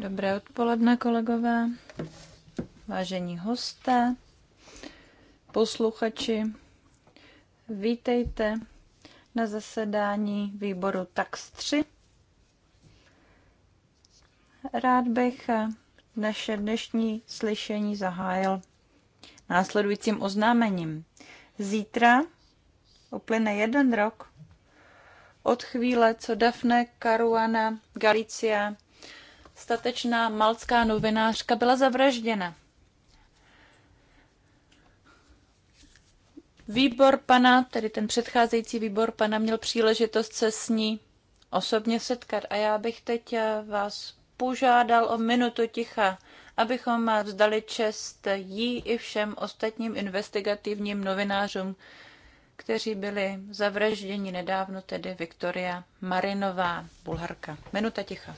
Dobré odpoledne, kolegové, vážení hosté, posluchači. Vítejte na zasedání výboru TAX 3. Rád bych naše dnešní slyšení zahájil následujícím oznámením. Zítra uplyne jeden rok od chvíle, co Daphne Caruana Galicia, statečná malcká novinářka, byla zavražděna. Výbor pana, tedy ten předcházející výbor pana, měl příležitost se s ní osobně setkat a já bych teď eh, vás požádal o minutu ticha, abychom vzdali čest jí i všem ostatním investigativním novinářům, kteří byli zavražděni nedávno, tedy Viktoria Marinová, bulharka. Minuta ticha.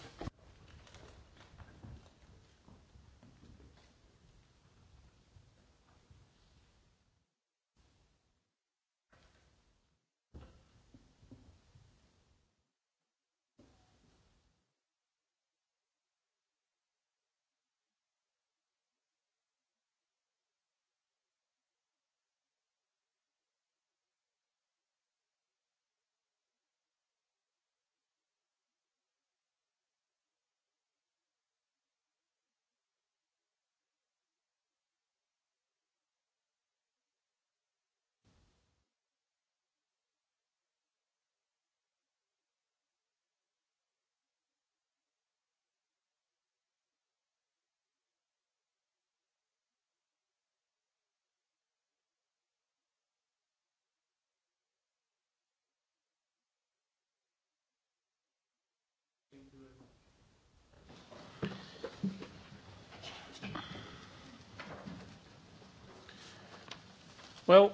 Well,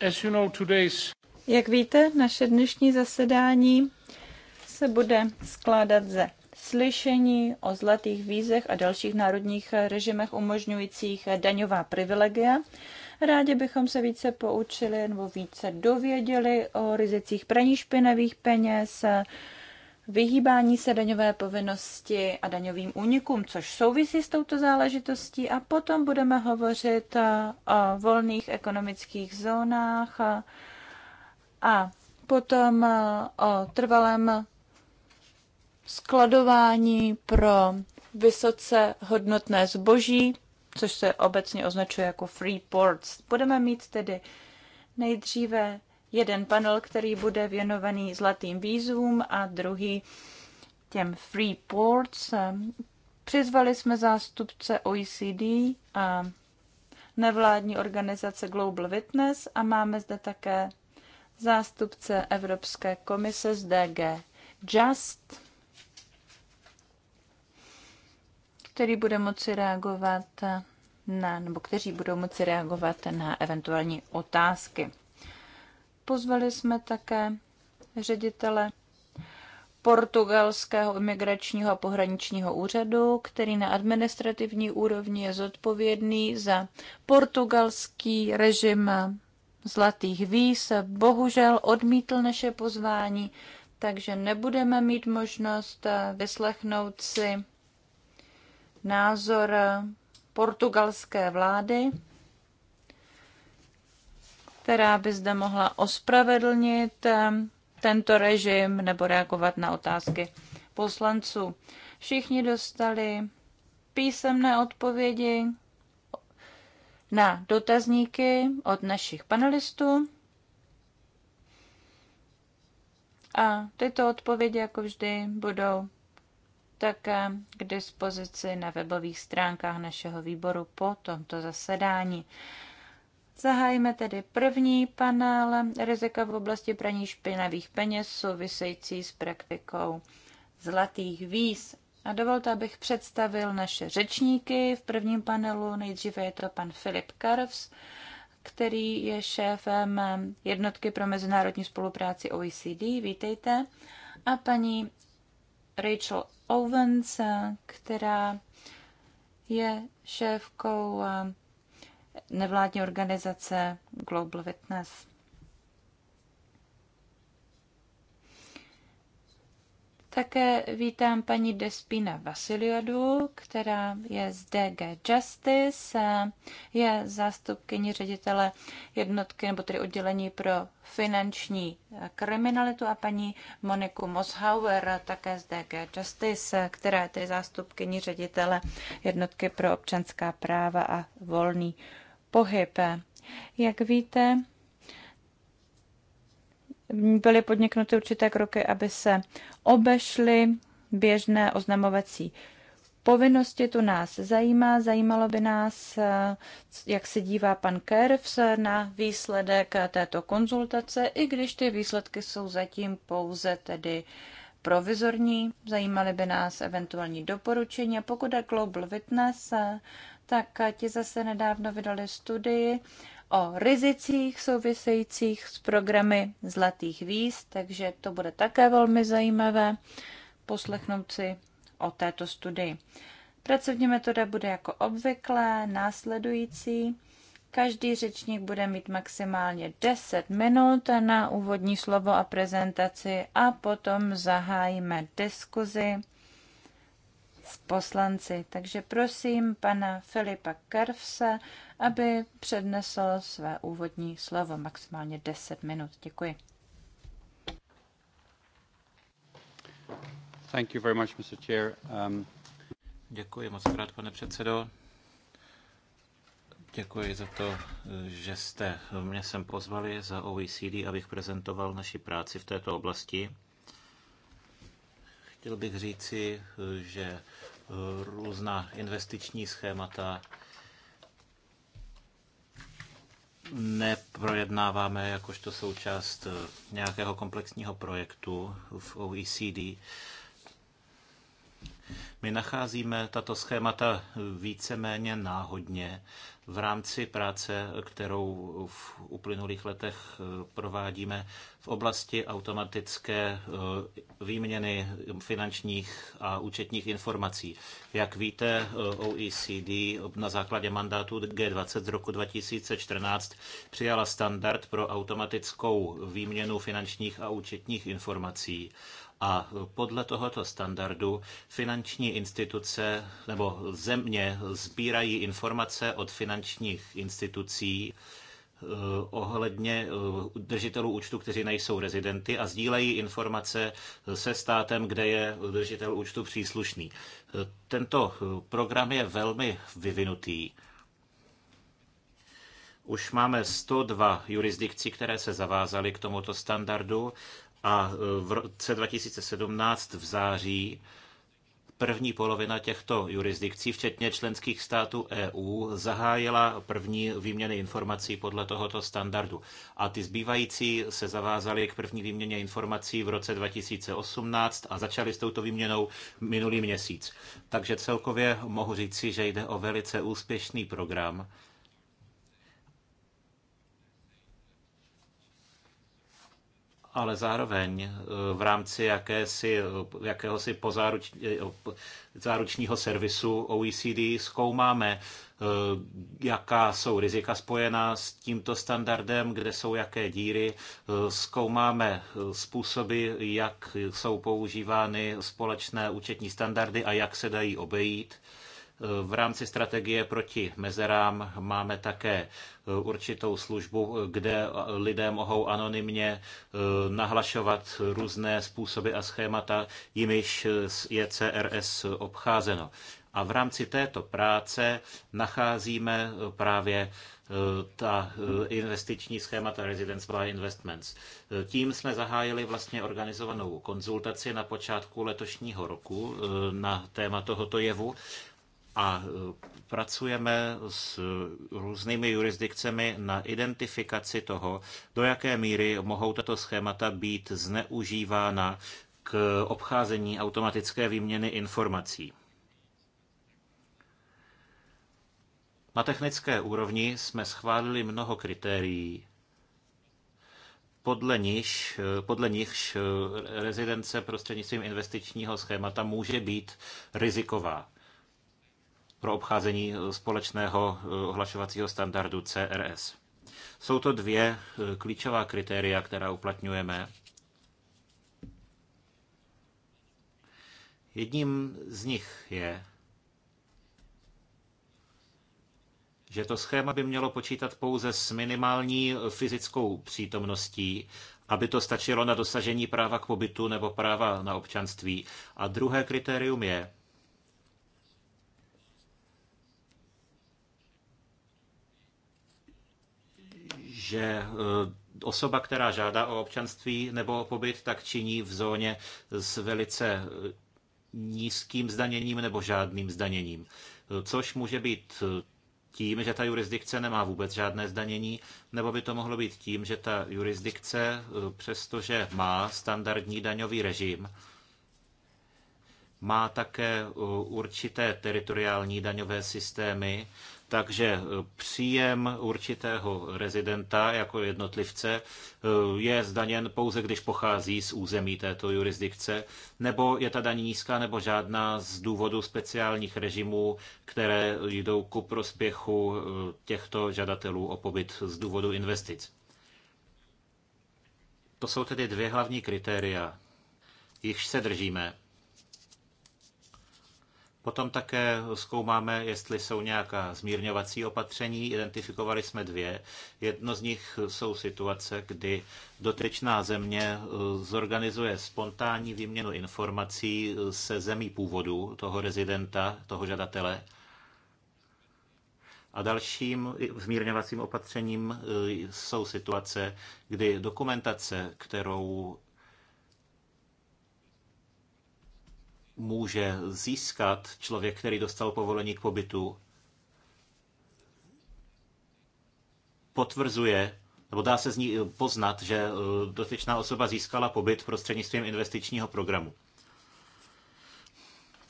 as you know, today's... Jak víte, naše dnešní zasedání se bude skládat ze slyšení o zlatých vízech a dalších národních režimech umožňujících daňová privilegia. Rádi bychom se více poučili nebo více dověděli o rizicích praní špinavých peněz, vyhýbání se daňové povinnosti a daňovým únikům, což souvisí s touto záležitostí. A potom budeme hovořit o volných ekonomických zónách a, a potom o trvalém skladování pro vysoce hodnotné zboží, což se obecně označuje jako free ports. Budeme mít tedy nejdříve jeden panel, který bude věnovaný zlatým vízům a druhý těm free ports. Přizvali jsme zástupce OECD a nevládní organizace Global Witness a máme zde také zástupce Evropské komise z DG Just, který bude moci reagovat na, nebo kteří budou moci reagovat na eventuální otázky. Pozvali jsme také ředitele portugalského imigračního a pohraničního úřadu, který na administrativní úrovni je zodpovědný za portugalský režim zlatých víz. Bohužel odmítl naše pozvání, takže nebudeme mít možnost vyslechnout si názor portugalské vlády která by zde mohla ospravedlnit eh, tento režim nebo reagovat na otázky poslanců. Všichni dostali písemné odpovědi na dotazníky od našich panelistů. A tyto odpovědi, jako vždy, budou také k dispozici na webových stránkách našeho výboru po tomto zasedání. Zahájíme tedy první panel rizika v oblasti praní špinavých peněz související s praktikou zlatých víz. A dovolte, abych představil naše řečníky. V prvním panelu nejdříve je to pan Filip Karvs, který je šéfem jednotky pro mezinárodní spolupráci OECD. Vítejte. A paní Rachel Owens, která je šéfkou nevládní organizace Global Witness. Také vítám paní Despina Vasiliodu, která je z DG Justice, je zástupkyní ředitele jednotky nebo tedy oddělení pro finanční kriminalitu a paní Moniku Moshauer, také z DG Justice, která je tedy zástupkyní ředitele jednotky pro občanská práva a volný pohyb. Jak víte, byly podniknuty určité kroky, aby se obešly běžné oznamovací povinnosti. Tu nás zajímá. Zajímalo by nás, jak se dívá pan Kervs na výsledek této konzultace, i když ty výsledky jsou zatím pouze tedy uh, provizorní. Zajímaly by nás eventuální doporučení. A pokud je Global Witness, tak ti zase nedávno vydali studii o rizicích souvisejících s programy Zlatých víz, takže to bude také velmi zajímavé poslechnout si o této studii. Pracovní metoda bude jako obvykle následující. Každý řečník bude mít maximálně 10 minut na úvodní slovo a prezentaci a potom zahájíme diskuzi s poslanci. Takže prosím pana Filipa Kervse, aby přednesl své úvodní slovo maximálně 10 minut. Děkuji. Thank you very much, Mr. Chair. Um... Děkuji moc krát, pane předsedo. Děkuji za to, že jste mě sem pozvali za OECD, abych prezentoval naši práci v této oblasti. Chtěl bych říci, že různá investiční schémata neprojednáváme jakožto součást nějakého komplexního projektu v OECD. My nacházíme tato schémata víceméně náhodně v rámci práce, kterou v uplynulých letech eh, provádíme v oblasti automatické eh, výměny finančních a účetních informací. Jak víte, eh, OECD na základě mandátu G20 z roku 2014 přijala standard pro automatickou výměnu finančních a účetních informací. A podle tohoto standardu finanční instituce nebo země sbírají informace od finančních institucí, eh, ohledně eh, držitelů účtu, kteří nejsou rezidenty a sdílejí informace se státem, kde je držitel účtu příslušný. Eh, tento program je velmi vyvinutý. Už máme 102 jurisdikcí, které se zavázaly k tomuto standardu a e, v roce 2017 v září první polovina těchto jurisdikcí, včetně členských států EU, zahájila první výměny informací podle tohoto standardu. A ty zbývající se zavázaly k první výměně informací v roce 2018 a začaly s touto výměnou minulý měsíc. Takže celkově mohu říci, že jde o velice úspěšný program, ale zároveň eh, v rámci jakési, jakéhosi pozáruč, eh, záručního servisu OECD zkoumáme, eh, jaká jsou rizika spojená s tímto standardem, kde jsou jaké díry. Zkoumáme způsoby, jak jsou používány společné účetní standardy a jak se dají obejít. V rámci strategie proti mezerám máme také eh, určitou službu, eh, kde eh, lidé mohou anonymně nahlašovat různé způsoby a schémata, jimiž je CRS obcházeno. A v rámci této práce nacházíme právě ta investiční schémata Residence by Investments. Tím jsme zahájili vlastně organizovanou konzultaci na počátku letošního roku na téma tohoto jevu a e, pracujeme s různými jurisdikcemi na identifikaci toho, do jaké míry mohou tato schémata být zneužívána k obcházení automatické výměny informací. Na technické úrovni jsme schválili mnoho kritérií, podle, niž, podle nichž rezidence prostřednictvím investičního schémata může být riziková pro obcházení eh, společného eh, ohlašovacího standardu CRS. Jsou to dvě eh, klíčová kritéria, která uplatňujeme. Jedním z nich je, že to schéma by mělo počítat pouze s minimální fyzickou přítomností, aby to stačilo na dosažení práva k pobytu nebo práva na občanství. A druhé kritérium je, že e, osoba, která žádá o občanství nebo o pobyt, tak činí v zóně s velice e, nízkým zdaněním nebo žádným zdaněním, e, což může být tím, že ta jurisdikce nemá vůbec žádné zdanění, nebo by to mohlo být tím, že ta jurisdikce, přestože má standardní daňový režim, má také určité teritoriální daňové systémy, takže e, příjem určitého rezidenta jako jednotlivce e, je zdaněn pouze, když pochází z území této jurisdikce, nebo je ta daň nízká nebo žádná z důvodu speciálních režimů, které jdou ku prospěchu e, těchto žadatelů o pobyt z důvodu investic. To jsou tedy dvě hlavní kritéria, jichž se držíme Potom také zkoumáme, jestli jsou nějaká zmírňovací opatření. Identifikovali jsme dvě. Jedno z nich jsou situace, kdy dotyčná země eh, zorganizuje spontánní výměnu informací eh, se zemí původu toho rezidenta, toho žadatele. A dalším zmírňovacím opatřením eh, jsou situace, kdy dokumentace, kterou může získat člověk, který dostal povolení k pobytu, potvrzuje, nebo dá se z ní eh, poznat, že eh, dotyčná osoba získala pobyt prostřednictvím investičního programu.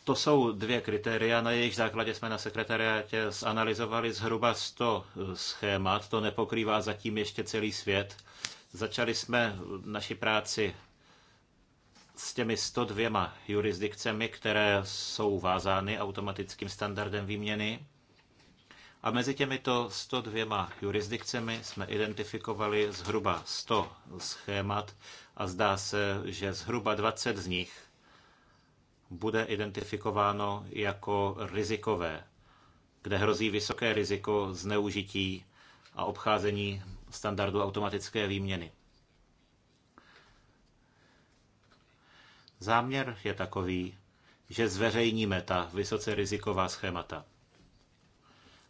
To jsou dvě kritéria, na jejich základě jsme na sekretariátě zanalizovali zhruba 100 eh, schémat, to nepokrývá zatím ještě celý svět. Začali jsme naši práci s těmi 102 jurisdikcemi, které jsou vázány automatickým standardem výměny. A mezi těmito 102 jurisdikcemi jsme identifikovali zhruba 100 schémat a zdá se, že zhruba 20 z nich bude identifikováno jako rizikové, kde hrozí vysoké riziko zneužití a obcházení standardu automatické výměny. Záměr je takový, že zveřejníme ta vysoce riziková schémata.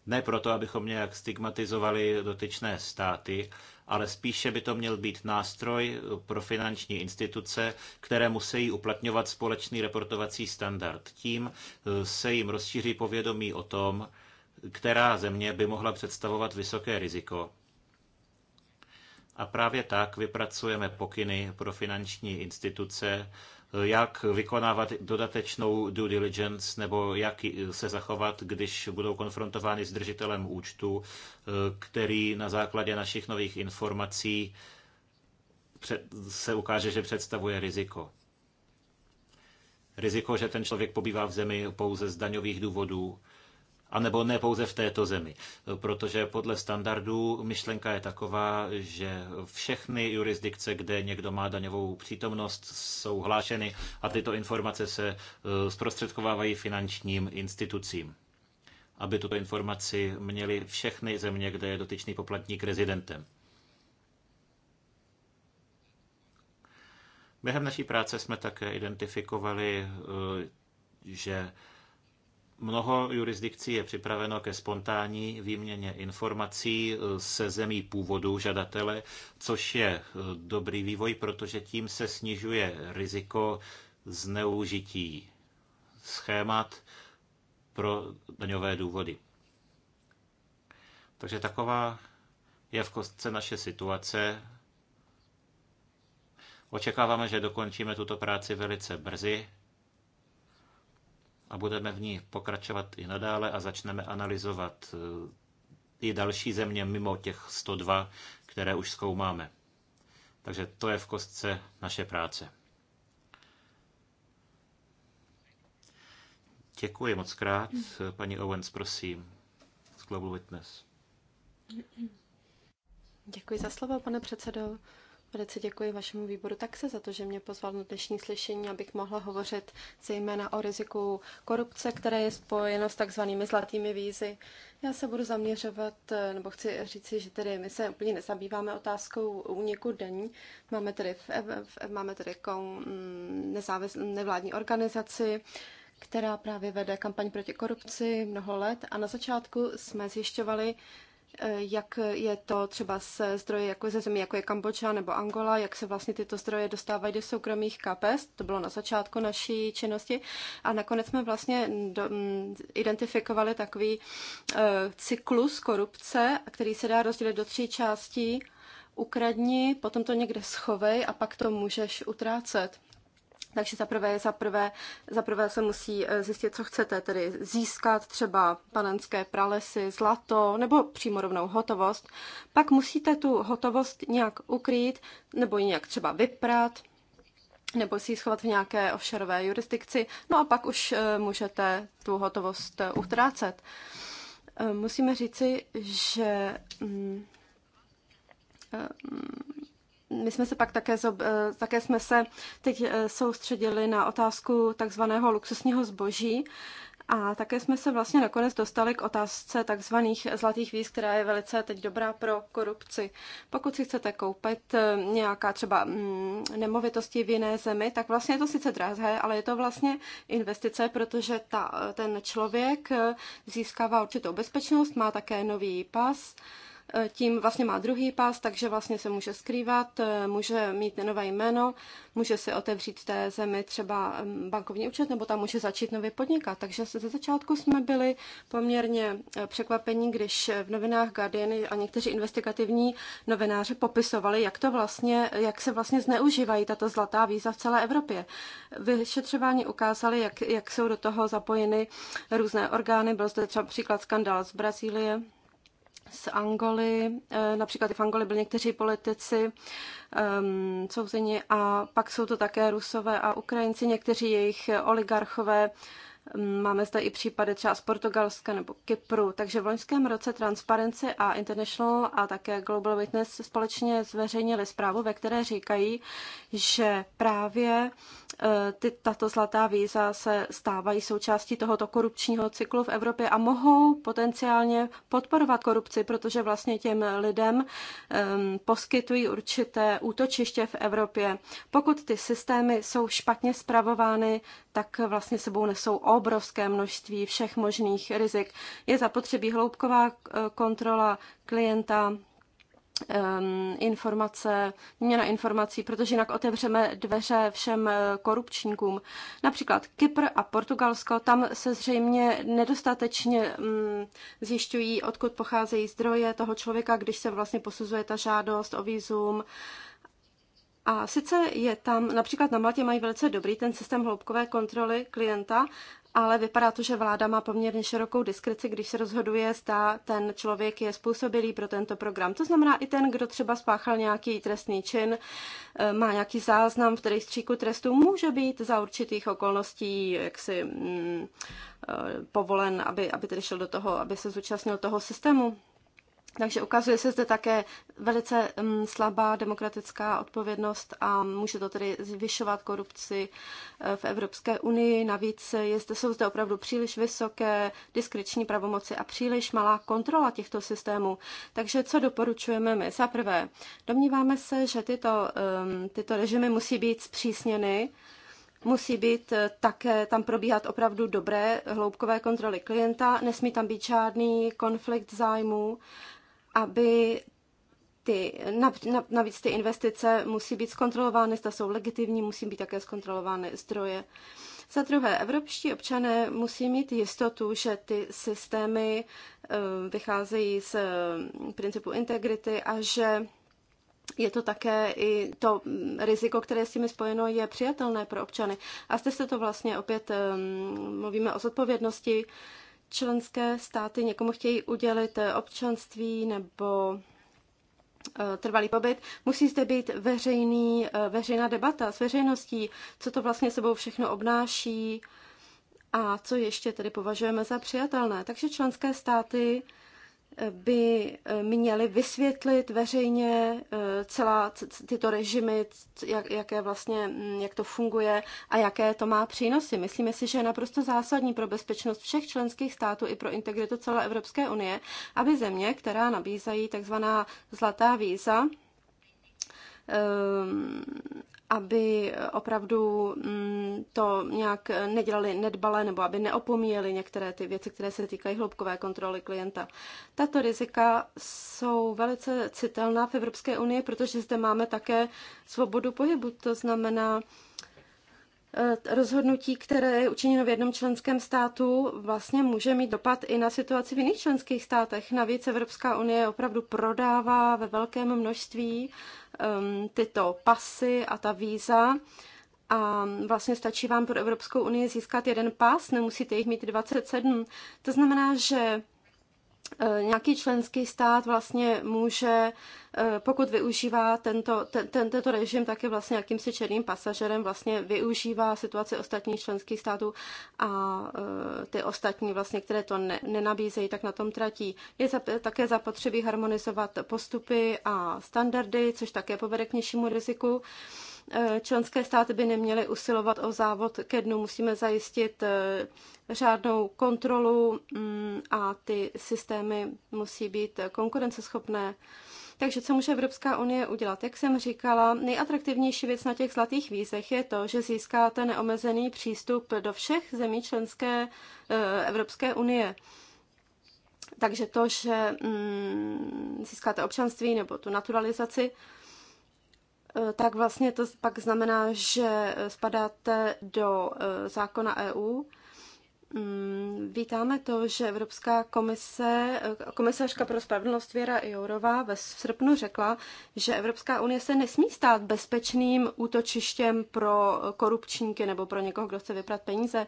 Ne proto, abychom nějak stigmatizovali dotyčné státy, ale spíše by to měl být nástroj pro finanční instituce, které musí uplatňovat společný reportovací standard. Tím eh, se jim rozšíří povědomí o tom, která země by mohla představovat vysoké riziko. A právě tak vypracujeme pokyny pro finanční instituce jak vykonávat dodatečnou due diligence nebo jak se zachovat, když budou konfrontovány s držitelem účtu, eh, který na základě našich nových informací se ukáže, že představuje riziko. Riziko, že ten člověk pobývá v zemi pouze z daňových důvodů a nebo ne pouze v této zemi. Protože podle standardů myšlenka je taková, že všechny jurisdikce, kde někdo má daňovou přítomnost, jsou hlášeny a tyto informace se eh, zprostředkovávají finančním institucím aby tuto informaci měly všechny země, kde je dotyčný poplatník rezidentem. Během naší práce jsme také identifikovali, eh, že Mnoho jurisdikcí je připraveno ke spontánní výměně informací eh, se zemí původu žadatele, což je eh, dobrý vývoj, protože tím se snižuje riziko zneužití schémat pro daňové důvody. Takže taková je v kostce naše situace. Očekáváme, že dokončíme tuto práci velice brzy a budeme v ní pokračovat i nadále a začneme analyzovat eh, i další země mimo těch 102, které už zkoumáme. Takže to je v kostce naše práce. Děkuji moc krát. Paní Owens, prosím, z Global Witness. Děkuji za slovo, pane předsedo. Velice děkuji vašemu výboru taxe za to, že mě pozval na dnešní slyšení, abych mohla hovořit zejména o riziku korupce, které je spojeno s takzvanými zlatými vízy. Já se budu zaměřovat, nebo chci říci, že tedy my se úplně nezabýváme otázkou úniku daní. Máme tedy, v, v, máme tedy kon, nezávis, nevládní organizaci, která právě vede kampaň proti korupci mnoho let a na začátku jsme zjišťovali, Eh, jak je to třeba se zdroje jako ze zemí, jako je Kambodža nebo Angola, jak se vlastně tyto zdroje dostávají do soukromých kapes. To bylo na začátku naší činnosti. A nakonec jsme vlastně do, m, mm, identifikovali takový e, cyklus korupce, který se dá rozdělit do tří částí. Ukradni, potom to někde schovej a pak to můžeš utrácet. Takže zaprvé, zaprvé, zaprvé se musí eh, zjistit, co chcete, tedy získat třeba panenské pralesy, zlato nebo přímo rovnou hotovost. Pak musíte tu hotovost nějak ukrýt nebo ji nějak třeba vyprat nebo si ji schovat v nějaké offshoreové jurisdikci. No a pak už eh, můžete tu hotovost eh, utrácet. Musíme říci, že mm, my jsme se pak také, eh, také jsme se teď eh, soustředili na otázku takzvaného luxusního zboží. A také jsme se vlastně nakonec dostali k otázce takzvaných zlatých víz, která je velice teď dobrá pro korupci. Pokud si chcete koupit eh, nějaká třeba mm, nemovitosti v jiné zemi, tak vlastně je to sice drahé, ale je to vlastně investice, protože ta, ten člověk získává určitou bezpečnost, má také nový pas, E, tím vlastně má druhý pás, takže vlastně se může skrývat, e, může mít nové jméno, může si otevřít té zemi třeba bankovní účet nebo tam může začít nově podnikat. Takže ze začátku jsme byli poměrně e, překvapení, když v novinách Guardian a někteří investigativní novináři popisovali, jak to vlastně, jak se vlastně zneužívají tato zlatá víza v celé Evropě. Vyšetřování ukázali, jak, jak jsou do toho zapojeny různé orgány. Byl zde třeba příklad skandál z Brazílie, z Angoly, eh, například i v Angoli byli někteří politici um, souzeni a pak jsou to také Rusové a Ukrajinci, někteří jejich oligarchové Máme zde i případy třeba z Portugalska nebo Kypru. Takže v loňském roce Transparency a International a také Global Witness společně zveřejnili zprávu, ve které říkají, že právě e, ty, tato zlatá víza se stávají součástí tohoto korupčního cyklu v Evropě a mohou potenciálně podporovat korupci, protože vlastně těm lidem um, poskytují určité útočiště v Evropě. Pokud ty systémy jsou špatně zpravovány, tak vlastně sebou nesou obrovské množství všech možných rizik. Je zapotřebí hloubková eh, kontrola klienta, ehm, informace, měna informací, protože jinak otevřeme dveře všem eh, korupčníkům. Například Kypr a Portugalsko, tam se zřejmě nedostatečně mm, zjišťují, odkud pocházejí zdroje toho člověka, když se vlastně posuzuje ta žádost o výzum a sice je tam, například na Maltě mají velice dobrý ten systém hloubkové kontroly klienta, ale vypadá to, že vláda má poměrně širokou diskreci, když se rozhoduje, zda ten člověk je způsobilý pro tento program. To znamená, i ten, kdo třeba spáchal nějaký trestný čin, eh, má nějaký záznam v rejstříku trestů, může být za určitých okolností jaksi mm, eh, povolen, aby, aby tedy šel do toho, aby se zúčastnil toho systému. Takže ukazuje se zde také velice mm, slabá demokratická odpovědnost a může to tedy zvyšovat korupci e, v Evropské unii. Navíc je zde, jsou zde opravdu příliš vysoké diskreční pravomoci a příliš malá kontrola těchto systémů. Takže co doporučujeme my? Za prvé, domníváme se, že tyto, tyto režimy musí být zpřísněny, musí být e, také tam probíhat opravdu dobré hloubkové kontroly klienta, nesmí tam být žádný konflikt zájmů aby ty, navíc ty investice musí být zkontrolovány, zda jsou legitimní, musí být také zkontrolovány zdroje. Za druhé, evropští občané musí mít jistotu, že ty systémy eh, vycházejí z eh, principu integrity a že je to také i to mm, riziko, které s tím spojeno, je přijatelné pro občany. A zde se to vlastně opět eh, mluvíme o zodpovědnosti členské státy někomu chtějí udělit eh, občanství nebo eh, trvalý pobyt, musí zde být veřejný, eh, veřejná debata s veřejností, co to vlastně sebou všechno obnáší a co ještě tedy považujeme za přijatelné. Takže členské státy by eh, měli vysvětlit veřejně eh, celá tyto režimy, jak, jaké vlastně, mm, jak to funguje a jaké to má přínosy. Myslíme si, že je naprosto zásadní pro bezpečnost všech členských států i pro integritu celé Evropské unie, aby země, která nabízají takzvaná zlatá víza, ehm, aby opravdu mm, to nějak nedělali nedbale nebo aby neopomíjeli některé ty věci, které se týkají hloubkové kontroly klienta. Tato rizika jsou velice citelná v Evropské unii, protože zde máme také svobodu pohybu. To znamená, Eh, rozhodnutí, které je učiněno v jednom členském státu, vlastně může mít dopad i na situaci v jiných členských státech. Navíc Evropská unie opravdu prodává ve velkém množství um, tyto pasy a ta víza. A vlastně stačí vám pro Evropskou unii získat jeden pas, nemusíte jich mít 27. To znamená, že Eh, nějaký členský stát vlastně může, eh, pokud využívá tento, ten, tento režim, tak je vlastně jakýmsi černým pasažerem, vlastně využívá situaci ostatních členských států a eh, ty ostatní, vlastně, které to ne, nenabízejí, tak na tom tratí. Je zap, také zapotřebí harmonizovat postupy a standardy, což také povede k nižšímu riziku. Eh, členské státy by neměly usilovat o závod ke dnu. Musíme zajistit eh, řádnou kontrolu mm, a ty systémy musí být konkurenceschopné. Takže co může Evropská unie udělat? Jak jsem říkala, nejatraktivnější věc na těch zlatých vízech je to, že získáte neomezený přístup do všech zemí členské eh, Evropské unie. Takže to, že mm, získáte občanství nebo tu naturalizaci, Eh, tak vlastně to pak znamená, že eh, spadáte do eh, zákona EU. Mm, vítáme to, že Evropská komise, komisařka pro spravedlnost Věra Jourová ve srpnu řekla, že Evropská unie se nesmí stát bezpečným útočištěm pro korupčníky nebo pro někoho, kdo chce vyprat peníze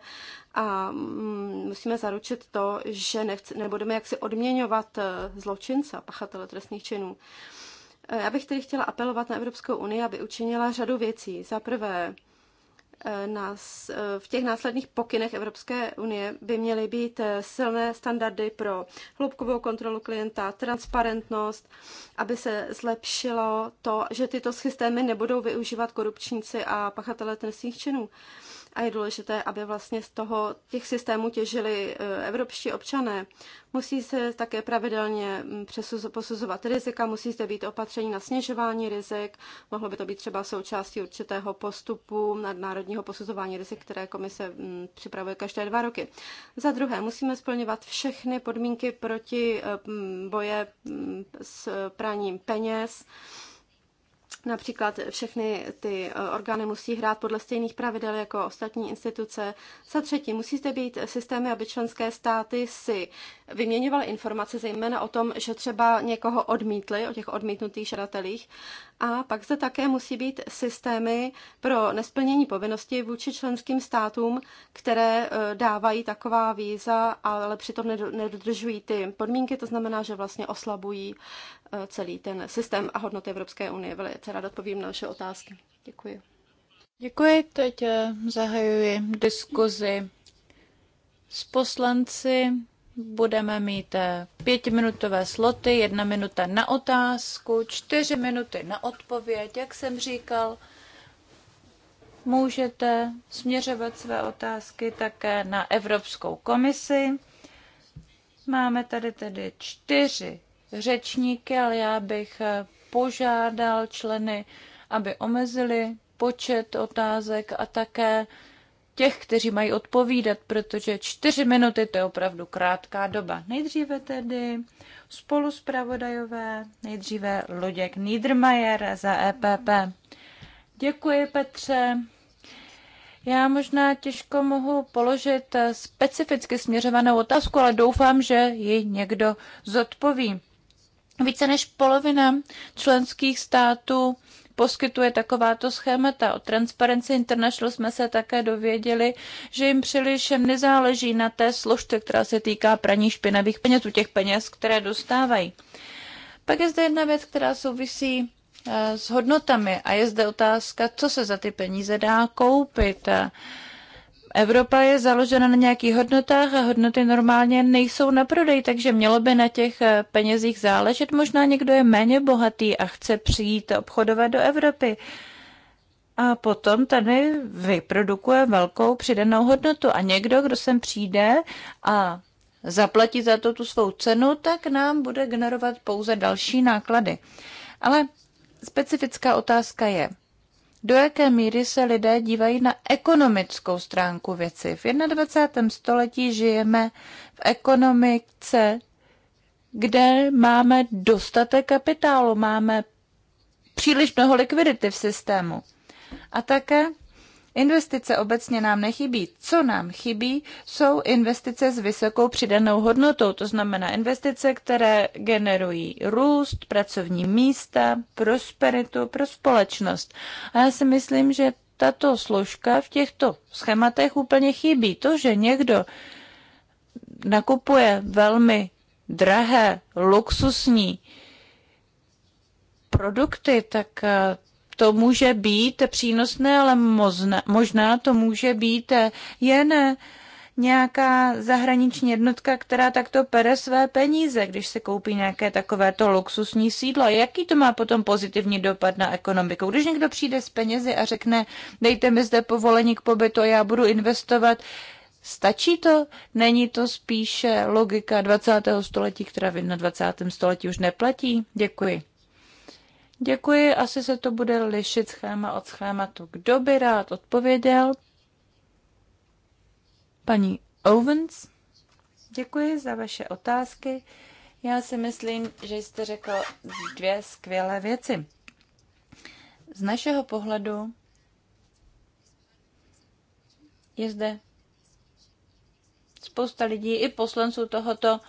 a mm, musíme zaručit to, že nechce, nebudeme jaksi odměňovat zločince a pachatele trestných činů. Eh, já bych tedy chtěla apelovat na Evropskou unii, aby učinila řadu věcí. Za prvé, eh, eh, v těch následných pokynech Evropské unie by měly být silné standardy pro hloubkovou kontrolu klienta, transparentnost, aby se zlepšilo to, že tyto systémy nebudou využívat korupčníci a pachatelé trestných činů a je důležité, aby vlastně z toho těch systémů těžili eh, evropští občané. Musí se také pravidelně hm, posuzovat rizika, musí zde být opatření na snižování rizik, mohlo by to být třeba součástí určitého postupu nadnárodního posuzování rizik, které komise hm, připravuje každé dva roky. Za druhé, musíme splňovat všechny podmínky proti eh, hm, boje s praním peněz, Například všechny ty eh, orgány musí hrát podle stejných pravidel jako ostatní instituce. Za třetí, musí zde být systémy, aby členské státy si vyměňovaly informace, zejména o tom, že třeba někoho odmítli, o těch odmítnutých žadatelích. A pak zde také musí být systémy pro nesplnění povinnosti vůči členským státům, které eh, dávají taková víza, ale přitom nedodržují ty podmínky, to znamená, že vlastně oslabují Eh, celý ten systém a hodnoty Evropské unie. Velice rád odpovím na vaše otázky. Děkuji. Děkuji, teď eh, zahajuji diskuzi s poslanci. Budeme mít eh, pětiminutové sloty, jedna minuta na otázku, čtyři minuty na odpověď. Jak jsem říkal, můžete směřovat své otázky také na Evropskou komisi. Máme tady tedy čtyři řečníky, ale já bych eh, požádal členy, aby omezili počet otázek a také těch, kteří mají odpovídat, protože čtyři minuty to je opravdu krátká doba. Nejdříve tedy spolu zpravodajové, nejdříve Luděk Niedermayer za EPP. Děkuji, Petře. Já možná těžko mohu položit eh, specificky směřovanou otázku, ale doufám, že ji někdo zodpoví. Více než polovina členských států poskytuje takováto schémata. O Transparency International jsme se také dověděli, že jim příliš nezáleží na té složce, která se týká praní špinavých peněz, u těch peněz, které dostávají. Pak je zde jedna věc, která souvisí eh, s hodnotami a je zde otázka, co se za ty peníze dá koupit. Evropa je založena na nějakých hodnotách a hodnoty normálně nejsou na prodej, takže mělo by na těch eh, penězích záležet. Možná někdo je méně bohatý a chce přijít obchodovat do Evropy. A potom tady vyprodukuje velkou přidanou hodnotu. A někdo, kdo sem přijde a zaplatí za to tu svou cenu, tak nám bude generovat pouze další náklady. Ale specifická otázka je, do jaké míry se lidé dívají na ekonomickou stránku věci. V 21. století žijeme v ekonomice, kde máme dostatek kapitálu, máme příliš mnoho likvidity v systému. A také Investice obecně nám nechybí. Co nám chybí, jsou investice s vysokou přidanou hodnotou, to znamená investice, které generují růst, pracovní místa, prosperitu pro společnost. A já si myslím, že tato složka v těchto schématech úplně chybí. To, že někdo nakupuje velmi drahé, luxusní produkty, tak eh, to může být přínosné, ale možná, to může být jen nějaká zahraniční jednotka, která takto pere své peníze, když se koupí nějaké takovéto luxusní sídlo. Jaký to má potom pozitivní dopad na ekonomiku? Když někdo přijde s penězi a řekne, dejte mi zde povolení k pobytu a já budu investovat, stačí to? Není to spíše logika 20. století, která v 21. století už neplatí? Děkuji. Děkuji, asi se to bude lišit schéma od schématu. Kdo by rád odpověděl? Paní Owens, děkuji za vaše otázky. Já si myslím, že jste řekl dvě skvělé věci. Z našeho pohledu je zde spousta lidí, i poslanců tohoto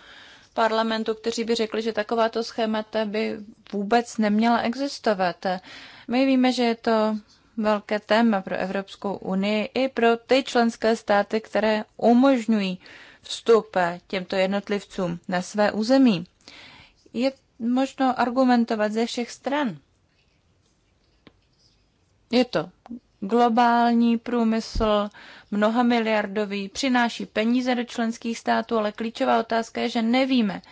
parlamentu, kteří by řekli, že takováto schémata by vůbec neměla existovat. My víme, že je to velké téma pro Evropskou unii i pro ty členské státy, které umožňují vstup těmto jednotlivcům na své území. Je možno argumentovat ze všech stran. Je to globální průmysl, mnoha miliardový, přináší peníze do členských států, ale klíčová otázka je, že nevíme,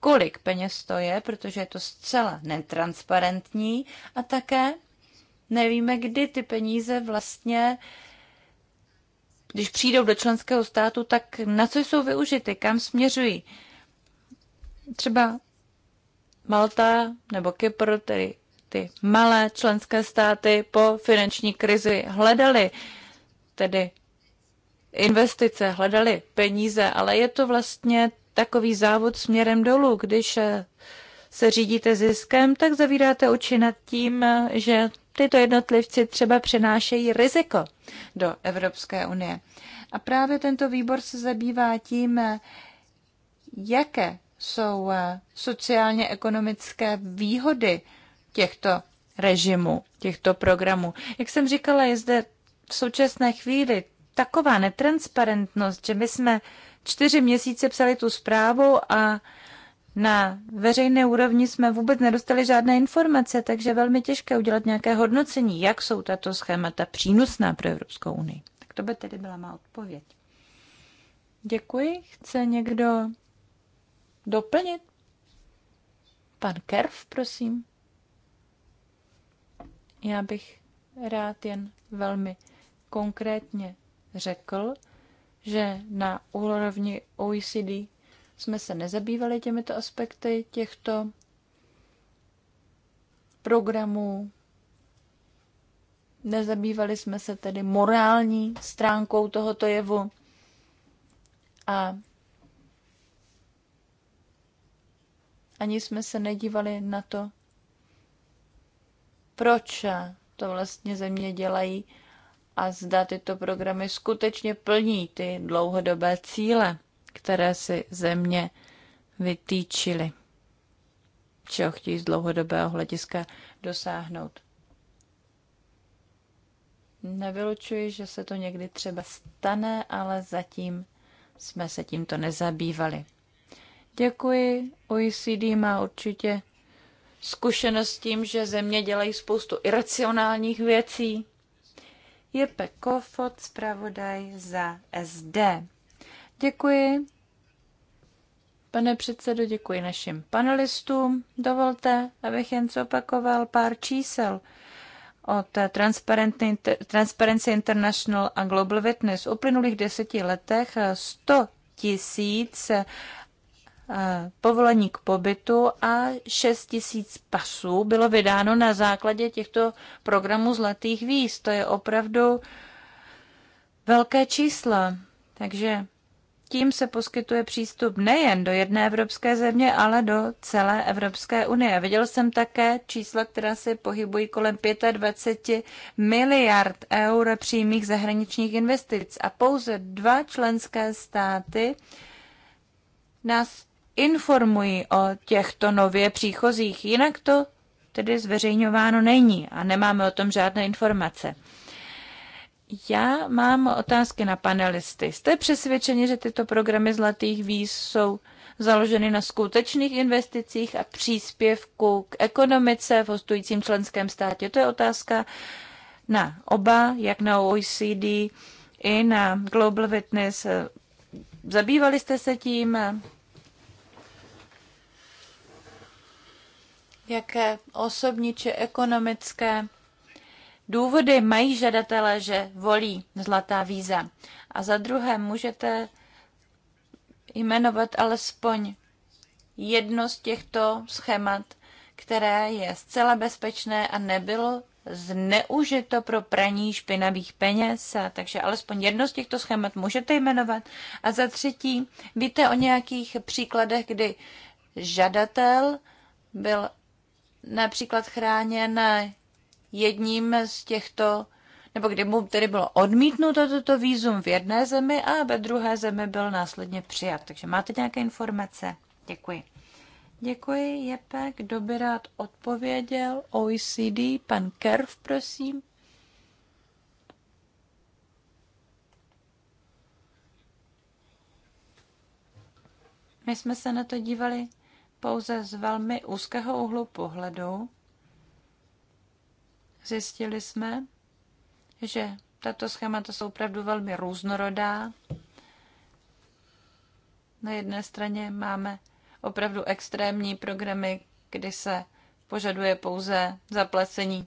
kolik peněz to je, protože je to zcela netransparentní a také nevíme, kdy ty peníze vlastně, když přijdou do členského státu, tak na co jsou využity, kam směřují. Třeba Malta nebo Kypr, tedy ty malé členské státy po finanční krizi hledaly tedy investice, hledali peníze, ale je to vlastně takový závod směrem dolů. Když eh, se řídíte ziskem, tak zavíráte oči nad tím, eh, že tyto jednotlivci třeba přenášejí riziko do Evropské unie. A právě tento výbor se zabývá tím, eh, jaké jsou sociálně-ekonomické výhody těchto režimů, těchto programů. Jak jsem říkala, je zde v současné chvíli taková netransparentnost, že my jsme čtyři měsíce psali tu zprávu a na veřejné úrovni jsme vůbec nedostali žádné informace, takže velmi těžké udělat nějaké hodnocení, jak jsou tato schémata přínosná pro Evropskou unii. Tak to by tedy byla má odpověď. Děkuji. Chce někdo doplnit? Pan Kerv, prosím. Já bych rád jen velmi konkrétně řekl, že na úrovni OECD jsme se nezabývali těmito aspekty těchto programů. Nezabývali jsme se tedy morální stránkou tohoto jevu. A ani jsme se nedívali na to, proč to vlastně země dělají a zda tyto programy skutečně plní ty dlouhodobé cíle, které si země vytýčily, čeho chtějí z dlouhodobého hlediska dosáhnout. Nevylučuji, že se to někdy třeba stane, ale zatím jsme se tímto nezabývali. Děkuji, OECD má určitě zkušenost s tím, že země dělají spoustu iracionálních věcí. Je Kofot, zpravodaj za SD. Děkuji. Pane předsedo, děkuji našim panelistům. Dovolte, abych jen zopakoval pár čísel od Transparency International a Global Witness. V uplynulých deseti letech 100 tisíc povolení k pobytu a 6 tisíc pasů bylo vydáno na základě těchto programů zlatých víz. To je opravdu velké čísla. Takže tím se poskytuje přístup nejen do jedné evropské země, ale do celé Evropské unie. Viděl jsem také čísla, která se pohybují kolem 25 miliard eur přímých zahraničních investic a pouze dva členské státy nás informují o těchto nově příchozích, jinak to tedy zveřejňováno není a nemáme o tom žádné informace. Já mám otázky na panelisty. Jste přesvědčeni, že tyto programy Zlatých víz jsou založeny na skutečných investicích a příspěvku k ekonomice v hostujícím členském státě? To je otázka na oba, jak na OECD i na Global Witness. Zabývali jste se tím? jaké osobní či ekonomické důvody mají žadatele, že volí zlatá víza. A za druhé, můžete jmenovat alespoň jedno z těchto schémat, které je zcela bezpečné a nebylo zneužito pro praní špinavých peněz, takže alespoň jedno z těchto schémat můžete jmenovat. A za třetí, víte o nějakých příkladech, kdy žadatel byl například chráněn jedním z těchto, nebo kdy mu tedy bylo odmítnuto toto výzum v jedné zemi a ve druhé zemi byl následně přijat. Takže máte nějaké informace? Děkuji. Děkuji, Jepe. Kdo by rád odpověděl? OECD, pan Kerv, prosím. My jsme se na to dívali pouze z velmi úzkého úhlu pohledu zjistili jsme, že tato schémata jsou opravdu velmi různorodá. Na jedné straně máme opravdu extrémní programy, kdy se požaduje pouze zaplacení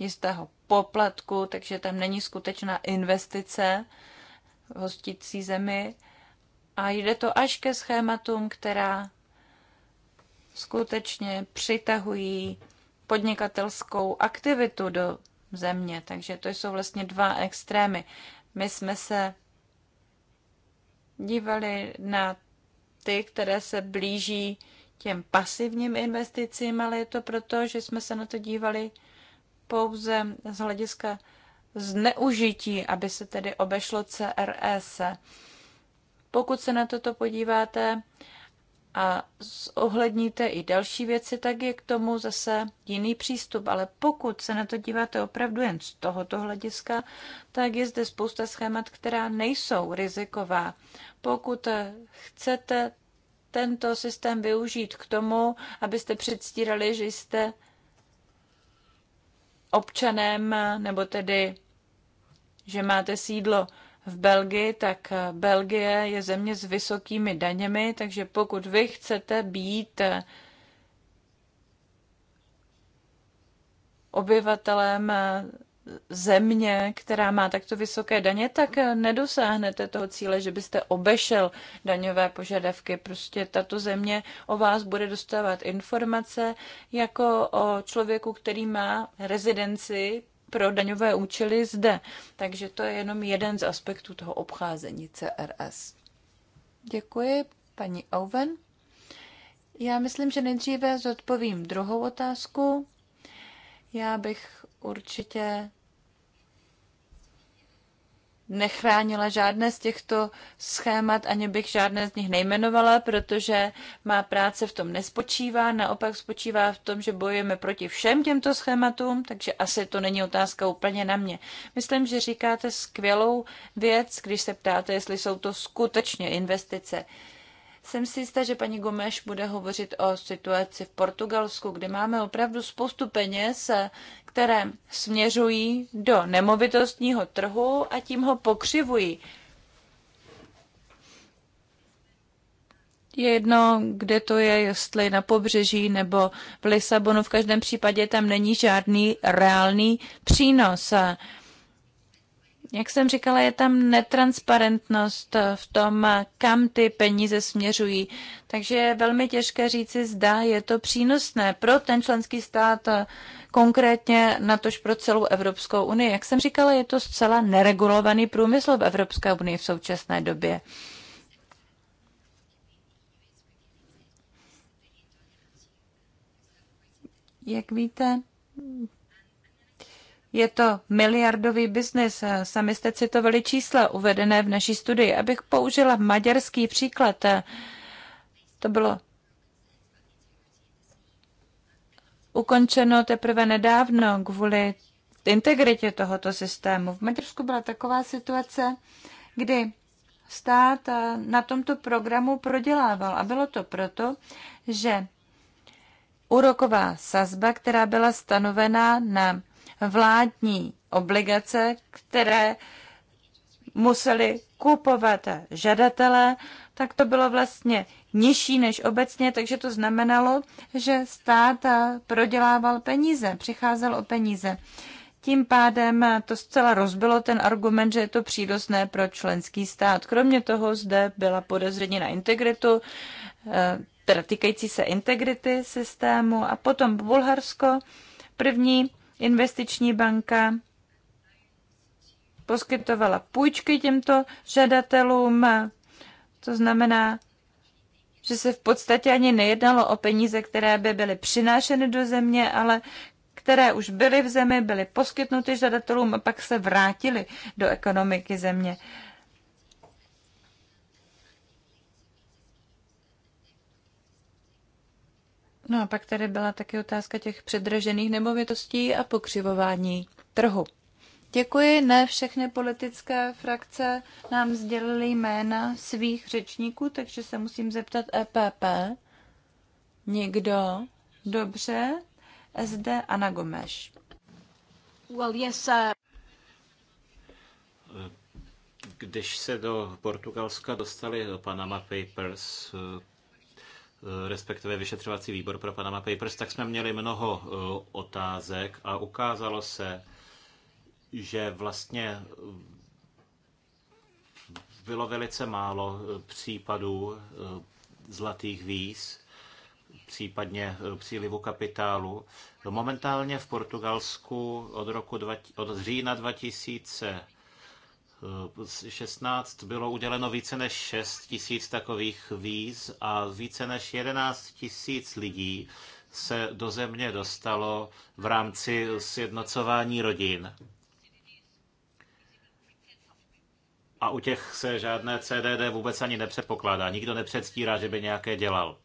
jistého poplatku, takže tam není skutečná investice v hostící zemi. A jde to až ke schématům, která skutečně přitahují podnikatelskou aktivitu do země. Takže to jsou vlastně dva extrémy. My jsme se dívali na ty, které se blíží těm pasivním investicím, ale je to proto, že jsme se na to dívali pouze z hlediska zneužití, aby se tedy obešlo CRS. Pokud se na toto podíváte a zohledníte i další věci, tak je k tomu zase jiný přístup. Ale pokud se na to díváte opravdu jen z tohoto hlediska, tak je zde spousta schémat, která nejsou riziková. Pokud chcete tento systém využít k tomu, abyste předstírali, že jste občanem, nebo tedy, že máte sídlo v Belgii, tak eh, Belgie je země s vysokými daněmi, takže pokud vy chcete být eh, obyvatelem eh, země, která má takto vysoké daně, tak nedosáhnete toho cíle, že byste obešel daňové požadavky. Prostě tato země o vás bude dostávat informace jako o člověku, který má rezidenci pro daňové účely zde. Takže to je jenom jeden z aspektů toho obcházení CRS. Děkuji, paní Owen. Já myslím, že nejdříve zodpovím druhou otázku. Já bych určitě nechránila žádné z těchto schémat, ani bych žádné z nich nejmenovala, protože má práce v tom nespočívá, naopak spočívá v tom, že bojujeme proti všem těmto schématům, takže asi to není otázka úplně na mě. Myslím, že říkáte skvělou věc, když se ptáte, jestli jsou to skutečně investice. Jsem si jistá, že paní Gomeš bude hovořit o situaci v Portugalsku, kde máme opravdu spoustu peněz, eh, které směřují do nemovitostního trhu a tím ho pokřivují. Je jedno, kde to je, jestli na pobřeží nebo v Lisabonu, v každém případě tam není žádný reálný přínos. Eh, jak jsem říkala, je tam netransparentnost v tom, kam ty peníze směřují. Takže je velmi těžké říci, zda je to přínosné pro ten členský stát, konkrétně natož pro celou Evropskou unii. Jak jsem říkala, je to zcela neregulovaný průmysl v Evropské unii v současné době. Jak víte, je to miliardový biznis. Sami jste citovali čísla uvedené v naší studii. Abych použila maďarský příklad, to bylo ukončeno teprve nedávno kvůli integritě tohoto systému. V Maďarsku byla taková situace, kdy stát eh, na tomto programu prodělával. A bylo to proto, že úroková sazba, která byla stanovená na vládní obligace, které museli kupovat žadatelé, tak to bylo vlastně nižší než obecně, takže to znamenalo, že stát prodělával peníze, přicházel o peníze. Tím pádem to zcela rozbilo ten argument, že je to přínosné pro členský stát. Kromě toho zde byla podezření na integritu, eh, teda týkající se integrity systému a potom Bulharsko. První investiční banka poskytovala půjčky těmto žadatelům. To znamená, že se v podstatě ani nejednalo o peníze, které by byly přinášeny do země, ale které už byly v zemi, byly poskytnuty žadatelům a pak se vrátily do ekonomiky země. No a pak tady byla taky otázka těch předražených nemovitostí a pokřivování trhu. Děkuji, ne všechny politické frakce nám sdělily jména svých řečníků, takže se musím zeptat EPP. Nikdo? Dobře. SD Ana Gomeš. Well, yes, sir. Uh, Když se do Portugalska dostali Panama Papers, Eh, respektive vyšetřovací výbor pro Panama Papers, tak jsme měli mnoho eh, otázek a ukázalo se, že vlastně eh, bylo velice málo případů zlatých víz, případně přílivu kapitálu. Momentálně v Portugalsku od, roku dva, od října 2000 16 bylo uděleno více než 6 tisíc takových víz a více než 11 tisíc lidí se do země dostalo v rámci sjednocování rodin. A u těch se žádné CDD vůbec ani nepředpokládá. Nikdo nepředstírá, že by nějaké dělal.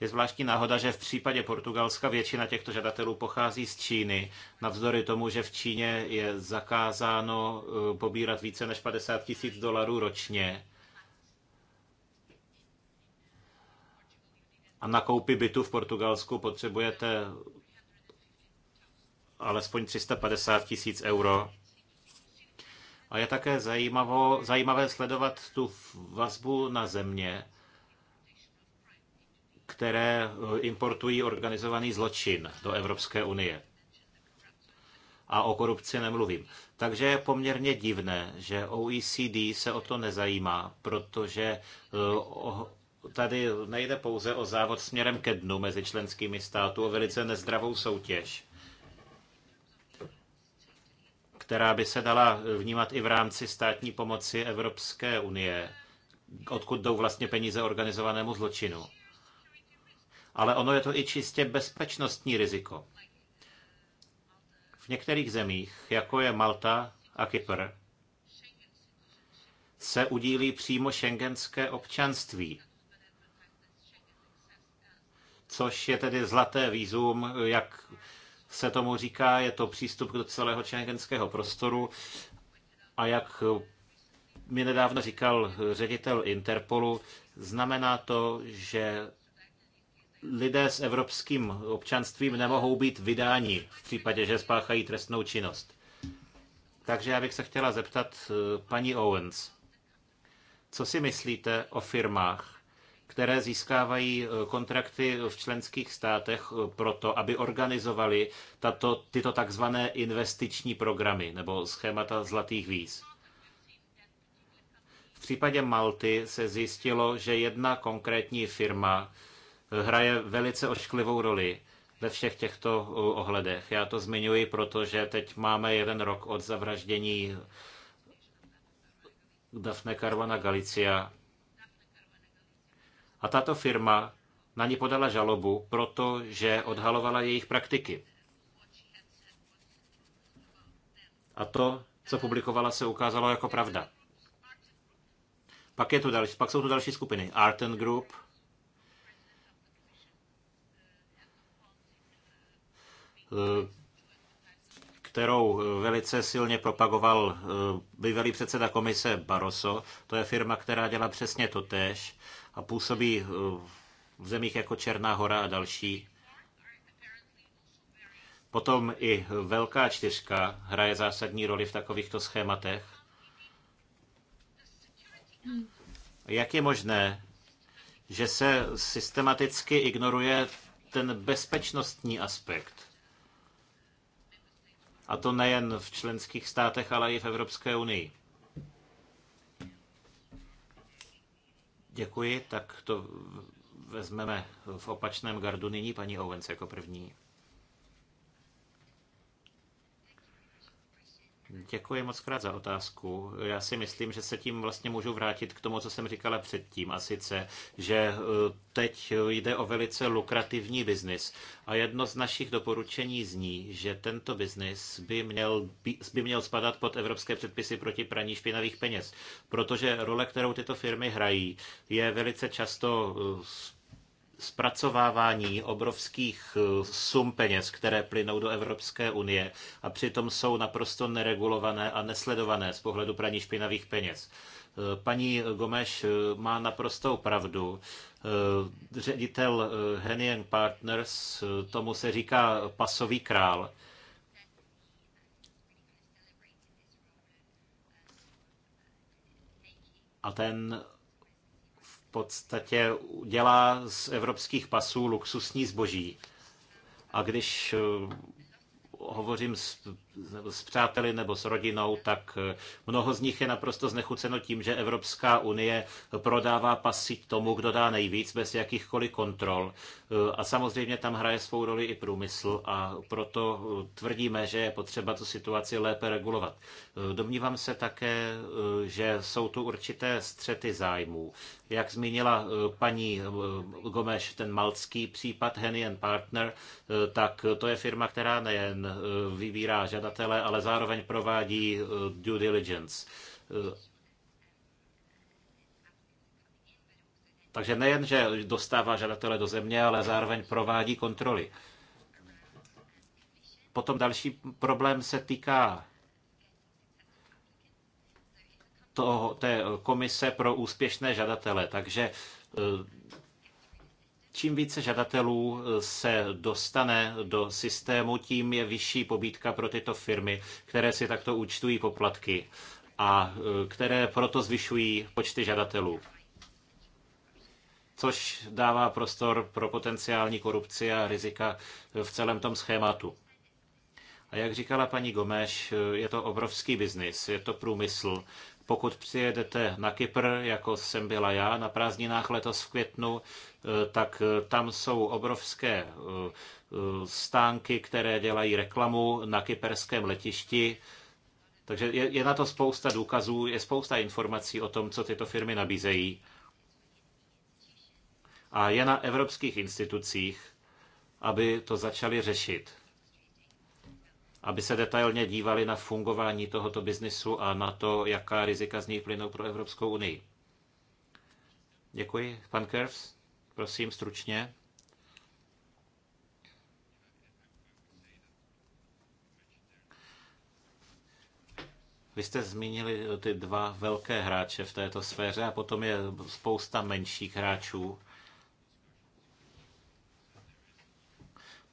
Je zvláštní náhoda, že v případě Portugalska většina těchto žadatelů pochází z Číny, navzdory tomu, že v Číně je zakázáno eh, pobírat více než 50 tisíc dolarů ročně. A na koupi bytu v Portugalsku potřebujete alespoň 350 tisíc euro. A je také zajímavé sledovat tu vazbu na země, které eh, importují organizovaný zločin do Evropské unie. A o korupci nemluvím. Takže je poměrně divné, že OECD se o to nezajímá, protože eh, tady nejde pouze o závod směrem ke dnu mezi členskými státy, o velice nezdravou soutěž, která by se dala vnímat i v rámci státní pomoci Evropské unie, odkud jdou vlastně peníze organizovanému zločinu ale ono je to i čistě bezpečnostní riziko. V některých zemích, jako je Malta a Kypr, se udílí přímo šengenské občanství, což je tedy zlaté výzum, jak se tomu říká, je to přístup do celého šengenského prostoru a jak mi nedávno říkal ředitel Interpolu, znamená to, že lidé s evropským občanstvím nemohou být vydáni v případě, že spáchají trestnou činnost. Takže já bych se chtěla zeptat eh, paní Owens, co si myslíte o firmách, které získávají eh, kontrakty v členských státech eh, proto, aby organizovali tato, tyto takzvané investiční programy nebo schémata zlatých víz. V případě Malty se zjistilo, že jedna konkrétní firma hraje velice ošklivou roli ve všech těchto uh, ohledech. Já to zmiňuji, protože teď máme jeden rok od zavraždění Dafne Caruana Galicia. A tato firma na ní podala žalobu, protože odhalovala jejich praktiky. A to, co publikovala, se ukázalo jako pravda. Pak, je tu další, pak jsou tu další skupiny. Arten Group – Eh, kterou velice silně propagoval eh, bývalý předseda komise Barroso. To je firma, která dělá přesně to tež a působí eh, v zemích jako Černá hora a další. Potom i Velká čtyřka hraje zásadní roli v takovýchto schématech. Jak je možné, že se systematicky ignoruje ten bezpečnostní aspekt? A to nejen v členských státech, ale i v Evropské unii. Děkuji, tak to vezmeme v opačném gardu nyní paní Owens jako první. Děkuji moc krát za otázku. Já si myslím, že se tím vlastně můžu vrátit k tomu, co jsem říkala předtím, a sice, že e, teď jde o velice lukrativní biznis. A jedno z našich doporučení zní, že tento biznis by měl, by měl spadat pod evropské předpisy proti praní špinavých peněz, protože role, kterou tyto firmy hrají, je velice často e, zpracovávání obrovských eh, sum peněz, které plynou do Evropské unie a přitom jsou naprosto neregulované a nesledované z pohledu praní špinavých peněz. Eh, paní Gomeš eh, má naprostou pravdu. Ředitel Henien Partners, tomu se říká pasový král. A ten podstatě dělá z evropských pasů luxusní zboží. A když eh, hovořím s s přáteli nebo s rodinou, tak eh, mnoho z nich je naprosto znechuceno tím, že Evropská unie prodává pasy tomu, kdo dá nejvíc, bez jakýchkoliv kontrol. Eh, a samozřejmě tam hraje svou roli i průmysl a proto eh, tvrdíme, že je potřeba tu situaci lépe regulovat. Domnívám se také, že jsou tu určité střety zájmů. Jak zmínila paní Gomeš, ten malcký případ Henny Partner, tak to je firma, která nejen vybírá žádosti, žadatele, ale zároveň provádí eh, due diligence. Eh, takže nejen, že dostává žadatele do země, ale zároveň provádí kontroly. Potom další problém se týká toho, té komise pro úspěšné žadatele. Takže eh, Čím více žadatelů eh, se dostane do systému, tím je vyšší pobídka pro tyto firmy, které si takto účtují poplatky a eh, které proto zvyšují počty žadatelů. Což dává prostor pro potenciální korupci a rizika eh, v celém tom schématu. A jak říkala paní Gomeš, je to obrovský biznis, je to průmysl, pokud přijedete na Kypr, jako jsem byla já na prázdninách letos v květnu, eh, tak eh, tam jsou obrovské eh, stánky, které dělají reklamu na kyperském letišti. Takže je, je na to spousta důkazů, je spousta informací o tom, co tyto firmy nabízejí. A je na evropských institucích, aby to začali řešit aby se detailně dívali na fungování tohoto biznisu a na to, jaká rizika z něj plynou pro Evropskou unii. Děkuji. Pan Kervs, prosím stručně. Vy jste zmínili ty dva velké hráče v této sféře a potom je spousta menších hráčů.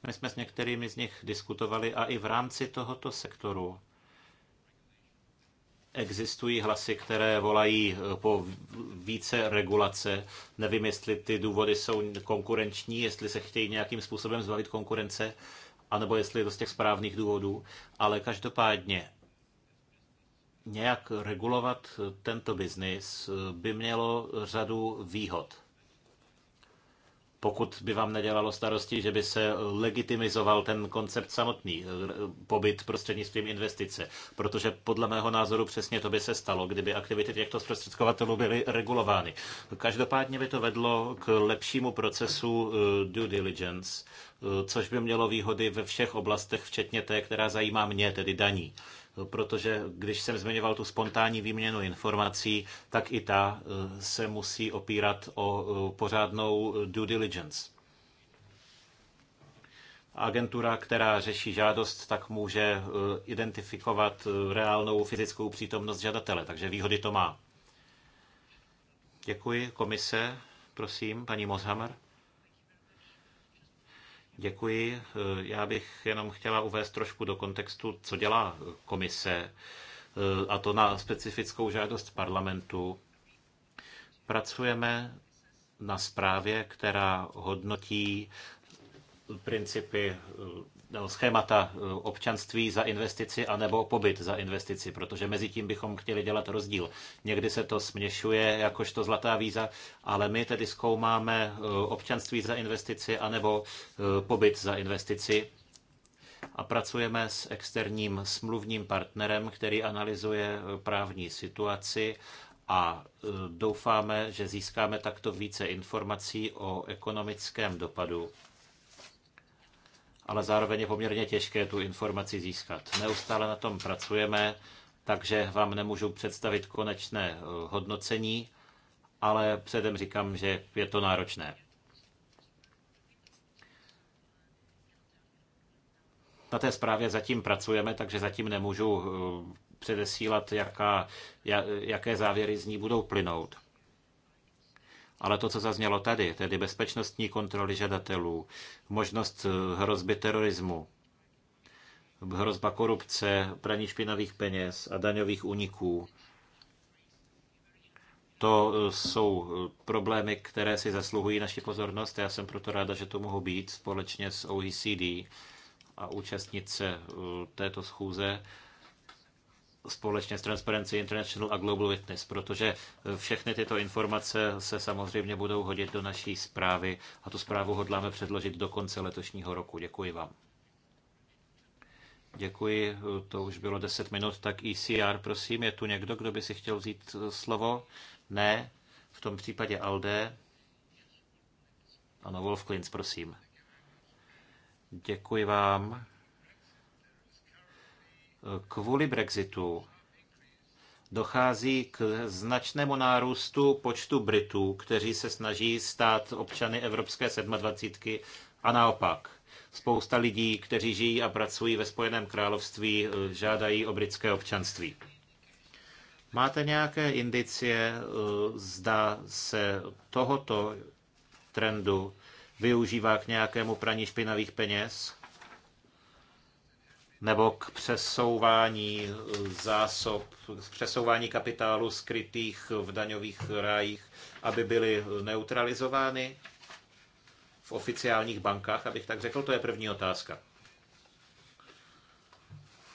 My jsme s některými z nich diskutovali a i v rámci tohoto sektoru existují hlasy, které volají eh, po více regulace. Nevím, jestli ty důvody jsou konkurenční, jestli se chtějí nějakým způsobem zbavit konkurence, anebo jestli je to z těch správných důvodů, ale každopádně nějak regulovat eh, tento biznis eh, by mělo řadu výhod pokud by vám nedělalo starosti, že by se legitimizoval ten koncept samotný, eh, pobyt prostřednictvím investice. Protože podle mého názoru přesně to by se stalo, kdyby aktivity těchto zprostředkovatelů byly regulovány. Každopádně by to vedlo k lepšímu procesu eh, due diligence, eh, což by mělo výhody ve všech oblastech, včetně té, která zajímá mě, tedy daní protože když jsem zmiňoval tu spontánní výměnu informací, tak i ta eh, se musí opírat o eh, pořádnou due diligence. Agentura, která řeší žádost, tak může eh, identifikovat reálnou fyzickou přítomnost žadatele, takže výhody to má. Děkuji. Komise, prosím, paní Mozhammer. Děkuji. Já bych jenom chtěla uvést trošku do kontextu, co dělá komise, a to na specifickou žádost parlamentu. Pracujeme na zprávě, která hodnotí principy eh, nebo schémata eh, občanství za investici anebo pobyt za investici, protože mezi tím bychom chtěli dělat rozdíl. Někdy se to směšuje jakožto zlatá víza, ale my tedy zkoumáme eh, občanství za investici anebo pobyt za investici a pracujeme s externím smluvním partnerem, který analyzuje právní situaci a doufáme, že získáme takto více informací o ekonomickém dopadu ale zároveň je poměrně těžké tu informaci získat. Neustále na tom pracujeme, takže vám nemůžu představit konečné eh, hodnocení, ale předem říkám, že je to náročné. Na té zprávě zatím pracujeme, takže zatím nemůžu eh, předesílat, jaká, jaké závěry z ní budou plynout. Ale to, co zaznělo tady, tedy bezpečnostní kontroly žadatelů, možnost eh, hrozby terorismu, hrozba korupce, praní špinavých peněz a daňových úniků, to eh, jsou eh, problémy, které si zasluhují naši pozornost. Já jsem proto ráda, že to mohu být společně s OECD a účastnit se této schůze společně s Transparency International a Global Witness, protože všechny tyto informace se samozřejmě budou hodit do naší zprávy a tu zprávu hodláme předložit do konce letošního roku. Děkuji vám. Děkuji, to už bylo 10 minut, tak ECR, prosím, je tu někdo, kdo by si chtěl vzít slovo? Ne, v tom případě Alde. Ano, Wolf Klins, prosím. Děkuji vám. Kvůli Brexitu dochází k značnému nárůstu počtu Britů, kteří se snaží stát občany Evropské 27 a naopak. Spousta lidí, kteří žijí a pracují ve Spojeném království, žádají o britské občanství. Máte nějaké indicie, eh, zda se tohoto trendu využívá k nějakému praní špinavých peněz? nebo k přesouvání zásob, k přesouvání kapitálu skrytých v daňových rájích, aby byly neutralizovány v oficiálních bankách, abych tak řekl, to je první otázka.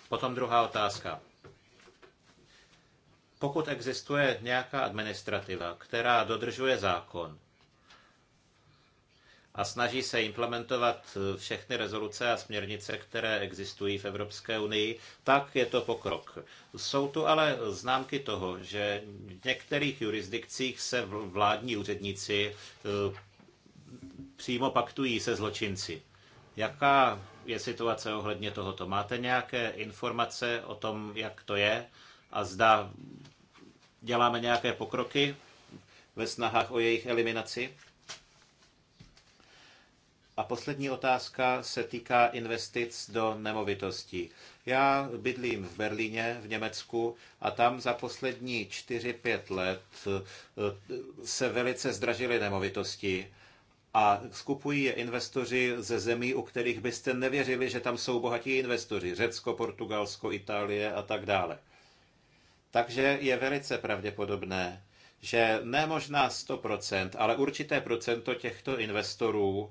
Potom druhá otázka. Pokud existuje nějaká administrativa, která dodržuje zákon, a snaží se implementovat eh, všechny rezoluce a směrnice, které existují v Evropské unii, tak je to pokrok. Jsou tu ale známky toho, že v některých jurisdikcích se vládní úředníci eh, přímo paktují se zločinci. Jaká je situace ohledně tohoto? Máte nějaké informace o tom, jak to je a zda děláme nějaké pokroky ve snahách o jejich eliminaci? A poslední otázka se týká investic do nemovitostí. Já bydlím v Berlíně, v Německu, a tam za poslední 4-5 let eh, se velice zdražily nemovitosti a skupují je investoři ze zemí, u kterých byste nevěřili, že tam jsou bohatí investoři. Řecko, Portugalsko, Itálie a tak dále. Takže je velice pravděpodobné, že ne možná 100%, ale určité procento těchto investorů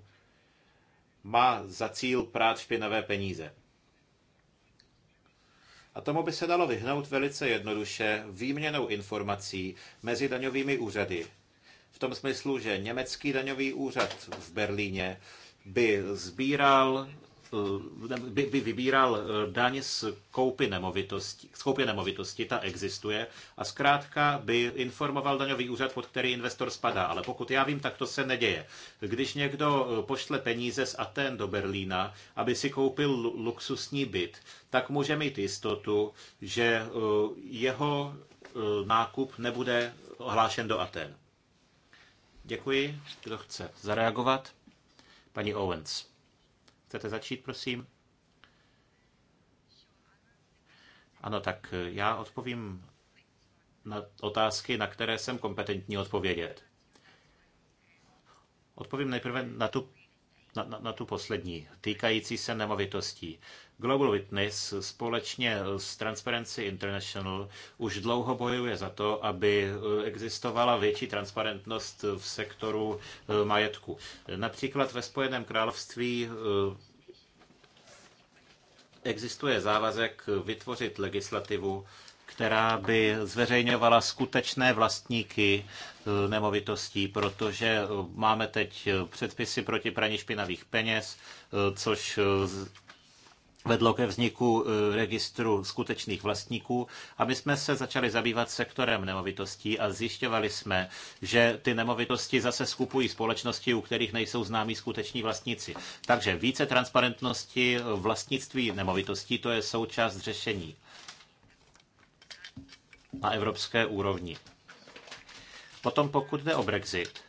má za cíl prát špinavé peníze. A tomu by se dalo vyhnout velice jednoduše výměnou informací mezi daňovými úřady. V tom smyslu, že německý daňový úřad v Berlíně by sbíral by, eh, by vybíral eh, daň z koupy nemovitosti, z koupy nemovitosti, ta existuje, a zkrátka by informoval daňový úřad, pod který investor spadá. Ale pokud já vím, tak to se neděje. Když někdo eh, pošle peníze z Aten do Berlína, aby si koupil luxusní byt, tak může mít jistotu, že jeho nákup nebude ohlášen do Aten. Děkuji. Kdo chce zareagovat? Paní Owens. Chcete začít, prosím? Ano, tak eh, já odpovím na otázky, na které jsem kompetentní odpovědět. Odpovím nejprve na tu na, na, na tu poslední, týkající se nemovitostí. Global Witness společně s Transparency International už dlouho bojuje za to, aby eh, existovala větší transparentnost v sektoru eh, majetku. Například ve Spojeném království eh, existuje závazek vytvořit legislativu, která by zveřejňovala skutečné vlastníky eh, nemovitostí, protože eh, máme teď eh, předpisy proti praní špinavých peněz, což vedlo ke vzniku registru skutečných vlastníků a my jsme se začali zabývat sektorem nemovitostí a zjišťovali jsme, že ty nemovitosti zase skupují společnosti, u kterých nejsou známí skuteční vlastníci. Takže více transparentnosti vlastnictví nemovitostí, to je součást řešení na evropské úrovni. Potom pokud jde o Brexit,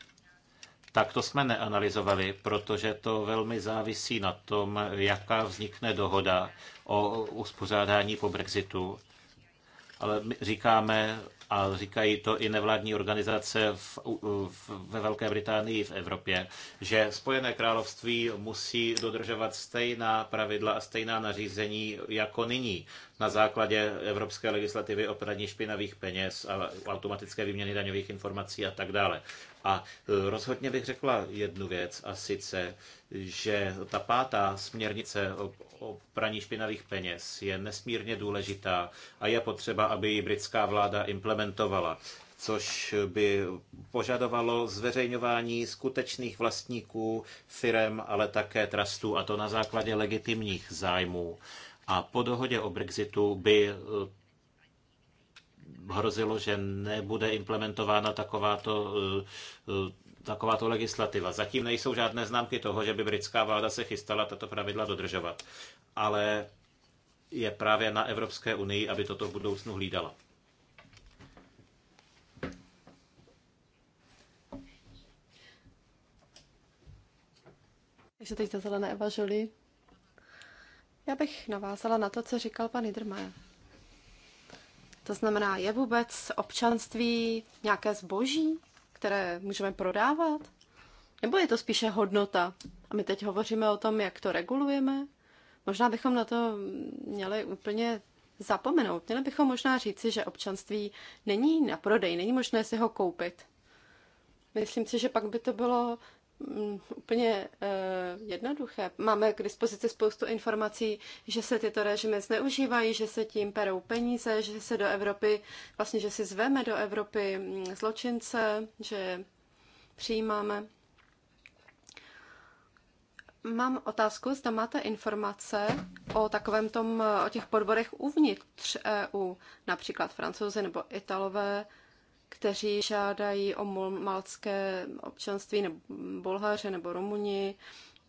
tak to jsme neanalyzovali, protože to velmi závisí na tom, jaká vznikne dohoda o uspořádání po Brexitu ale my říkáme, a říkají to i nevládní organizace v, v, ve Velké Británii, v Evropě, že Spojené království musí dodržovat stejná pravidla a stejná nařízení jako nyní na základě evropské legislativy o praní špinavých peněz a automatické výměny daňových informací a tak dále. A e, rozhodně bych řekla jednu věc, a sice, že ta pátá směrnice o, o praní špinavých peněz je nesmírně důležitá a je potřeba, aby ji britská vláda implementovala což by požadovalo zveřejňování skutečných vlastníků firem, ale také trustů, a to na základě legitimních zájmů. A po dohodě o Brexitu by e, hrozilo, že nebude implementována takováto eh, eh, takováto legislativa. Zatím nejsou žádné známky toho, že by britská vláda se chystala tato pravidla dodržovat. Ale je právě na Evropské unii, aby toto v budoucnu hlídala. Takže teď ta zelená Eva Žoli. Já bych navázala na to, co říkal pan Idrmajer. To znamená, je vůbec občanství nějaké zboží, které můžeme prodávat? Nebo je to spíše hodnota? A my teď hovoříme o tom, jak to regulujeme. Možná bychom na to měli úplně zapomenout. Měli bychom možná říci, že občanství není na prodej, není možné si ho koupit. Myslím si, že pak by to bylo Mm, úplně eh, jednoduché. Máme k dispozici spoustu informací, že se tyto režimy zneužívají, že se tím perou peníze, že se do Evropy, vlastně, že si zveme do Evropy mm, zločince, že přijímáme. Mám otázku, zda máte informace o takovém tom, eh, o těch podborech uvnitř EU, například francouzi nebo italové, kteří žádají o malcké občanství, nebo Bulhaři, nebo Rumuni,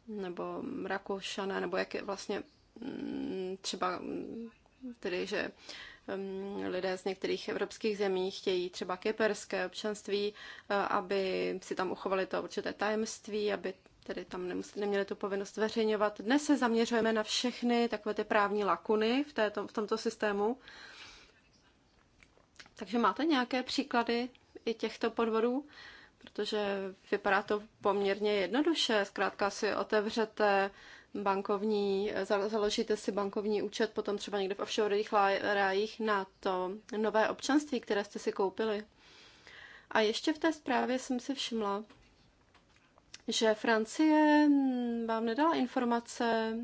nebo Rakušané, nebo jak je vlastně mm, třeba mm, tedy, že mm, lidé z některých evropských zemí chtějí třeba kyperské občanství, eh, aby si tam uchovali to určité tajemství, aby tedy tam nemuseli, neměli tu povinnost veřejňovat. Dnes se zaměřujeme na všechny takové ty právní lakuny v, této, v tomto systému. Takže máte nějaké příklady i těchto podvodů? Protože vypadá to poměrně jednoduše. Zkrátka si otevřete bankovní, založíte si bankovní účet, potom třeba někde v offshore rájích na to nové občanství, které jste si koupili. A ještě v té zprávě jsem si všimla, že Francie hm, vám nedala informace.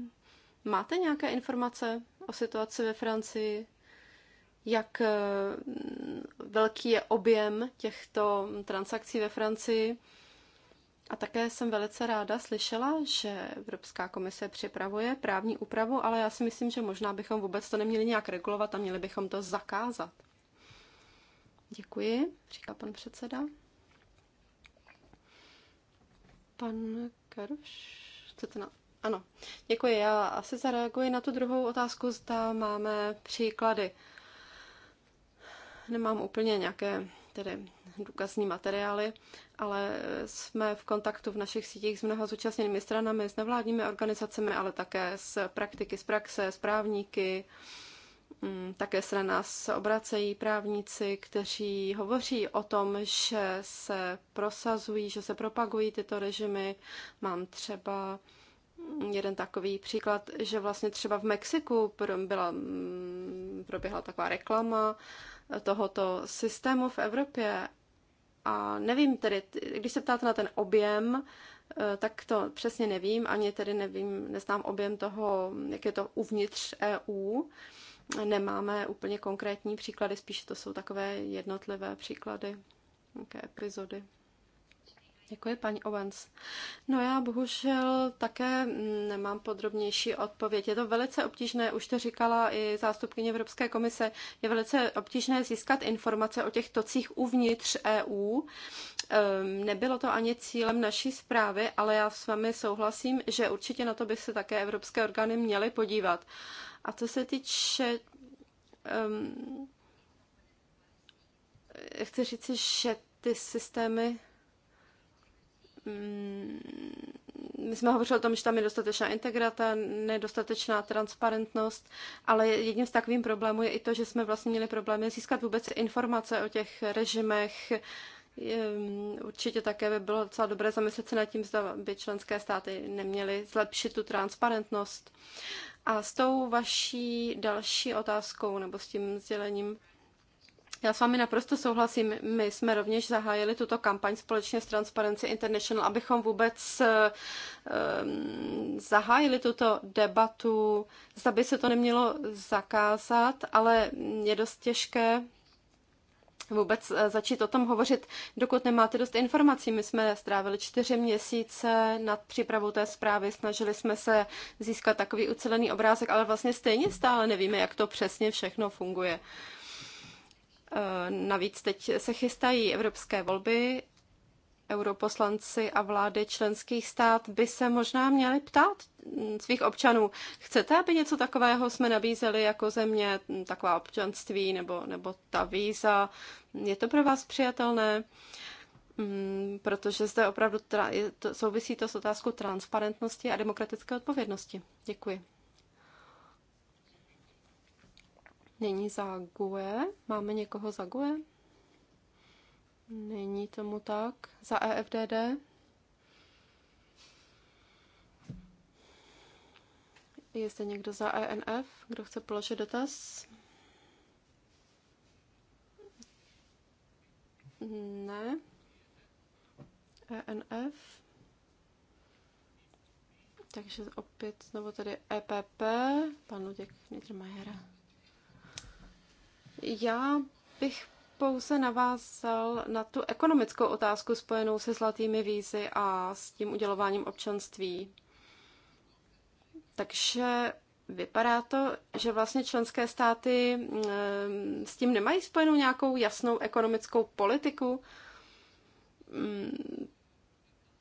Máte nějaké informace o situaci ve Francii? jak eh, velký je objem těchto transakcí ve Francii. A také jsem velice ráda slyšela, že Evropská komise připravuje právní úpravu, ale já si myslím, že možná bychom vůbec to neměli nějak regulovat a měli bychom to zakázat. Děkuji, říká pan předseda. Pan Karš, chcete na... Ano, děkuji. Já asi zareaguji na tu druhou otázku, zda máme příklady. Uh, nemám úplně nějaké tedy důkazní materiály, ale jsme v kontaktu v našich sítích s mnoha zúčastněnými stranami, s nevládními organizacemi, ale také s praktiky z praxe, s právníky. Mm, také se na nás obracejí právníci, kteří hovoří o tom, že se prosazují, že se propagují tyto režimy. Mám třeba mm, jeden takový příklad, že vlastně třeba v Mexiku byla, mm, proběhla taková reklama, tohoto systému v Evropě. A nevím tedy, když se ptáte na ten objem, eh, tak to přesně nevím, ani tedy nevím, neznám objem toho, jak je to uvnitř EU. Nemáme úplně konkrétní příklady, spíš to jsou takové jednotlivé příklady, nějaké epizody. Děkuji, paní Owens. No já bohužel také nemám podrobnější odpověď. Je to velice obtížné, už to říkala i zástupkyně Evropské komise, je velice obtížné získat informace o těch tocích uvnitř EU. Ehm, nebylo to ani cílem naší zprávy, ale já s vámi souhlasím, že určitě na to by se také evropské orgány měly podívat. A co se týče um, chci říct, že ty systémy Mm, my jsme hovořili o tom, že tam je dostatečná integrata, nedostatečná transparentnost, ale jedním z takovým problémů je i to, že jsme vlastně měli problémy získat vůbec informace o těch režimech. Určitě také by bylo docela dobré zamyslet se nad tím, zda by členské státy neměly zlepšit tu transparentnost. A s tou vaší další otázkou nebo s tím sdělením já s vámi naprosto souhlasím. My jsme rovněž zahájili tuto kampaň společně s Transparency International, abychom vůbec ehm, zahájili tuto debatu. Zda by se to nemělo zakázat, ale je dost těžké vůbec eh, začít o tom hovořit, dokud nemáte dost informací. My jsme strávili čtyři měsíce nad přípravou té zprávy, snažili jsme se získat takový ucelený obrázek, ale vlastně stejně stále nevíme, jak to přesně všechno funguje. Eh, navíc teď se chystají evropské volby, europoslanci a vlády členských stát by se možná měli ptát svých občanů, chcete, aby něco takového jsme nabízeli jako země, taková občanství nebo, nebo ta víza, je to pro vás přijatelné? Mm, protože zde opravdu souvisí to s otázkou transparentnosti a demokratické odpovědnosti. Děkuji. Není za GUE? Máme někoho za GUE? Není tomu tak. Za EFDD? Je zde někdo za ENF, kdo chce položit dotaz? Ne. ENF. Takže opět znovu tady EPP, panu Děk Niedermayera. Já bych pouze navázal na tu ekonomickou otázku spojenou se zlatými vízy a s tím udělováním občanství. Takže vypadá to, že vlastně členské státy eh, s tím nemají spojenou nějakou jasnou ekonomickou politiku, mm,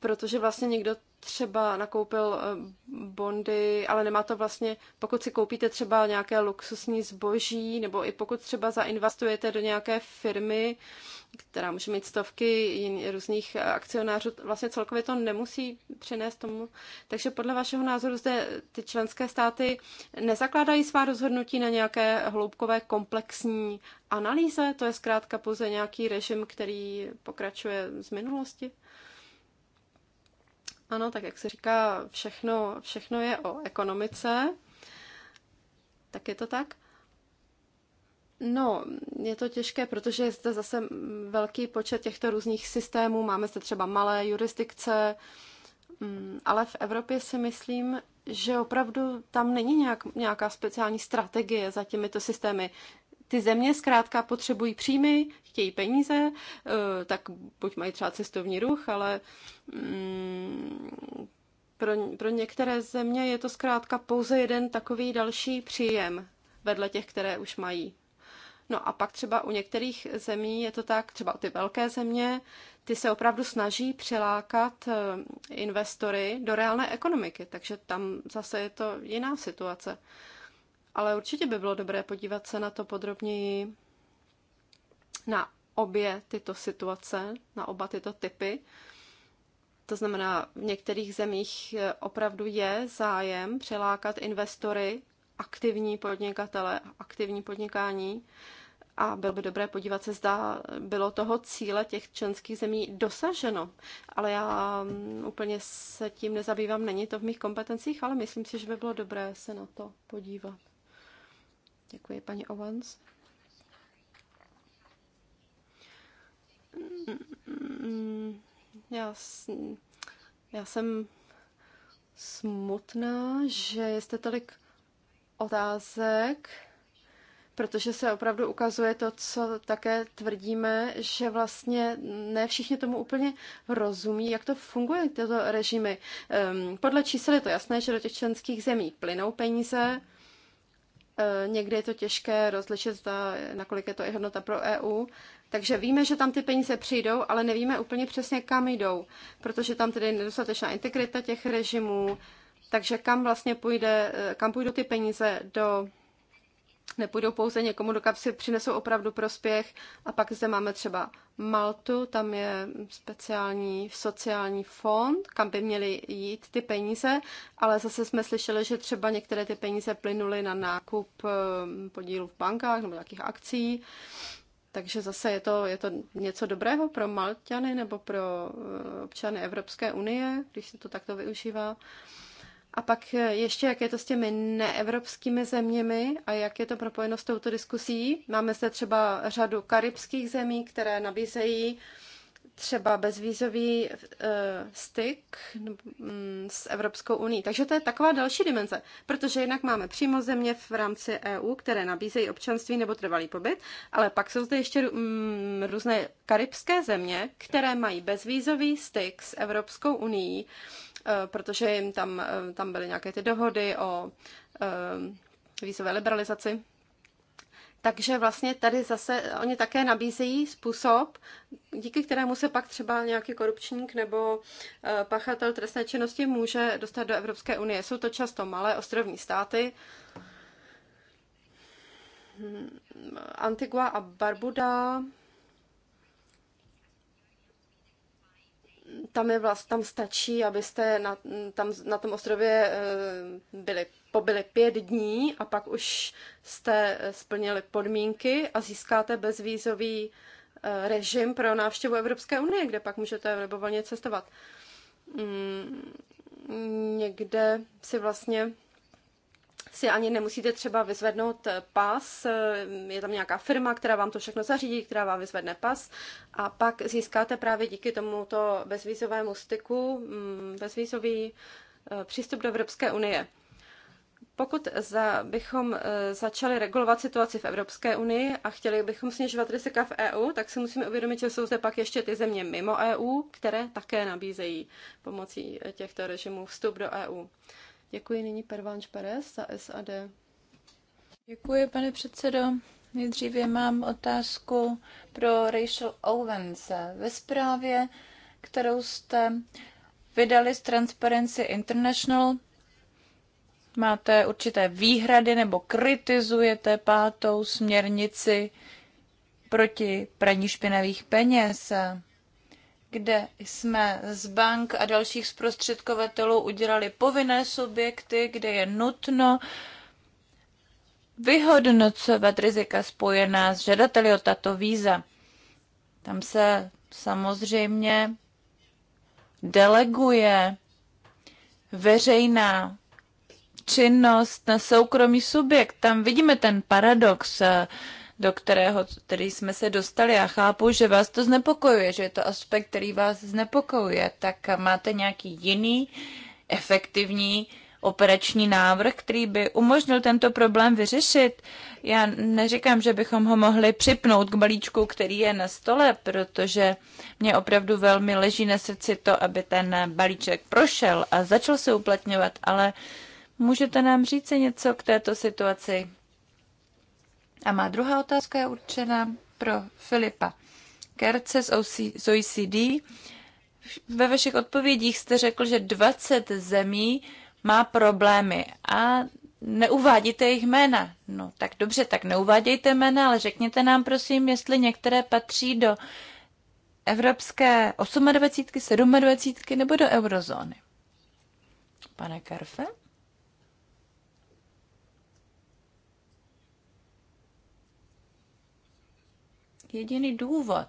protože vlastně někdo třeba nakoupil eh, bondy, ale nemá to vlastně, pokud si koupíte třeba nějaké luxusní zboží, nebo i pokud třeba zainvestujete do nějaké firmy, která může mít stovky různých eh, akcionářů, vlastně celkově to nemusí přinést tomu. Takže podle vašeho názoru zde ty členské státy nezakládají svá rozhodnutí na nějaké hloubkové komplexní analýze, to je zkrátka pouze nějaký režim, který pokračuje z minulosti? Ano, tak jak se říká, všechno, všechno je o ekonomice. Tak je to tak? No, je to těžké, protože je zde zase velký počet těchto různých systémů. Máme zde třeba malé jurisdikce, mm, ale v Evropě si myslím, že opravdu tam není nějak, nějaká speciální strategie za těmito systémy ty země zkrátka potřebují příjmy, chtějí peníze, eh, tak buď mají třeba cestovní ruch, ale mm, pro, pro některé země je to zkrátka pouze jeden takový další příjem vedle těch, které už mají. No a pak třeba u některých zemí je to tak, třeba ty velké země, ty se opravdu snaží přilákat eh, investory do reálné ekonomiky, takže tam zase je to jiná situace ale určitě by bylo dobré podívat se na to podrobněji, na obě tyto situace, na oba tyto typy. To znamená, v některých zemích eh, opravdu je zájem přilákat investory, aktivní podnikatele, aktivní podnikání. A bylo by dobré podívat se, zda bylo toho cíle těch členských zemí dosaženo. Ale já mm, úplně se tím nezabývám, není to v mých kompetencích, ale myslím si, že by bylo dobré se na to podívat. Děkuji, paní Owens. Já, já jsem smutná, že jste tolik otázek, protože se opravdu ukazuje to, co také tvrdíme, že vlastně ne všichni tomu úplně rozumí, jak to funguje, tyto režimy. Ehm, podle čísel je to jasné, že do těch členských zemí plynou peníze, Eh, někdy je to těžké rozlišit, zda, nakolik je to i hodnota pro EU. Takže víme, že tam ty peníze přijdou, ale nevíme úplně přesně, kam jdou, protože tam tedy je nedostatečná integrita těch režimů, takže kam vlastně půjde, eh, kam půjdou ty peníze do nepůjdou pouze někomu do kapsy, přinesou opravdu prospěch. A pak zde máme třeba Maltu, tam je speciální sociální fond, kam by měly jít ty peníze, ale zase jsme slyšeli, že třeba některé ty peníze plynuly na nákup eh, podílů v bankách nebo nějakých akcí. Takže zase je to, je to něco dobrého pro Malťany nebo pro eh, občany Evropské unie, když se to takto využívá. A pak eh, ještě, jak je to s těmi neevropskými zeměmi a jak je to propojeno s touto diskusí. Máme zde třeba řadu karibských zemí, které nabízejí třeba bezvízový uh, styk um, s Evropskou uní. Takže to je taková další dimenze, protože jinak máme přímo země v rámci EU, které nabízejí občanství nebo trvalý pobyt, ale pak jsou zde ještě um, různé karibské země, které mají bezvízový styk s Evropskou unii. Eh, protože jim tam, eh, tam byly nějaké ty dohody o eh, vízové liberalizaci. Takže vlastně tady zase oni také nabízejí způsob, díky kterému se pak třeba nějaký korupčník nebo pachatel trestné činnosti může dostat do Evropské unie. Jsou to často malé ostrovní státy. Hmm, Antigua a Barbuda tam, je vlast, tam stačí, abyste na, tam, na tom ostrově eh, byli, pobyli pět dní a pak už jste eh, splnili podmínky a získáte bezvízový eh, režim pro návštěvu Evropské unie, kde pak můžete libovolně cestovat. Mm, někde si vlastně si ani nemusíte třeba vyzvednout eh, pas, eh, je tam nějaká firma, která vám to všechno zařídí, která vám vyzvedne pas a pak získáte právě díky tomuto bezvízovému styku mm, bezvízový eh, přístup do Evropské unie. Pokud za, bychom začali regulovat situaci v Evropské unii a chtěli bychom snižovat rizika v EU, tak si musíme uvědomit, že jsou zde pak ještě ty země mimo EU, které také nabízejí pomocí těchto režimů vstup do EU. Děkuji nyní Pervánč Perez za SAD. Děkuji, pane předsedo. Nejdříve mám otázku pro Rachel Owens. Ve zprávě, kterou jste vydali z Transparency International, máte určité výhrady nebo kritizujete pátou směrnici proti praní špinavých peněz kde jsme z bank a dalších zprostředkovatelů udělali povinné subjekty, kde je nutno vyhodnocovat rizika spojená s žadateli o tato víza. Tam se samozřejmě deleguje veřejná činnost na soukromý subjekt. Tam vidíme ten paradox do kterého který jsme se dostali. Já chápu, že vás to znepokojuje, že je to aspekt, který vás znepokojuje. Tak máte nějaký jiný efektivní operační návrh, který by umožnil tento problém vyřešit. Já neříkám, že bychom ho mohli připnout k balíčku, který je na stole, protože mě opravdu velmi leží na srdci to, aby ten balíček prošel a začal se uplatňovat, ale můžete nám říct něco k této situaci? A má druhá otázka je určena pro Filipa Kerce z, OC, z OECD. Ve vašich odpovědích jste řekl, že 20 zemí má problémy a neuvádíte jejich jména. No tak dobře, tak neuvádějte jména, ale řekněte nám prosím, jestli některé patří do evropské 28, 27 nebo do eurozóny. Pane Karfe? Jediný důvod,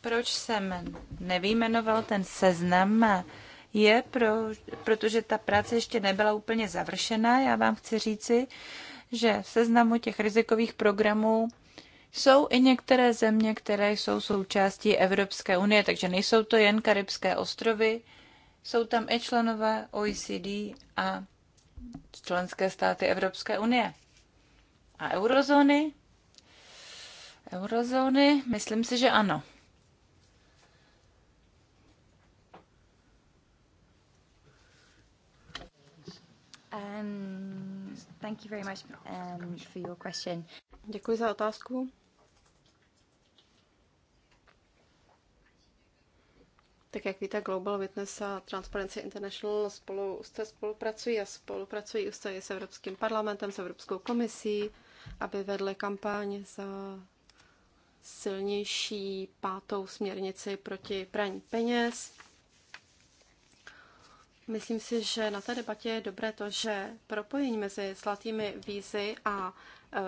proč jsem nevýjmenoval ten seznam, je, pro, protože ta práce ještě nebyla úplně završena. Já vám chci říci, že v seznamu těch rizikových programů jsou i některé země, které jsou součástí Evropské unie, takže nejsou to jen Karibské ostrovy, jsou tam i členové OECD a členské státy Evropské unie a eurozóny eurozóny? Myslím si, že ano. Um, thank you very much um, for your question. Děkuji za otázku. Tak jak víte, Global Witness a Transparency International spolu úzce spolupracují a spolupracují úzce s Evropským parlamentem, s Evropskou komisí, aby vedle kampaň za silnější pátou směrnici proti praní peněz. Myslím si, že na té debatě je dobré to, že propojení mezi zlatými vízy a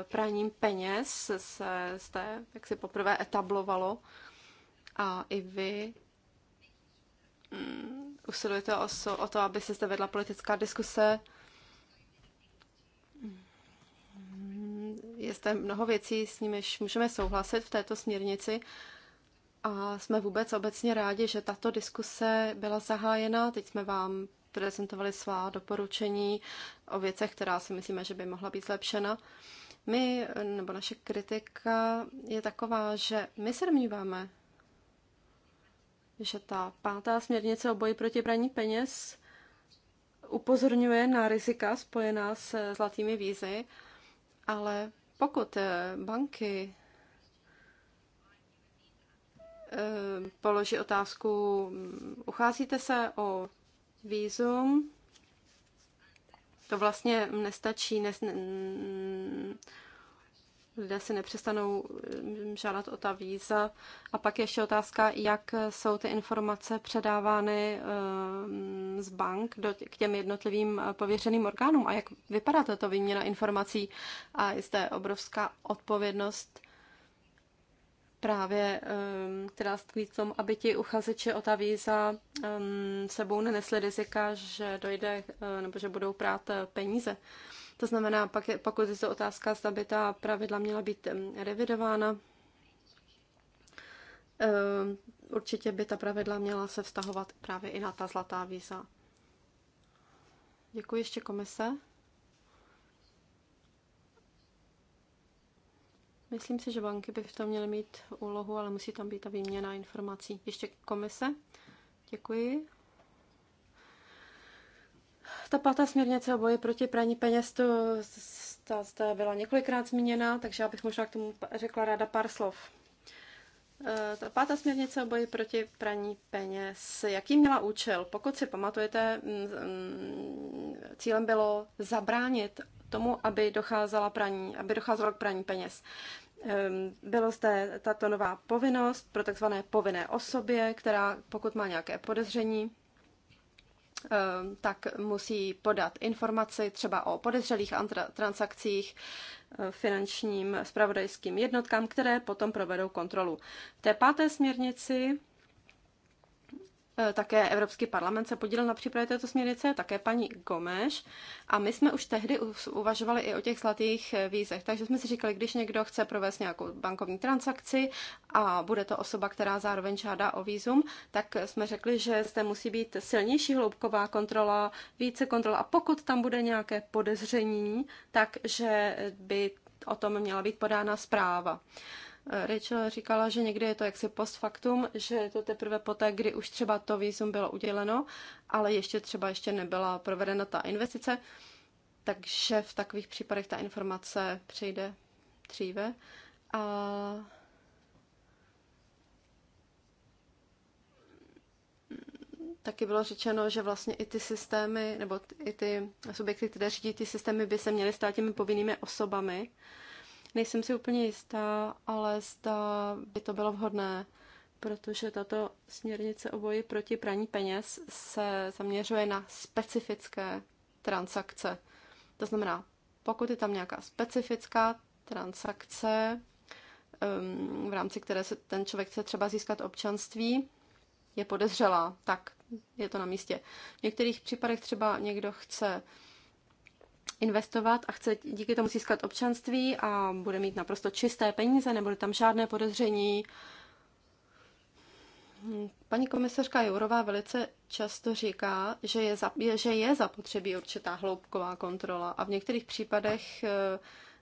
e, praním peněz se zde jak si poprvé etablovalo a i vy mm, usilujete o, o to, aby se zde vedla politická diskuse je zde mnoho věcí, s nimiž můžeme souhlasit v této směrnici a jsme vůbec obecně rádi, že tato diskuse byla zahájena. Teď jsme vám prezentovali svá doporučení o věcech, která si myslíme, že by mohla být zlepšena. My, nebo naše kritika je taková, že my se domníváme, že ta pátá směrnice o boji proti praní peněz upozorňuje na rizika spojená s zlatými vízy, ale pokud eh, banky eh, položí otázku, ucházíte se o výzum, to vlastně nestačí, nes, lidé si nepřestanou mm, žádat o ta víza. A pak ještě otázka, jak jsou ty informace předávány ehm, z bank do, k těm jednotlivým eh, pověřeným orgánům a jak vypadá tato výměna informací. A je zde obrovská odpovědnost právě, ehm, která stkví v tom, aby ti uchazeči o ta víza ehm, sebou nenesli rizika, že dojde, eh, nebo že budou prát eh, peníze. To znamená, pak je, pokud je to otázka, zda by ta pravidla měla být revidována, eh, určitě by ta pravidla měla se vztahovat právě i na ta zlatá víza. Děkuji ještě komise. Myslím si, že banky by v tom měly mít úlohu, ale musí tam být ta výměna informací. Ještě komise. Děkuji. Ta pátá směrnice o boji proti praní peněz, to, ta, ta byla několikrát zmíněna, takže já bych možná k tomu řekla ráda pár slov. E, ta pátá směrnice o boji proti praní peněz, jaký měla účel? Pokud si pamatujete, cílem bylo zabránit tomu, aby, docházela praní, aby docházelo k praní peněz. E, bylo zde tato nová povinnost pro takzvané povinné osobě, která pokud má nějaké podezření, Ehm, tak musí podat informaci třeba o podezřelých transakcích eh, finančním spravodajským jednotkám, které potom provedou kontrolu. V té páté směrnici Eh, také Evropský parlament se podílel na přípravě této směrnice, také paní Gomeš. A my jsme už tehdy uvažovali i o těch zlatých eh, vízech. Takže jsme si říkali, když někdo chce provést nějakou bankovní transakci a bude to osoba, která zároveň žádá o vízum, tak jsme řekli, že zde musí být silnější hloubková kontrola, více kontrola. A pokud tam bude nějaké podezření, takže by o tom měla být podána zpráva. Rachel říkala, že někdy je to jaksi post factum, že je to teprve poté, kdy už třeba to výzum bylo uděleno, ale ještě třeba ještě nebyla provedena ta investice, takže v takových případech ta informace přijde dříve. A taky bylo řečeno, že vlastně i ty systémy, nebo i ty subjekty, které řídí ty systémy, by se měly stát těmi povinnými osobami. Uh, Nejsem si úplně jistá, ale zda by to bylo vhodné, protože tato směrnice o boji proti praní peněz se zaměřuje na specifické transakce. To znamená, pokud je tam nějaká specifická transakce, ehm, v rámci které se ten člověk chce třeba získat občanství, je podezřelá, tak je to na místě. V některých případech třeba někdo chce investovat a chce díky tomu získat občanství a bude mít naprosto čisté peníze, nebude tam žádné podezření. Paní komisařka Jourová velice často říká, že je, za, že je zapotřebí určitá hloubková kontrola a v některých případech eh,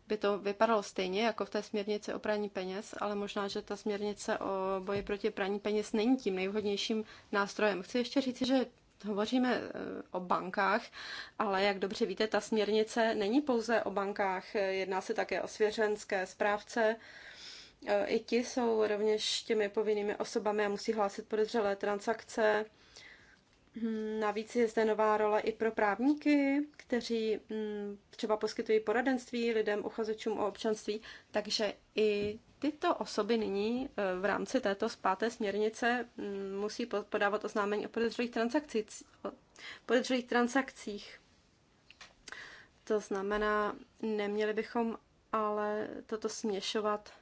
by to vypadalo stejně jako v té směrnici o praní peněz, ale možná, že ta směrnice o boji proti praní peněz není tím nejvhodnějším nástrojem. Chci ještě říct, že hovoříme eh, o bankách, ale jak dobře víte, ta směrnice není pouze o bankách, jedná se také o svěřenské správce. Eh, I ti jsou rovněž těmi povinnými osobami a musí hlásit podezřelé transakce. Hmm, navíc je zde nová role i pro právníky, kteří hmm, třeba poskytují poradenství lidem, uchazečům o občanství, takže i Tyto osoby nyní eh, v rámci této zpáté směrnice mm, musí podávat oznámení o podezřelých transakcích. Podezřelých transakcích. To znamená, neměli bychom ale toto směšovat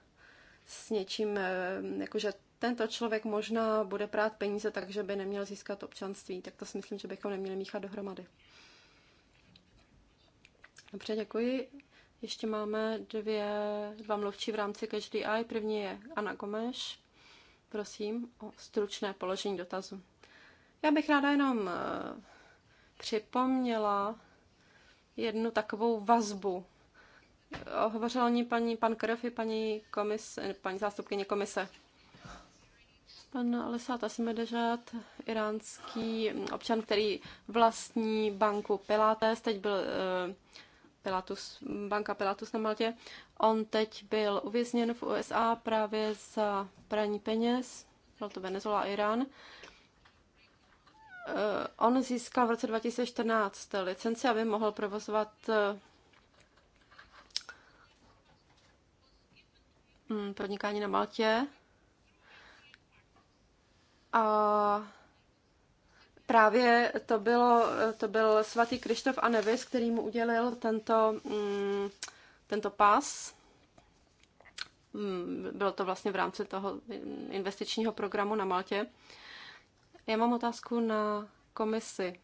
s něčím, eh, jakože tento člověk možná bude prát peníze, takže by neměl získat občanství. Tak to si myslím, že bychom neměli míchat dohromady. Dobře, děkuji. Ještě máme dvě, dva mluvčí v rámci Každý AI. První je Ana Gomeš. Prosím o stručné položení dotazu. Já bych ráda jenom eh, připomněla jednu takovou vazbu. Hovořila ní paní, pan Krev paní, komis eh, paní zástupkyně komise. Pan Alesát Asmedežat, iránský občan, který vlastní banku Pilates, teď byl eh, Pilatus, banka Pilatus na Maltě. On teď byl uvězněn v USA právě za praní peněz, byl to Venezuela a Irán. Eh, on získal v roce 2014 licenci, aby mohl provozovat eh, mm, podnikání na Maltě. A Právě to, bylo, to byl svatý Krištof a Nevis, který mu udělil tento, mm, tento pas. Mm, bylo to vlastně v rámci toho investičního programu na Maltě. Já mám otázku na komisi.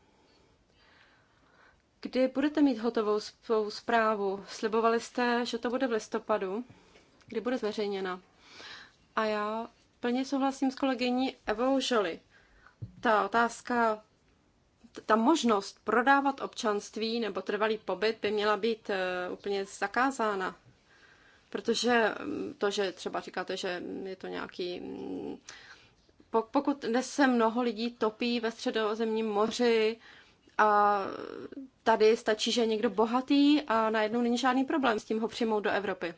Kdy budete mít hotovou svou zprávu? Slibovali jste, že to bude v listopadu. Kdy bude zveřejněna? A já plně souhlasím s kolegyní Evou Žoli ta otázka, ta možnost prodávat občanství nebo trvalý pobyt by měla být eh, úplně zakázána. Protože mm, to, že třeba říkáte, že je to nějaký mm, pokud dnes se mnoho lidí topí ve středozemním moři a tady stačí, že je někdo bohatý a najednou není žádný problém s tím ho přijmout do Evropy.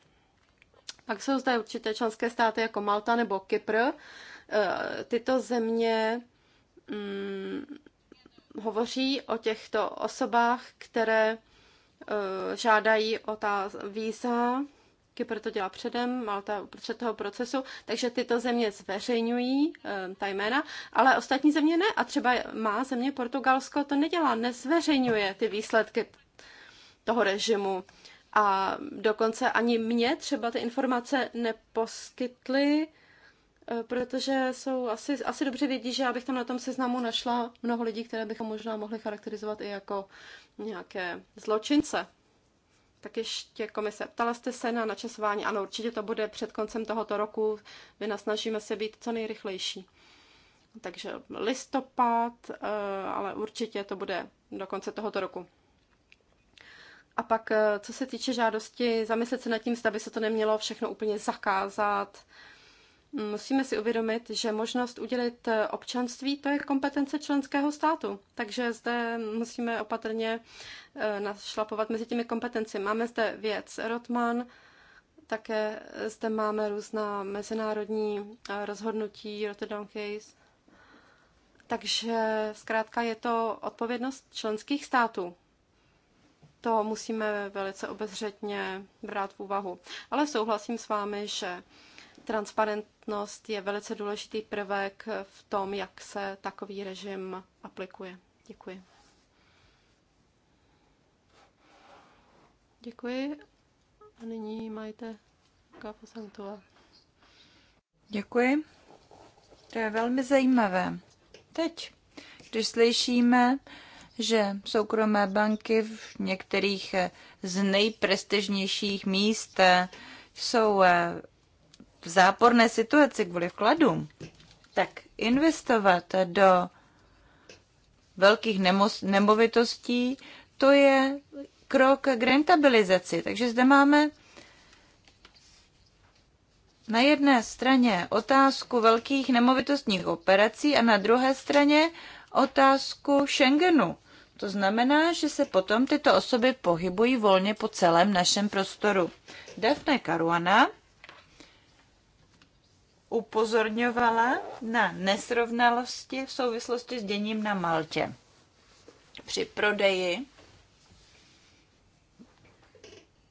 Pak jsou zde určité členské státy jako Malta nebo Kypr. Eh, tyto země mm, hovoří o těchto osobách, které uh, žádají o ta víza. Kypr to dělá předem, Malta uprostřed toho procesu, takže tyto země zveřejňují e, ta jména, ale ostatní země ne. A třeba má země Portugalsko to nedělá, nezveřejňuje ty výsledky toho režimu. A dokonce ani mě třeba ty informace neposkytly, Eh, protože jsou asi, asi dobře vědí, že já bych tam na tom seznamu našla mnoho lidí, které bychom možná mohli charakterizovat i jako nějaké zločince. Tak ještě komise, ptala jste se na načasování. Ano, určitě to bude před koncem tohoto roku. My nasnažíme se být co nejrychlejší. Takže listopad, eh, ale určitě to bude do konce tohoto roku. A pak, eh, co se týče žádosti, zamyslet se nad tím, zda by se to nemělo všechno úplně zakázat, musíme si uvědomit, že možnost udělit eh, občanství, to je kompetence členského státu. Takže zde musíme opatrně eh, našlapovat mezi těmi kompetenci. Máme zde věc Rotman, také zde máme různá mezinárodní eh, rozhodnutí Rotterdam Case. Takže zkrátka je to odpovědnost členských států. To musíme velice obezřetně brát v úvahu. Ale souhlasím s vámi, že Transparentnost je velice důležitý prvek v tom, jak se takový režim aplikuje. Děkuji. Děkuji. A nyní majte Kaposantua. Děkuji. To je velmi zajímavé. Teď, když slyšíme, že soukromé banky v některých z nejprestižnějších míst jsou eh, v záporné situaci kvůli vkladům, tak investovat do velkých nemovitostí, to je krok k rentabilizaci. Takže zde máme na jedné straně otázku velkých nemovitostních operací a na druhé straně otázku Schengenu. To znamená, že se potom tyto osoby pohybují volně po celém našem prostoru. Daphne Caruana upozorňovala na nesrovnalosti v souvislosti s děním na Maltě. Při prodeji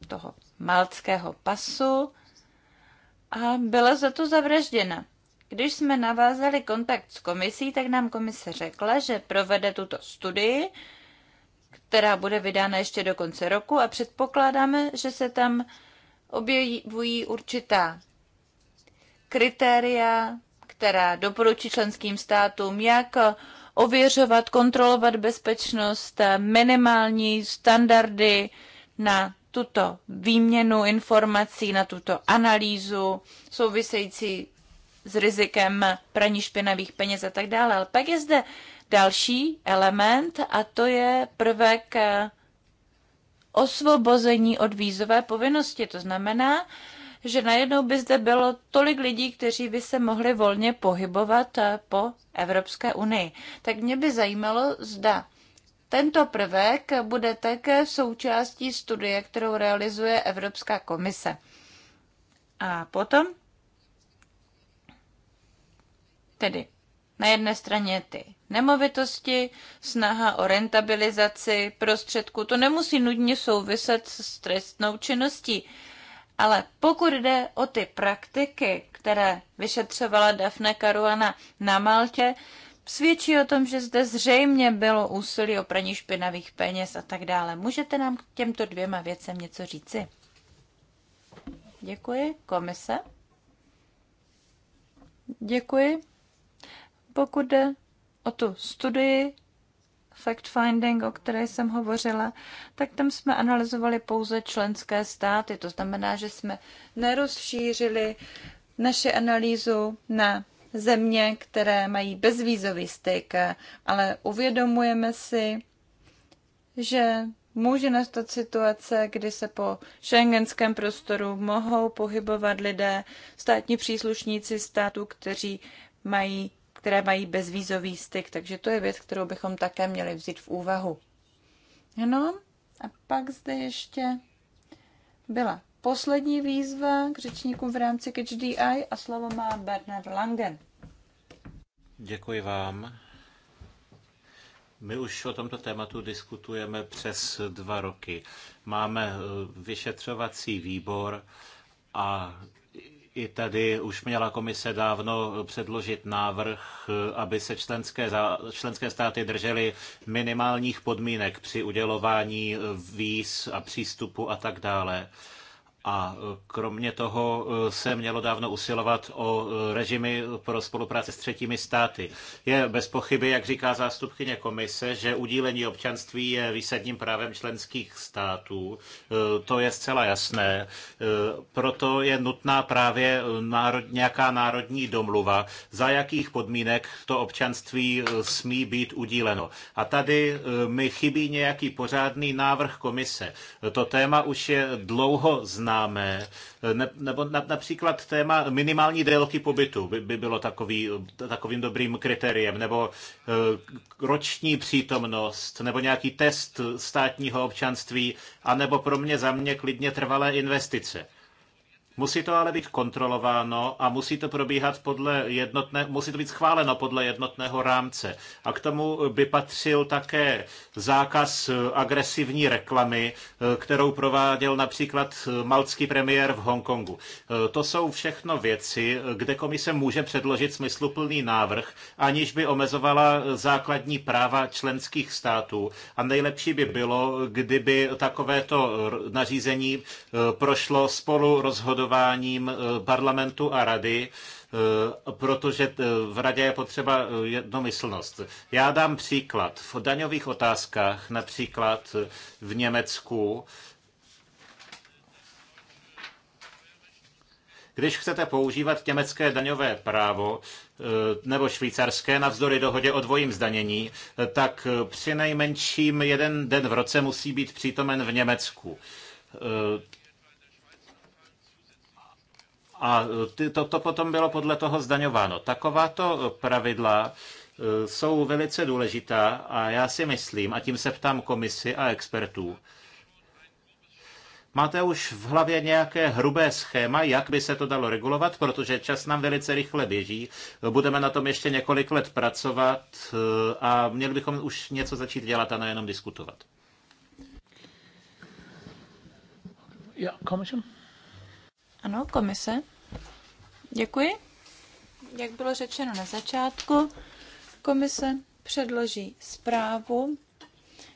toho maltského pasu a byla za to zavražděna. Když jsme navázali kontakt s komisí, tak nám komise řekla, že provede tuto studii, která bude vydána ještě do konce roku a předpokládáme, že se tam objevují určitá kritéria, která doporučí členským státům, jak ověřovat, kontrolovat bezpečnost, minimální standardy na tuto výměnu informací, na tuto analýzu související s rizikem praní špinavých peněz a tak dále. Ale pak je zde další element a to je prvek osvobození od vízové povinnosti. To znamená, že najednou by zde bylo tolik lidí, kteří by se mohli volně pohybovat eh, po Evropské unii. Tak mě by zajímalo, zda tento prvek bude také součástí studie, kterou realizuje Evropská komise. A potom tedy na jedné straně ty nemovitosti, snaha o rentabilizaci prostředků. To nemusí nudně souviset s trestnou činností, ale pokud jde o ty praktiky, které vyšetřovala Daphne Caruana na Maltě, svědčí o tom, že zde zřejmě bylo úsilí o praní špinavých peněz a tak dále. Můžete nám k těmto dvěma věcem něco říci? Děkuji. Komise? Děkuji. Pokud jde o tu studii, fact-finding, o které jsem hovořila, tak tam jsme analyzovali pouze členské státy. To znamená, že jsme nerozšířili naše analýzu na země, které mají bezvízový styk, ale uvědomujeme si, že může nastat situace, kdy se po šengenském prostoru mohou pohybovat lidé, státní příslušníci států, kteří mají které mají bezvízový styk, takže to je věc, kterou bychom také měli vzít v úvahu. No a pak zde ještě byla poslední výzva k řečníkům v rámci CatchDI a slovo má Bernard Langen. Děkuji vám. My už o tomto tématu diskutujeme přes dva roky. Máme eh, vyšetřovací výbor a i tady už měla komise dávno předložit návrh, aby se členské, členské státy držely minimálních podmínek při udělování víz a přístupu a tak dále. A e, kromě toho e, se mělo dávno usilovat o e, režimy pro spolupráci s třetími státy. Je bez pochyby, jak říká zástupkyně komise, že udílení občanství je výsadním právem členských států. To je zcela jasné. Proto je nutná právě národ, nějaká národní domluva, za jakých podmínek to občanství smí být udíleno. A tady mi chybí nějaký pořádný návrh komise. To téma už je dlouho zná známé. Ne, nebo na, například téma minimální délky pobytu by, by bylo takový, takovým dobrým kritériem, nebo eh, roční přítomnost, nebo nějaký test státního občanství, anebo pro mě za mě klidně trvalé investice. Musí to ale být kontrolováno a musí to probíhat podle jednotné, musí to být schváleno podle jednotného rámce. A k tomu by patřil také zákaz agresivní reklamy, eh, kterou prováděl například eh, malcký premiér v Hongkongu. Eh, to jsou všechno věci, kde komise může předložit smysluplný návrh, aniž by omezovala základní práva členských států. A nejlepší by bylo, kdyby takovéto nařízení prošlo spolu rozhodování rozhodováním eh, parlamentu a rady, eh, protože eh, v radě je potřeba jednomyslnost. Já dám příklad. V daňových otázkách, například v Německu, Když chcete používat německé daňové právo nebo švýcarské navzdory dohodě o dvojím zdanění, tak při nejmenším jeden den v roce musí být přítomen v Německu. A to, to potom bylo podle toho zdaňováno. Takováto pravidla e, jsou velice důležitá a já si myslím, a tím se ptám komisi a expertů, Máte už v hlavě nějaké hrubé schéma, jak by se to dalo regulovat, protože čas nám velice rychle běží. Budeme na tom ještě několik let pracovat e, a měli bychom už něco začít dělat a nejenom diskutovat. Yeah, commission. Ano, komise. Děkuji. Jak bylo řečeno na začátku, komise předloží zprávu,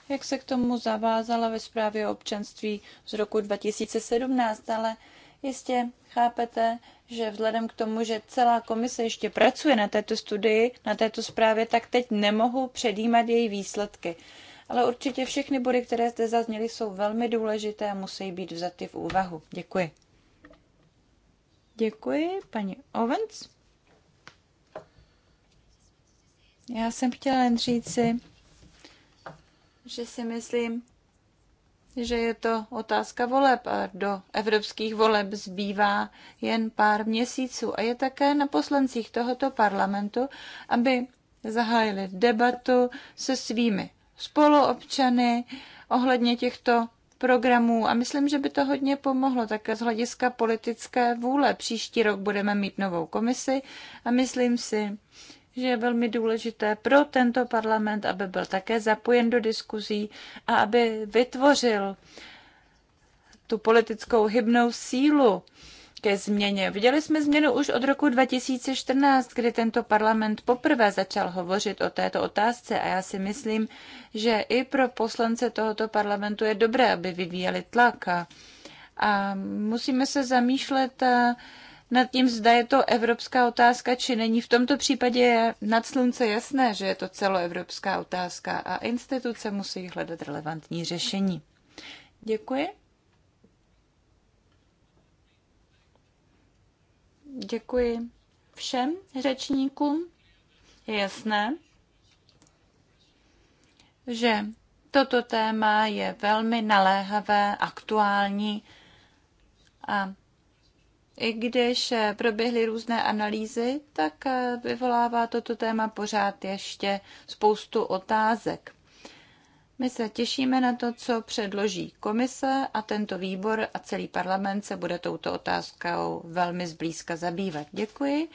jak se k tomu zavázala ve zprávě o občanství z roku 2017, ale jistě chápete, že vzhledem k tomu, že celá komise ještě pracuje na této studii, na této zprávě, tak teď nemohu předjímat její výsledky. Ale určitě všechny body, které zde zazněly, jsou velmi důležité a musí být vzaty v úvahu. Děkuji. Děkuji, paní Owens. Já jsem chtěla jen říci, že si myslím, že je to otázka voleb a do evropských voleb zbývá jen pár měsíců a je také na poslancích tohoto parlamentu, aby zahájili debatu se svými spoluobčany ohledně těchto programů a myslím, že by to hodně pomohlo také z hlediska politické vůle. Příští rok budeme mít novou komisi a myslím si, že je velmi důležité pro tento parlament, aby byl také zapojen do diskuzí a aby vytvořil tu politickou hybnou sílu ke změně. Viděli jsme změnu už od roku 2014, kdy tento parlament poprvé začal hovořit o této otázce a já si myslím, že i pro poslance tohoto parlamentu je dobré, aby vyvíjeli tlak. A, musíme se zamýšlet nad tím, zda je to evropská otázka, či není. V tomto případě je nad slunce jasné, že je to celoevropská otázka a instituce musí hledat relevantní řešení. Děkuji. Děkuji všem řečníkům. Je jasné, že toto téma je velmi naléhavé, aktuální a i když proběhly různé analýzy, tak vyvolává toto téma pořád ještě spoustu otázek. My se těšíme na to, co předloží komise a tento výbor a celý parlament se bude touto otázkou velmi zblízka zabývat. Děkuji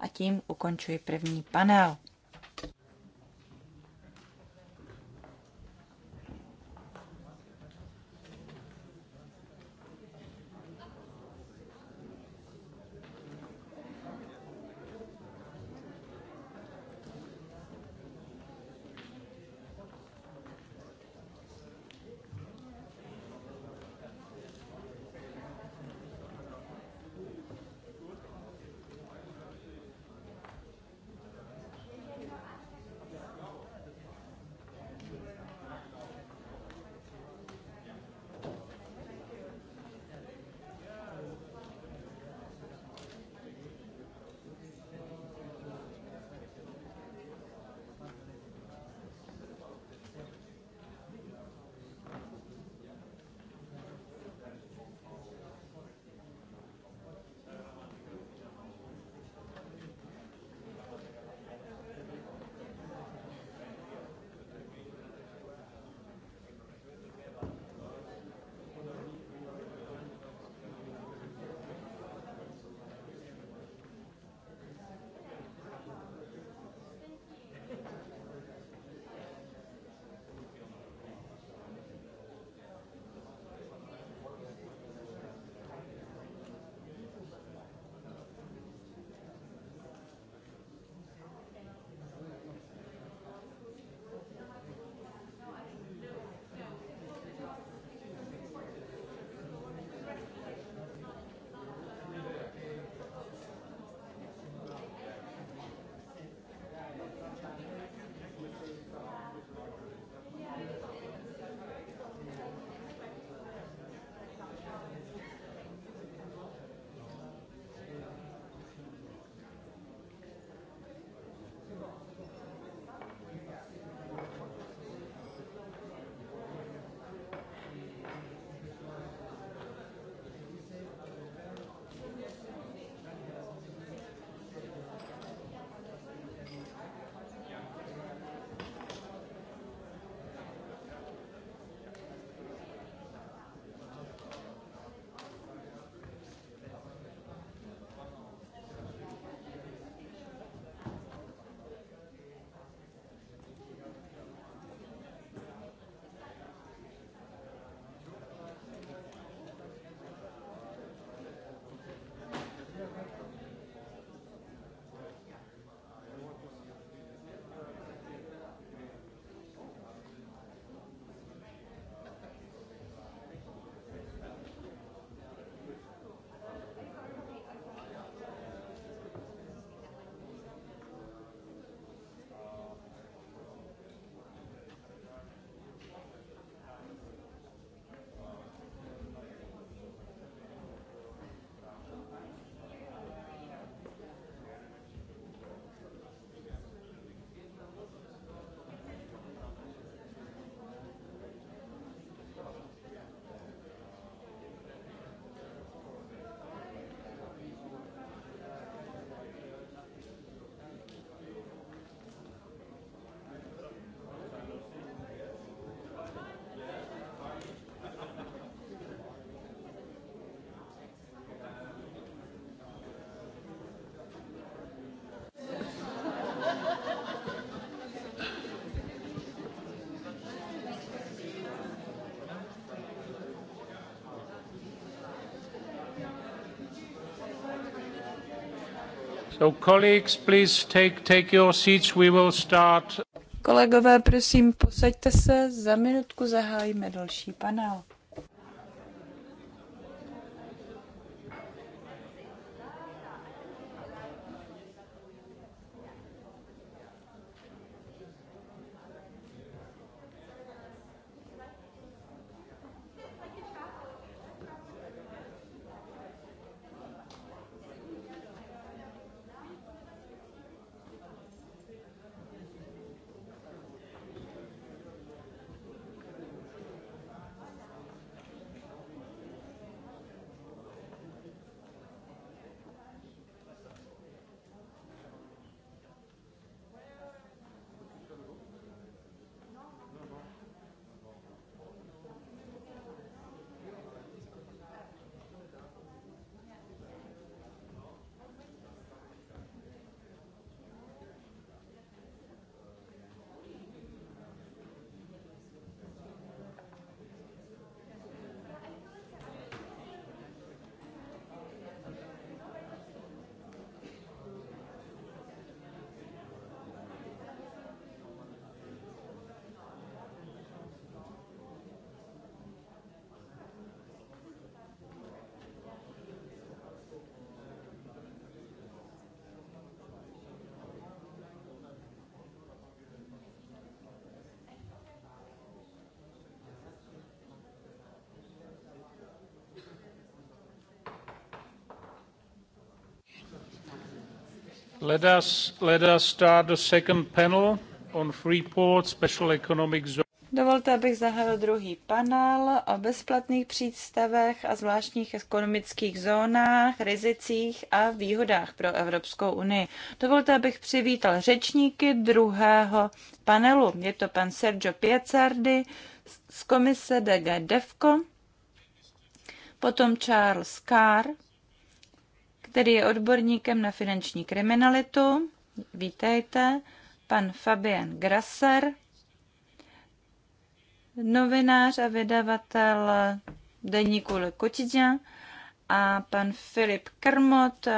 a tím ukončuji první panel. So colleagues, please take, take your seats. We will start. Kolegové, prosím, posaďte se, za minutku zahájíme další panel. Let us, let us start the second panel on Freeport Special Economic Zone. Dovolte, abych zahájil druhý panel o bezplatných přístavech a zvláštních ekonomických zónách, rizicích a výhodách pro Evropskou unii. Dovolte, abych přivítal řečníky druhého panelu. Je to pan Sergio Piacardi z komise DG DEFCO, potom Charles Carr, který je odborníkem na finanční kriminalitu. Vítejte, pan Fabian Grasser, novinář a vydavatel deníku Le Quotidien a pan Filip Krmot,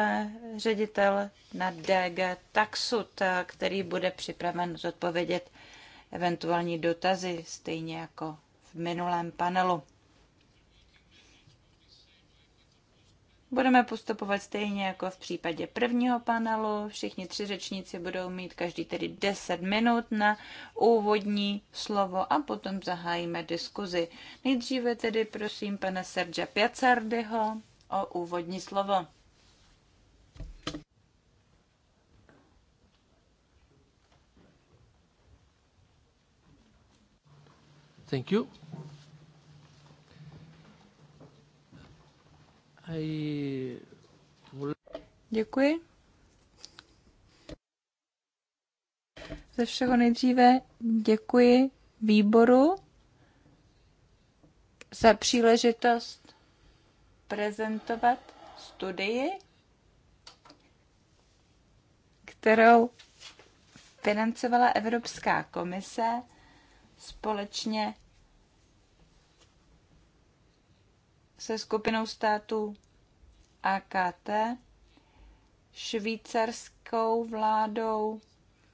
ředitel na DG Taxut, který bude připraven zodpovědět eventuální dotazy, stejně jako v minulém panelu. Budeme postupovat stejně jako v případě prvního panelu. Všichni tři řečníci budou mít každý tedy 10 minut na úvodní slovo a potom zahájíme diskuzi. Nejdříve tedy prosím pana Sergia Piacardyho o úvodní slovo. Thank you. Děkuji. Ze všeho nejdříve děkuji výboru za příležitost prezentovat studii, kterou financovala Evropská komise společně se skupinou států AKT, švýcarskou vládou,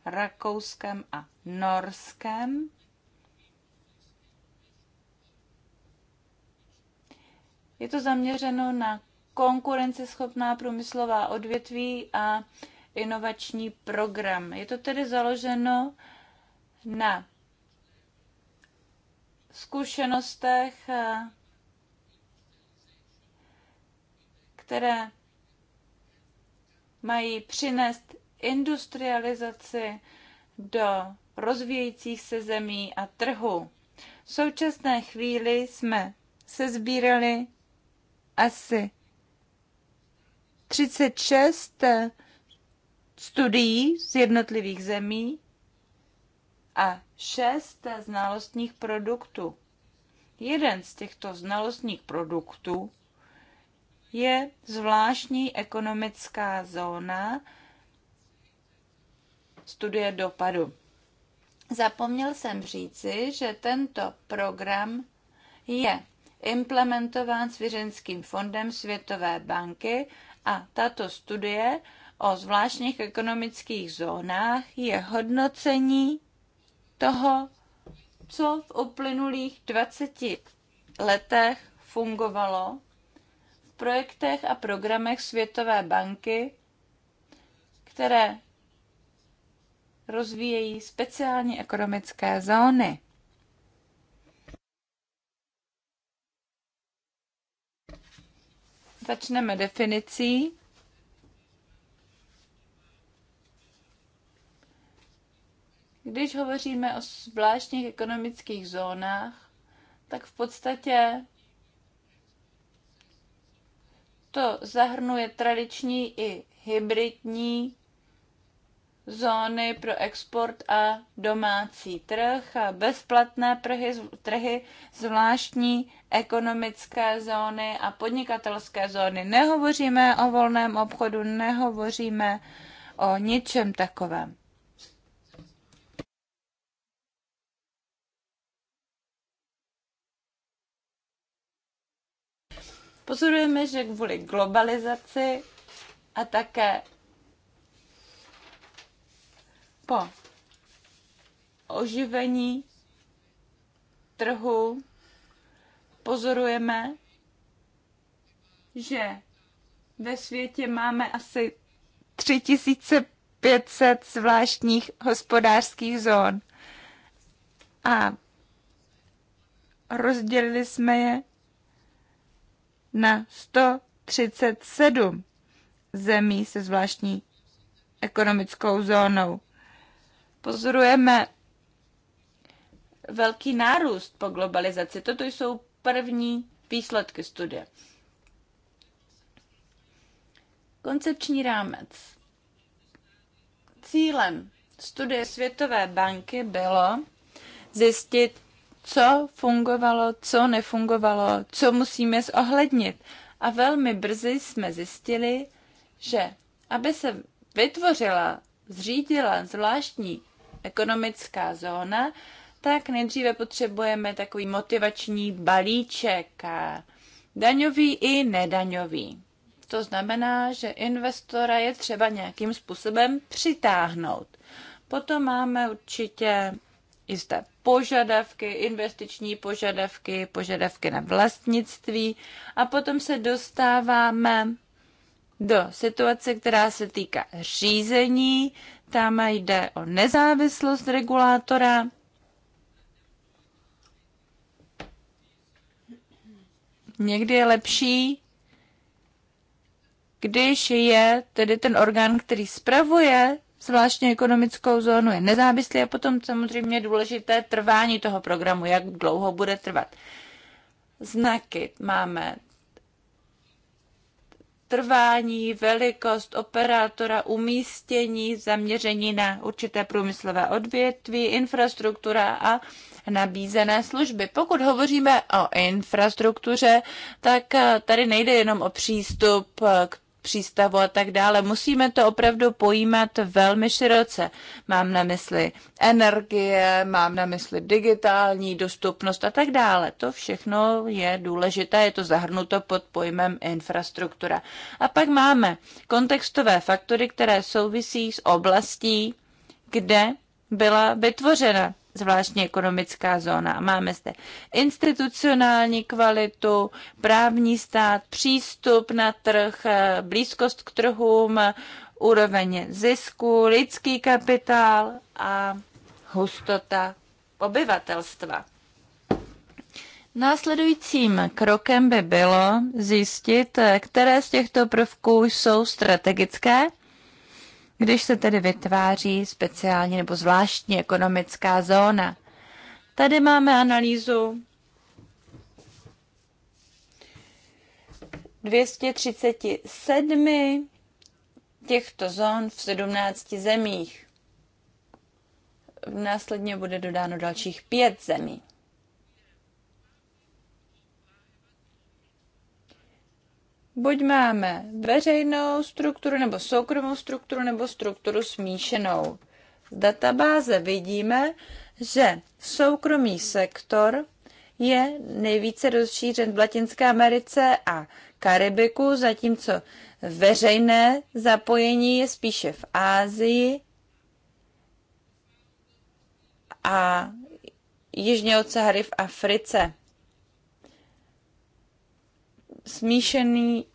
Rakouskem a Norskem. Je to zaměřeno na konkurenceschopná průmyslová odvětví a inovační program. Je to tedy založeno na zkušenostech které mají přinést industrializaci do rozvíjejících se zemí a trhu. V současné chvíli jsme se sbírali asi 36 studií z jednotlivých zemí a 6 znalostních produktů. Jeden z těchto znalostních produktů je zvláštní ekonomická zóna studie dopadu. Zapomněl jsem říci, že tento program je implementován Svěřenským fondem Světové banky a tato studie o zvláštních ekonomických zónách je hodnocení toho, co v uplynulých 20 letech fungovalo projektech a programech Světové banky, které rozvíjejí speciální ekonomické zóny. Začneme definicí. Když hovoříme o zvláštních ekonomických zónách, tak v podstatě to zahrnuje tradiční i hybridní zóny pro export a domácí trh, a bezplatné trhy, trhy, zvláštní ekonomické zóny a podnikatelské zóny. Nehovoříme o volném obchodu, nehovoříme o ničem takovém. Pozorujeme, že kvůli globalizaci a také po oživení trhu pozorujeme, že ve světě máme asi 3500 zvláštních hospodářských zón. A rozdělili jsme je na 137 zemí se zvláštní ekonomickou zónou. Pozorujeme velký nárůst po globalizaci. Toto jsou první výsledky studie. Koncepční rámec. Cílem studie Světové banky bylo zjistit, co fungovalo, co nefungovalo, co musíme zohlednit. A velmi brzy jsme zjistili, že aby se vytvořila, zřídila zvláštní ekonomická zóna, tak nejdříve potřebujeme takový motivační balíček, daňový i nedaňový. To znamená, že investora je třeba nějakým způsobem přitáhnout. Potom máme určitě jisté požadavky, investiční požadavky, požadavky na vlastnictví a potom se dostáváme do situace, která se týká řízení. Tam jde o nezávislost regulátora. Někdy je lepší, když je tedy ten orgán, který spravuje zvláštní ekonomickou zónu je nezávislý a potom samozřejmě důležité trvání toho programu, jak dlouho bude trvat. Znaky máme trvání, velikost operátora, umístění, zaměření na určité průmyslové odvětví, infrastruktura a nabízené služby. Pokud hovoříme o infrastruktuře, tak tady nejde jenom o přístup k přístavu a tak dále. Musíme to opravdu pojímat velmi široce. Mám na mysli energie, mám na mysli digitální dostupnost a tak dále. To všechno je důležité, je to zahrnuto pod pojmem infrastruktura. A pak máme kontextové faktory, které souvisí s oblastí, kde byla vytvořena zvláštní ekonomická zóna. Máme zde institucionální kvalitu, právní stát, přístup na trh, eh, blízkost k trhům, úroveň zisku, lidský kapitál a hustota obyvatelstva. Následujícím krokem by bylo zjistit, eh, které z těchto prvků jsou strategické když se tedy vytváří speciálně nebo zvláštní ekonomická zóna. Tady máme analýzu 237 těchto zón v 17 zemích. Následně bude dodáno dalších pět zemí. buď máme veřejnou strukturu nebo soukromou strukturu nebo strukturu smíšenou. Z databáze vidíme, že soukromý sektor je nejvíce rozšířen v Latinské Americe a Karibiku, zatímco veřejné zapojení je spíše v Ázii a jižně od Sahary v Africe smíšený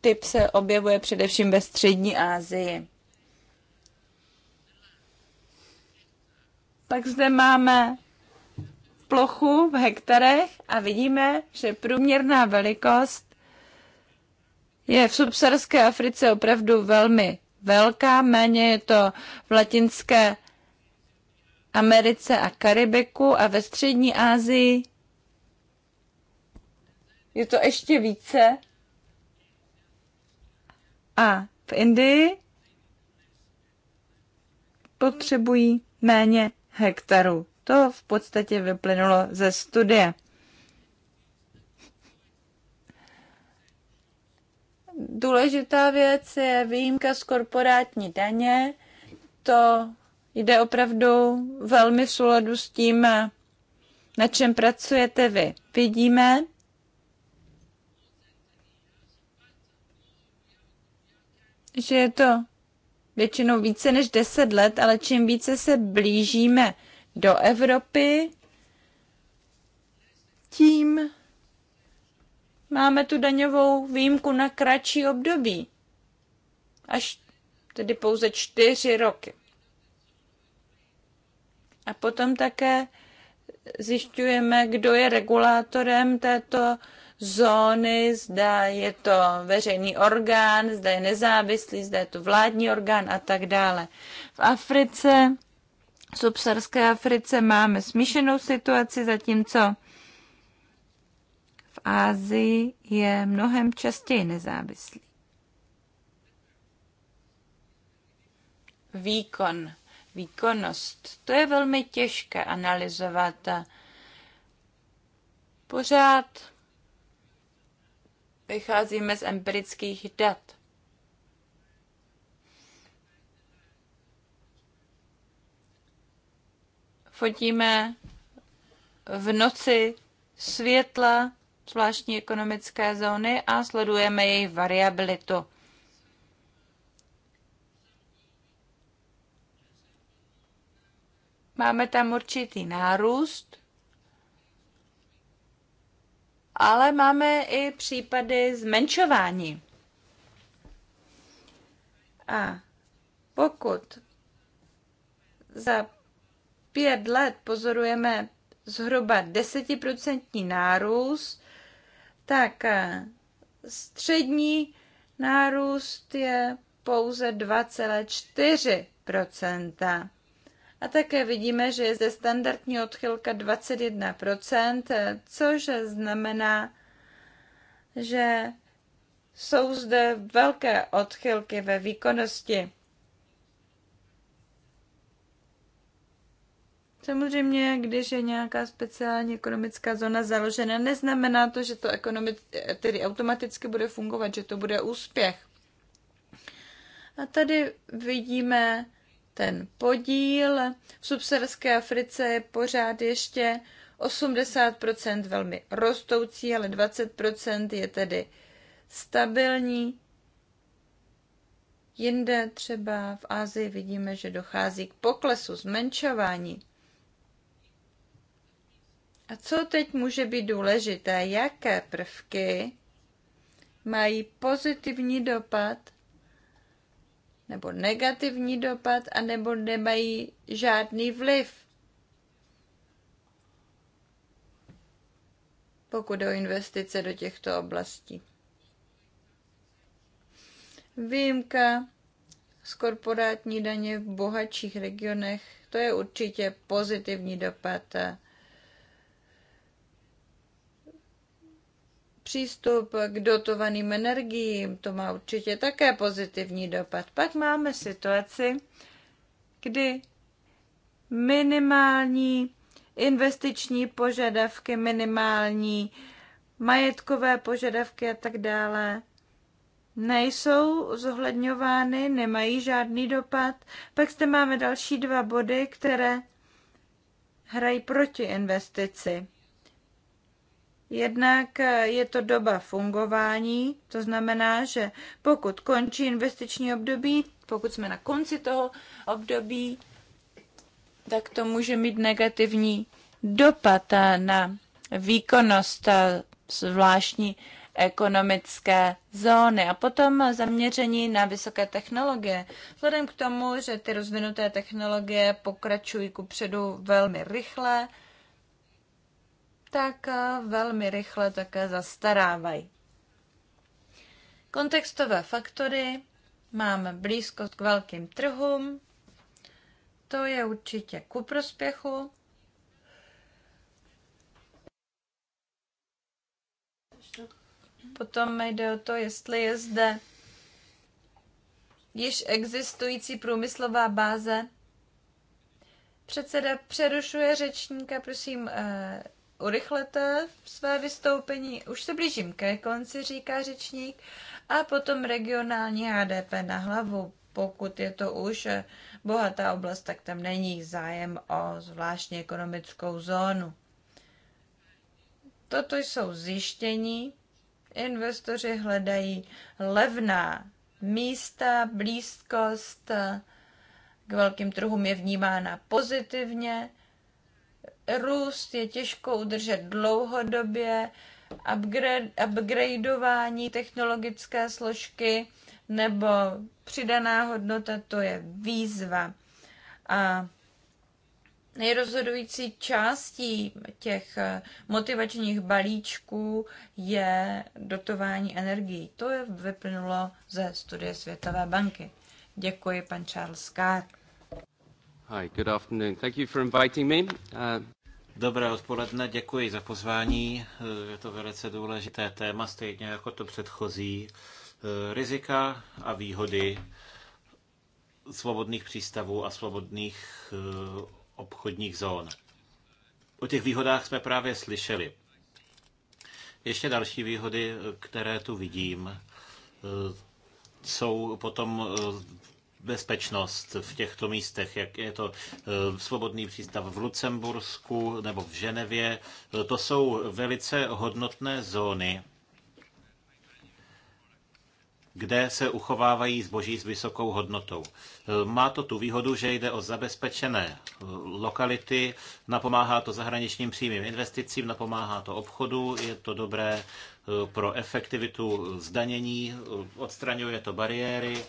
typ se objevuje především ve střední Asii. Pak zde máme plochu v hektarech a vidíme, že průměrná velikost je v subsaharské Africe opravdu velmi velká, méně je to v latinské Americe a Karibiku a ve střední Asii je to ještě více. A v Indii potřebují méně hektarů. To v podstatě vyplynulo ze studie. Důležitá věc je výjimka z korporátní daně. To jde opravdu velmi v souladu s tím, na čem pracujete vy. Vidíme, že je to většinou více než 10 let, ale čím více se blížíme do Evropy, tím máme tu daňovou výjimku na kratší období. Až tedy pouze čtyři roky. A potom také zjišťujeme, kdo je regulátorem této zóny, zda je to veřejný orgán, zda je nezávislý, zda je to vládní orgán a tak dále. V Africe, v subsarské Africe máme smíšenou situaci, zatímco v Ázii je mnohem častěji nezávislý. Výkon, výkonnost, to je velmi těžké analyzovat. Pořád Vycházíme z empirických dat. Fotíme v noci světla zvláštní ekonomické zóny a sledujeme jejich variabilitu. Máme tam určitý nárůst ale máme i případy zmenšování. A pokud za pět let pozorujeme zhruba desetiprocentní nárůst, tak eh, střední nárůst je pouze 2,4 a také vidíme, že je zde standardní odchylka 21%, což znamená, že jsou zde velké odchylky ve výkonnosti. Samozřejmě, když je nějaká speciální ekonomická zóna založena, neznamená to, že to ekonomic, tedy automaticky bude fungovat, že to bude úspěch. A tady vidíme ten podíl. V subsaharské Africe je pořád ještě 80% velmi rostoucí, ale 20% je tedy stabilní. Jinde třeba v Ázii vidíme, že dochází k poklesu, zmenšování. A co teď může být důležité? Jaké prvky mají pozitivní dopad nebo negativní dopad, anebo nemají žádný vliv. Pokud o investice do těchto oblastí. Výjimka z korporátní daně v bohatších regionech, to je určitě pozitivní dopad přístup k dotovaným energiím, to má určitě také pozitivní dopad. Pak máme situaci, kdy minimální investiční požadavky, minimální majetkové požadavky a tak dále nejsou zohledňovány, nemají žádný dopad. Pak zde máme další dva body, které hrají proti investici. Jednak eh, je to doba fungování, to znamená, že pokud končí investiční období, pokud jsme na konci toho období, tak to může mít negativní dopad eh, na výkonnost eh, zvláštní ekonomické zóny a potom zaměření na vysoké technologie. Vzhledem k tomu, že ty rozvinuté technologie pokračují kupředu velmi rychle, tak eh, velmi rychle také zastarávají. Kontextové faktory máme blízkost k velkým trhům, to je určitě ku prospěchu. Potom jde o to, jestli je zde již existující průmyslová báze. Předseda přerušuje řečníka, prosím, eh, urychlete své vystoupení. Už se blížím ke konci, říká řečník. A potom regionální HDP na hlavu. Pokud je to už bohatá oblast, tak tam není zájem o zvláštní ekonomickou zónu. Toto jsou zjištění. Investoři hledají levná místa, blízkost k velkým trhům je vnímána pozitivně růst je těžko udržet dlouhodobě, upgrade, upgradeování technologické složky nebo přidaná hodnota, to je výzva. A nejrozhodující částí těch eh, motivačních balíčků je dotování energií. To je vyplynulo ze studie Světové banky. Děkuji, pan Charles Carr. Hi, good afternoon. Thank you for inviting me. Uh... Dobré odpoledne, děkuji za pozvání. Je to velice důležité téma, stejně jako to předchozí. Eh, rizika a výhody svobodných přístavů a svobodných eh, obchodních zón. O těch výhodách jsme právě slyšeli. Ještě další výhody, eh, které tu vidím, jsou potom bezpečnost v těchto místech, jak je to eh, svobodný přístav v Lucembursku nebo v Ženevě. Eh, to jsou velice hodnotné zóny, kde se uchovávají zboží s vysokou hodnotou. Eh, má to tu výhodu, že jde o zabezpečené lokality, napomáhá to zahraničním přímým investicím, napomáhá to obchodu, je to dobré pro efektivitu zdanění, odstraňuje to bariéry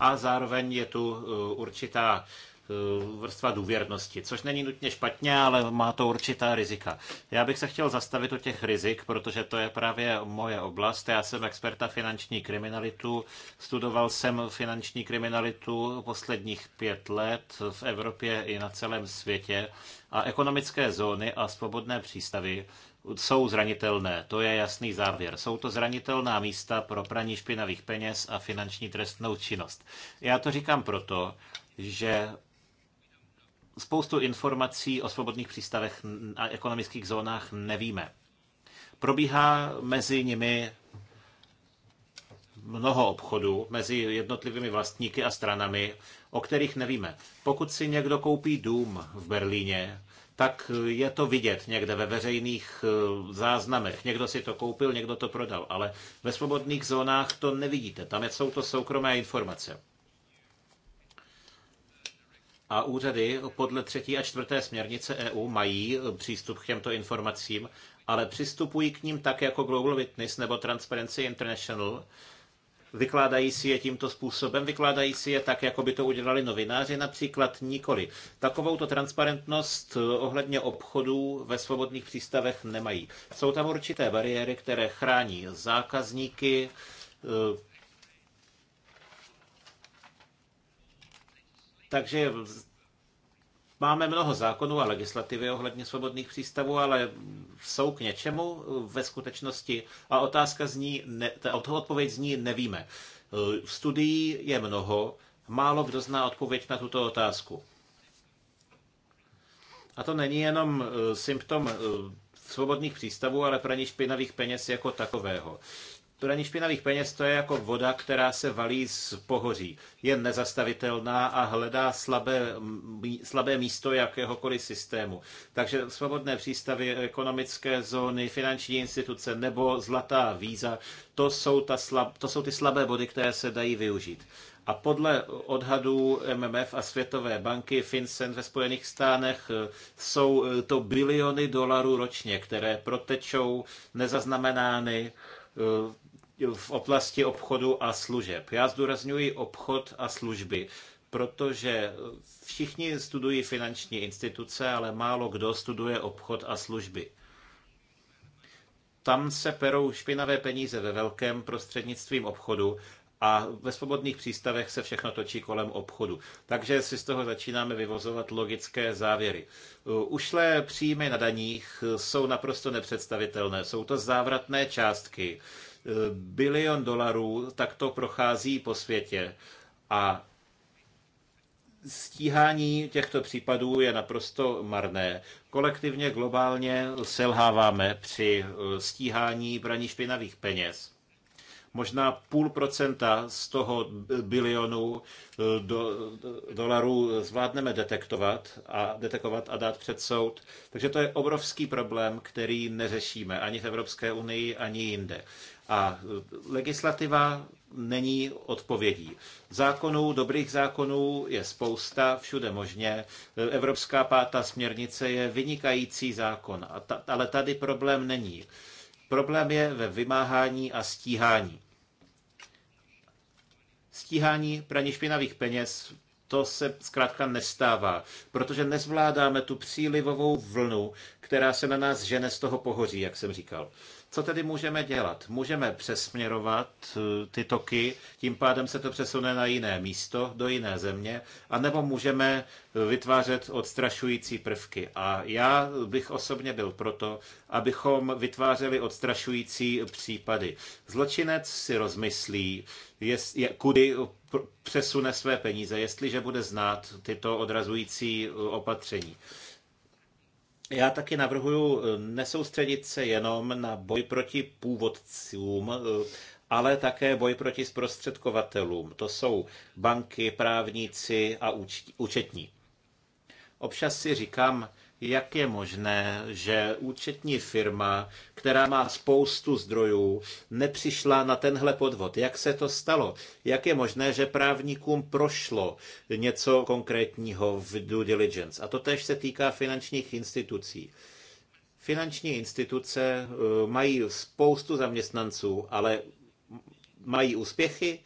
a zároveň je tu eh, určitá eh, vrstva důvěrnosti, což není nutně špatně, ale má to určitá rizika. Já bych se chtěl zastavit o těch rizik, protože to je právě moje oblast. Já jsem experta finanční kriminalitu, studoval jsem finanční kriminalitu posledních pět let v Evropě i na celém světě a ekonomické zóny a svobodné přístavy jsou zranitelné. To je jasný závěr. Jsou to zranitelná místa pro praní špinavých peněz a finanční trestnou činnost. Já to říkám proto, že spoustu informací o svobodných přístavech a ekonomických zónách nevíme. Probíhá mezi nimi mnoho obchodů mezi jednotlivými vlastníky a stranami, o kterých nevíme. Pokud si někdo koupí dům v Berlíně, tak eh, je to vidět někde ve veřejných eh, záznamech. Někdo si to koupil, někdo to prodal, ale ve svobodných zónách to nevidíte. Tam jsou to soukromé informace. A úřady podle třetí a čtvrté směrnice EU mají eh, přístup k těmto informacím, ale přistupují k ním tak jako Global Witness nebo Transparency International, Vykládají si je tímto způsobem, vykládají si je tak, jako by to udělali novináři, například nikoli. Takovouto transparentnost eh, ohledně obchodů ve svobodných přístavech nemají. Jsou tam určité bariéry, které chrání zákazníky, eh, takže Máme mnoho zákonů a legislativy ohledně svobodných přístavů, ale jsou k něčemu ve skutečnosti a otázka zní, ne, ta odpověď zní nevíme. V e, Studií je mnoho, málo kdo zná odpověď na tuto otázku. A to není jenom e, symptom e, svobodných přístavů, ale praní špinavých peněz jako takového. To daní špinavých peněz to je jako voda, která se valí z pohoří. Je nezastavitelná a hledá slabé, slabé místo jakéhokoliv systému. Takže svobodné přístavy, ekonomické zóny, finanční instituce nebo zlatá víza, to jsou, ta slab, to jsou ty slabé body, které se dají využít. A podle odhadů MMF a Světové banky, FinCEN ve Spojených stánech eh, jsou eh, to biliony dolarů ročně, které protečou nezaznamenány eh, v oblasti obchodu a služeb. Já zdůrazňuji obchod a služby, protože všichni studují finanční instituce, ale málo kdo studuje obchod a služby. Tam se perou špinavé peníze ve velkém prostřednictvím obchodu a ve svobodných přístavech se všechno točí kolem obchodu. Takže si z toho začínáme vyvozovat logické závěry. Ušlé příjmy na daních jsou naprosto nepředstavitelné. Jsou to závratné částky bilion dolarů takto prochází po světě. A stíhání těchto případů je naprosto marné. Kolektivně globálně selháváme při eh, stíhání braní špinavých peněz. Možná půl procenta z toho bilionu eh, do, do, dolarů zvládneme detektovat a, detekovat a dát před soud. Takže to je obrovský problém, který neřešíme ani v Evropské unii, ani jinde. A legislativa není odpovědí. Zákonů, dobrých zákonů je spousta, všude možně. Evropská pátá směrnice je vynikající zákon, ale tady problém není. Problém je ve vymáhání a stíhání. Stíhání praní špinavých peněz to se zkrátka nestává, protože nezvládáme tu přílivovou vlnu, která se na nás žene z toho pohoří, jak jsem říkal. Co tedy můžeme dělat? Můžeme přesměrovat eh, ty toky, tím pádem se to přesune na jiné místo, do jiné země, anebo můžeme eh, vytvářet odstrašující prvky. A já bych osobně byl proto, abychom vytvářeli odstrašující případy. Zločinec si rozmyslí, jest, je, kudy eh, přesune své peníze, jestliže bude znát tyto odrazující opatření. Já taky navrhuji eh, nesoustředit se jenom na boj proti původcům, eh, ale také boj proti zprostředkovatelům. To jsou banky, právníci a účetní. Občas si říkám, jak je možné, že účetní firma, která má spoustu zdrojů, nepřišla na tenhle podvod. Jak se to stalo? Jak je možné, že právníkům prošlo něco konkrétního v due diligence? A to tež se týká finančních institucí. Finanční instituce eh, mají spoustu zaměstnanců, ale mají úspěchy,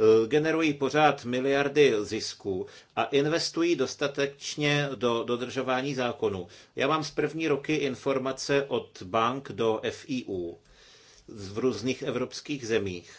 Eh, generují pořád miliardy zisků a investují dostatečně do dodržování zákonů. Já mám z první roky informace od bank do FIU v různých evropských zemích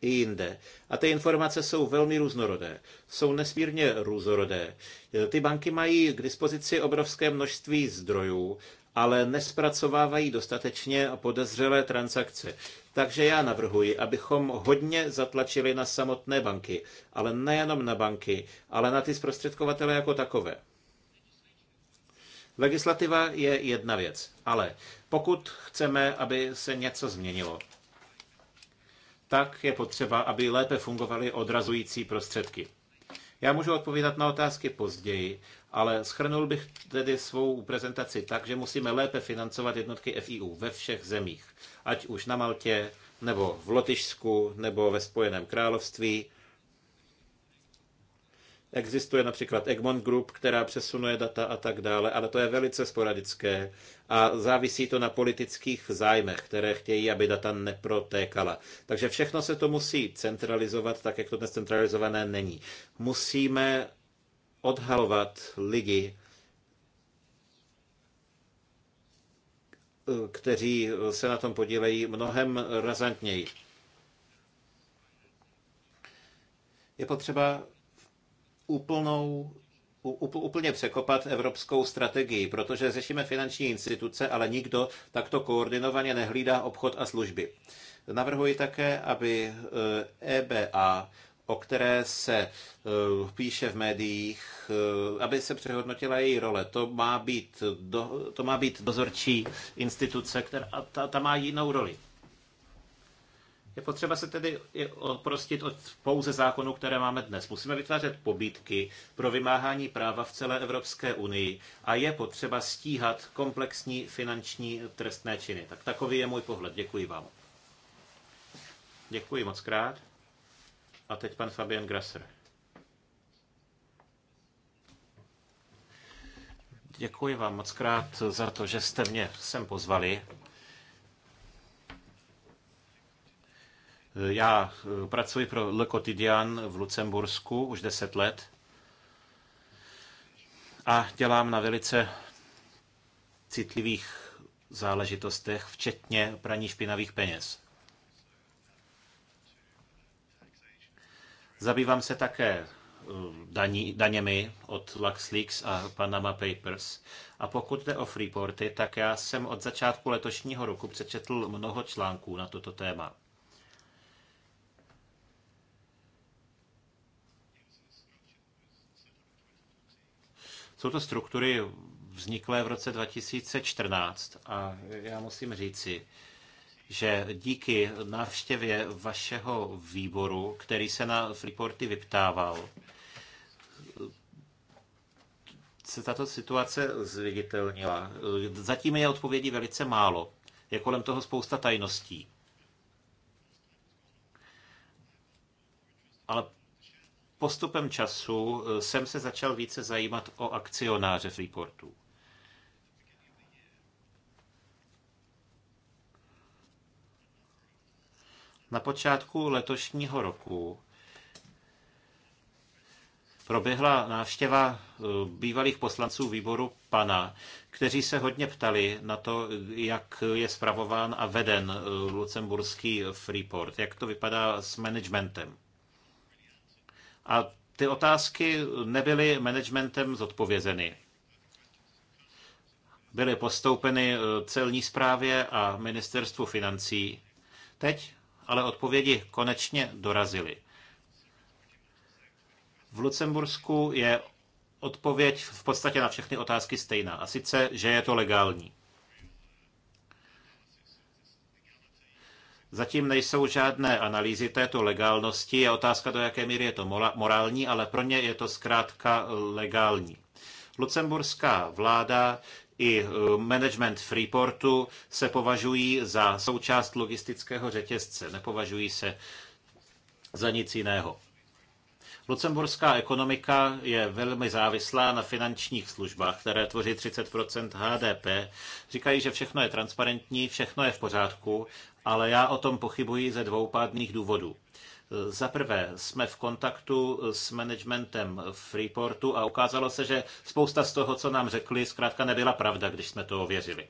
i jinde. A ty informace jsou velmi různorodé. Jsou nesmírně různorodé. Eh, ty banky mají k dispozici obrovské množství zdrojů, ale nespracovávají dostatečně podezřelé transakce. Takže já navrhuji, abychom hodně zatlačili na samotné banky, ale nejenom na banky, ale na ty zprostředkovatele jako takové. Legislativa je jedna věc, ale pokud chceme, aby se něco změnilo, tak je potřeba, aby lépe fungovaly odrazující prostředky. Já můžu odpovídat na otázky později, ale schrnul bych tedy svou prezentaci tak, že musíme lépe financovat jednotky FIU ve všech zemích ať už na Maltě, nebo v Lotyšsku, nebo ve Spojeném království. Existuje například Egmont Group, která přesunuje data a tak dále, ale to je velice sporadické a závisí to na politických zájmech, které chtějí, aby data neprotékala. Takže všechno se to musí centralizovat, tak jak to dnes centralizované není. Musíme odhalovat lidi, kteří se na tom podílejí mnohem razantněji. Je potřeba úplnou úplně překopat evropskou strategii, protože řešíme finanční instituce, ale nikdo takto koordinovaně nehlídá obchod a služby. Navrhuji také, aby EBA eh, e o které se eh, píše v médiích, eh, aby se přehodnotila její role. To má být, do, to má být dozorčí instituce, která ta, ta má jinou roli. Je potřeba se tedy oprostit od pouze zákonů, které máme dnes. Musíme vytvářet pobídky pro vymáhání práva v celé Evropské unii a je potřeba stíhat komplexní finanční trestné činy. Tak takový je můj pohled. Děkuji vám. Děkuji moc krát. A teď pan Fabian Grasser. Děkuji vám moc krát za to, že jste mě sem pozvali. Já eh, pracuji pro Le Quotidien v Lucembursku už 10 let a dělám na velice citlivých záležitostech, včetně praní špinavých peněz. Zabývám se také eh, daní, daněmi od LuxLeaks a Panama Papers. A pokud jde o Freeporty, tak já jsem od začátku letošního roku přečetl mnoho článků na toto téma. Jsou to struktury vzniklé v roce 2014 a já musím říci, že díky návštěvě vašeho výboru, který se na Freeporty vyptával, se tato situace zviditelnila. Zatím je odpovědí velice málo. Je kolem toho spousta tajností. Ale postupem času eh, jsem se začal více zajímat o akcionáře Freeportu. Na počátku letošního roku proběhla návštěva eh, bývalých poslanců výboru PANA, kteří se hodně ptali na to, jak je spravován a veden eh, lucemburský Freeport, jak to vypadá s managementem. A ty otázky nebyly managementem zodpovězeny. Byly postoupeny eh, celní správě a ministerstvu financí. Teď ale odpovědi konečně dorazily. V Lucembursku je odpověď v podstatě na všechny otázky stejná, a sice, že je to legální. Zatím nejsou žádné analýzy této legálnosti. Je otázka, do jaké míry je to morální, ale pro ně je to zkrátka legální. Lucemburská vláda i eh, management Freeportu se považují za součást logistického řetězce, nepovažují se za nic jiného. Lucemburská ekonomika je velmi závislá na finančních službách, které tvoří 30 HDP. Říkají, že všechno je transparentní, všechno je v pořádku, ale já o tom pochybuji ze dvou pádných důvodů. Za prvé jsme v kontaktu s managementem Freeportu a ukázalo se, že spousta z toho, co nám řekli, zkrátka nebyla pravda, když jsme to ověřili.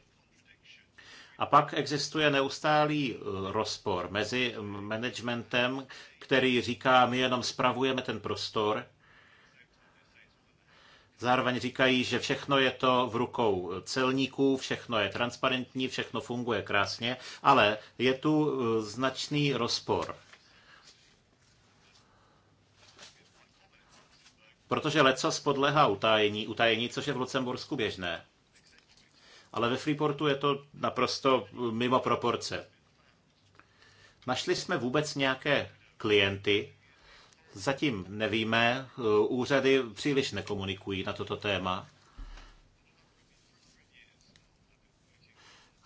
A pak existuje neustálý e, rozpor mezi managementem, který říká, my jenom spravujeme ten prostor, Zároveň říkají, že všechno je to v rukou celníků, všechno je transparentní, všechno funguje krásně, ale je tu e, značný rozpor Protože leco spodlehá utajení. Utajení, což je v Lucembursku běžné. Ale ve Freeportu je to naprosto mimo proporce. Našli jsme vůbec nějaké klienty, zatím nevíme, úřady příliš nekomunikují na toto téma.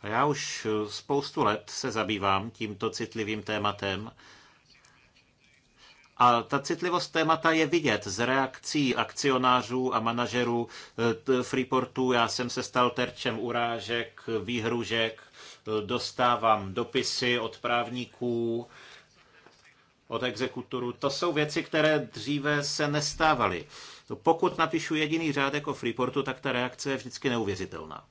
A já už spoustu let se zabývám tímto citlivým tématem a ta citlivost témata je vidět z reakcí akcionářů a manažerů eh, Freeportu. Já jsem se stal terčem urážek, výhružek, eh, dostávám dopisy od právníků, od exekutorů. To jsou věci, které dříve se nestávaly. Pokud napíšu jediný řádek o Freeportu, tak ta reakce je vždycky neuvěřitelná.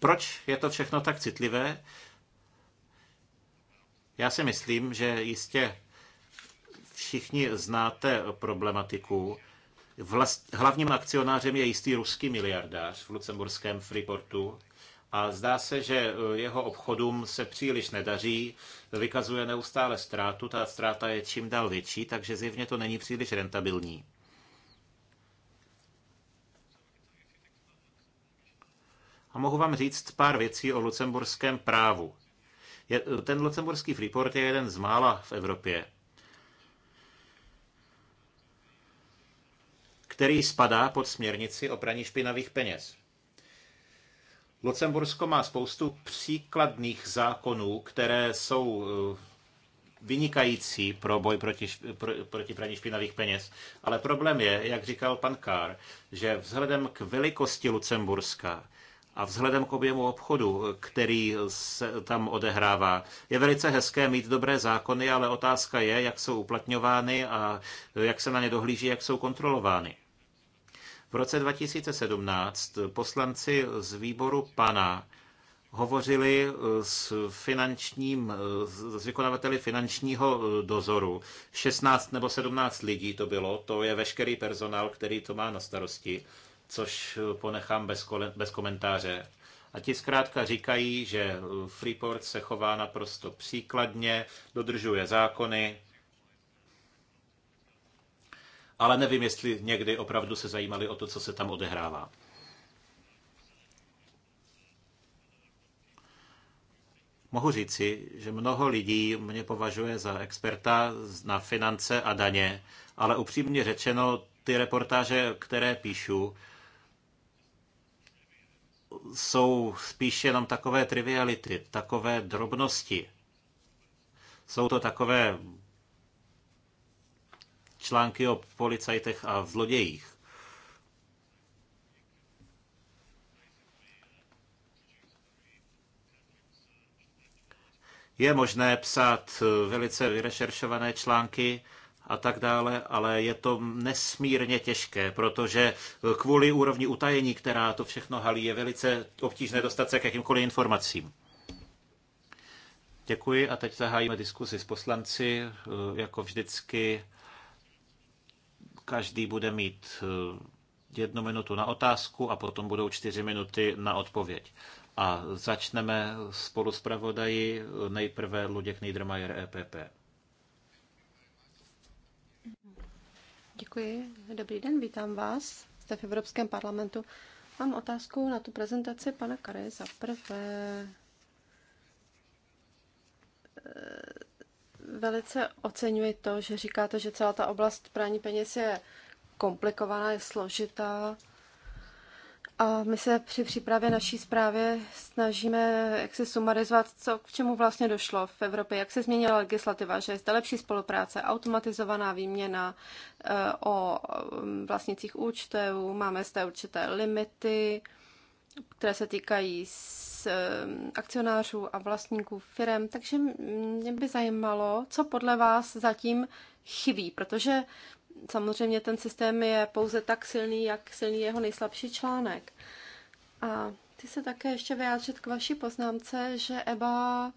Proč je to všechno tak citlivé? Já si myslím, že jistě všichni znáte problematiku. Vlast, hlavním akcionářem je jistý ruský miliardář v lucemburském Freeportu a zdá se, že eh, jeho obchodům se příliš nedaří, vykazuje neustále ztrátu, ta ztráta je čím dál větší, takže zjevně to není příliš rentabilní. A mohu vám říct pár věcí o lucemburském právu. Je, ten lucemburský Freeport je jeden z mála v Evropě, který spadá pod směrnici o praní špinavých peněz. Lucembursko má spoustu příkladných zákonů, které jsou eh, vynikající pro boj proti, pro, proti praní špinavých peněz. Ale problém je, jak říkal pan Kár, že vzhledem k velikosti Lucemburska a vzhledem k objemu obchodu, který se tam odehrává, je velice hezké mít dobré zákony, ale otázka je, jak jsou uplatňovány a jak se na ně dohlíží, jak jsou kontrolovány. V roce 2017 poslanci z výboru PANA hovořili s finančním, s vykonavateli finančního dozoru. 16 nebo 17 lidí to bylo, to je veškerý personál, který to má na starosti což eh, ponechám bez, bez komentáře. A ti zkrátka říkají, že eh, Freeport se chová naprosto příkladně, dodržuje zákony, ale nevím, jestli někdy opravdu se zajímali o to, co se tam odehrává. Mohu říci, že mnoho lidí mě považuje za experta na finance a daně, ale upřímně řečeno, ty reportáže, které píšu, jsou spíše jenom takové triviality, takové drobnosti. Jsou to takové články o policajtech a zlodějích. Je možné psát velice vyrešeršované články, a tak dále, ale je to nesmírně těžké, protože kvůli úrovni utajení, která to všechno halí, je velice obtížné dostat se k jakýmkoliv informacím. Děkuji a teď zahájíme diskusi s poslanci. Jako vždycky, každý bude mít eh, jednu minutu na otázku a potom budou čtyři minuty na odpověď. A začneme spolu s pravodají nejprve Luděk Niedermayer EPP. Děkuji. Dobrý den, vítám vás. Jste v Evropském parlamentu. Mám otázku na tu prezentaci pana Kary. Za prvé, eh, velice oceňuji to, že říkáte, že celá ta oblast prání peněz je komplikovaná, je složitá. A my se při přípravě naší zprávy snažíme jak se sumarizovat, co, k čemu vlastně došlo v Evropě, jak se změnila legislativa, že je zde lepší spolupráce, automatizovaná výměna eh, o mm, vlastnicích účtů, máme zde určité limity, které se týkají s eh, akcionářů a vlastníků firm. Takže mě by zajímalo, co podle vás zatím chybí, protože samozřejmě ten systém je pouze tak silný, jak silný jeho nejslabší článek. A ty se také ještě vyjádřit k vaší poznámce, že EBA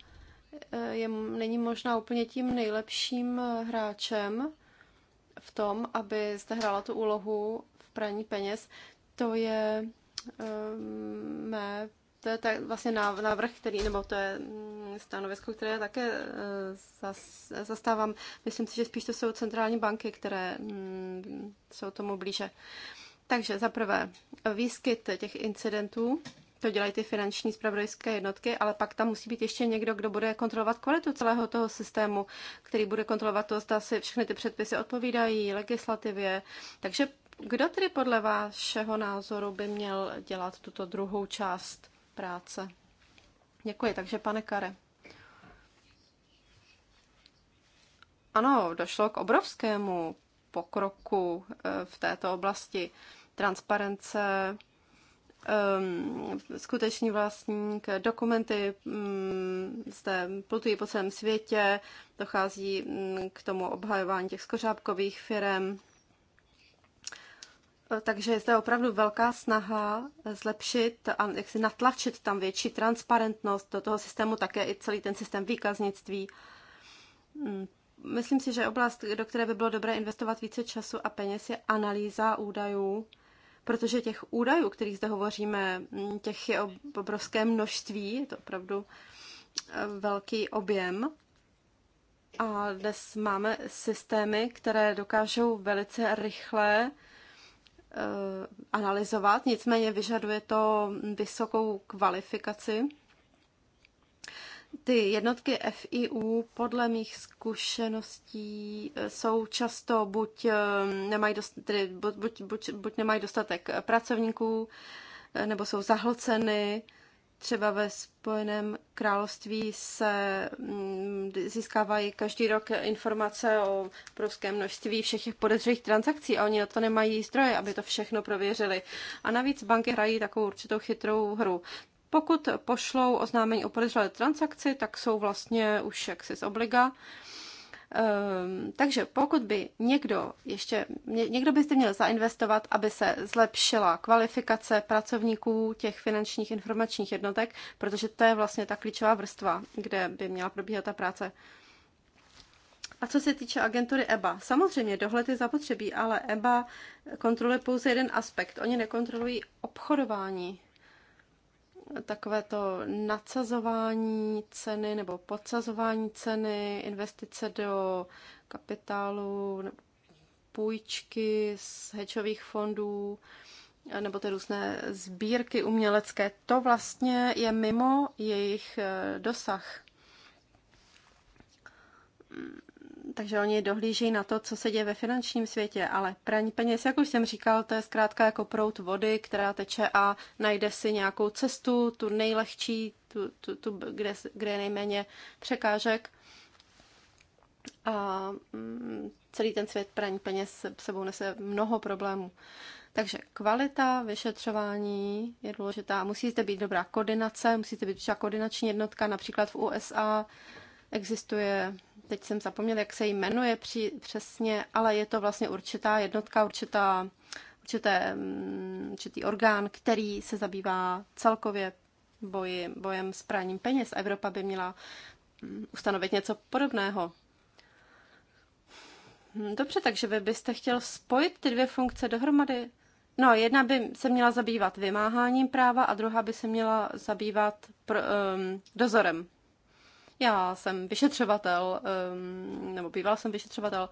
eh, je, není možná úplně tím nejlepším eh, hráčem v tom, aby zde hrála tu úlohu v praní peněz. To je eh, mé to je tak vlastně návrh, který, nebo to je mm, stanovisko, které také e, zastávám. Myslím si, že spíš to jsou centrální banky, které mm, jsou tomu blíže. Takže za prvé, výskyt těch incidentů, to dělají ty finanční spravodajské jednotky, ale pak tam musí být ještě někdo, kdo bude kontrolovat kvalitu celého toho systému, který bude kontrolovat to, zda si všechny ty předpisy odpovídají legislativě. Takže kdo tedy podle vašeho názoru by měl dělat tuto druhou část? práce. Děkuji, takže pane Kare. Ano, došlo k obrovskému pokroku eh, v této oblasti transparence, um, ehm, skutečný vlastník, dokumenty um, zde plutují po celém světě, dochází um, k tomu obhajování těch skořápkových firm. Takže je to opravdu velká snaha zlepšit a jak si natlačit tam větší transparentnost do toho systému, také i celý ten systém výkaznictví. Hmm, myslím si, že oblast, do které by bylo dobré investovat více času a peněz, je analýza údajů, protože těch údajů, kterých zde hovoříme, hmm, těch je obrovské množství, je to opravdu eh, velký objem. A dnes máme systémy, které dokážou velice rychle Eh, analyzovat, nicméně vyžaduje to vysokou kvalifikaci. Ty jednotky FIU podle mých zkušeností eh, jsou často buď eh, nemají, dost, tedy buď, buď, buď nemají dostatek pracovníků, nebo jsou zahlceny, Třeba ve Spojeném království se mm, získávají každý rok informace o obrovském množství všech těch podezřelých transakcí a oni na to nemají zdroje, aby to všechno prověřili. A navíc banky hrají takovou určitou chytrou hru. Pokud pošlou oznámení o podezřelé transakci, tak jsou vlastně už jaksi z obliga. Ehm, takže pokud by někdo ještě, někdo byste měl zainvestovat, aby se zlepšila kvalifikace pracovníků těch finančních informačních jednotek, protože to je vlastně ta klíčová vrstva, kde by měla probíhat ta práce. A co se týče agentury EBA, samozřejmě dohled je zapotřebí, ale EBA kontroluje pouze jeden aspekt. Oni nekontrolují obchodování takové to nadsazování ceny nebo podsazování ceny, investice do kapitálu, půjčky z hedžových fondů, nebo ty různé sbírky umělecké, to vlastně je mimo jejich eh, dosah takže oni dohlíží na to, co se děje ve finančním světě, ale praní peněz, jak už jsem říkal, to je zkrátka jako prout vody, která teče a najde si nějakou cestu, tu nejlehčí, tu, tu, tu kde, kde je nejméně překážek. A mm, celý ten svět praní peněz sebou nese mnoho problémů. Takže kvalita vyšetřování je důležitá. Musí zde být dobrá koordinace, musí zde být třeba koordinační jednotka, například v USA Existuje, teď jsem zapomněl, jak se jmenuje při, přesně, ale je to vlastně určitá jednotka, určitá, určité, mm, určitý orgán, který se zabývá celkově boji, bojem s práním peněz. Evropa by měla mm, ustanovit něco podobného. Hm, dobře, takže vy byste chtěl spojit ty dvě funkce dohromady? No, jedna by se měla zabývat vymáháním práva a druhá by se měla zabývat pro, um, dozorem. Já jsem vyšetřovatel, ehm, nebo býval jsem vyšetřovatel.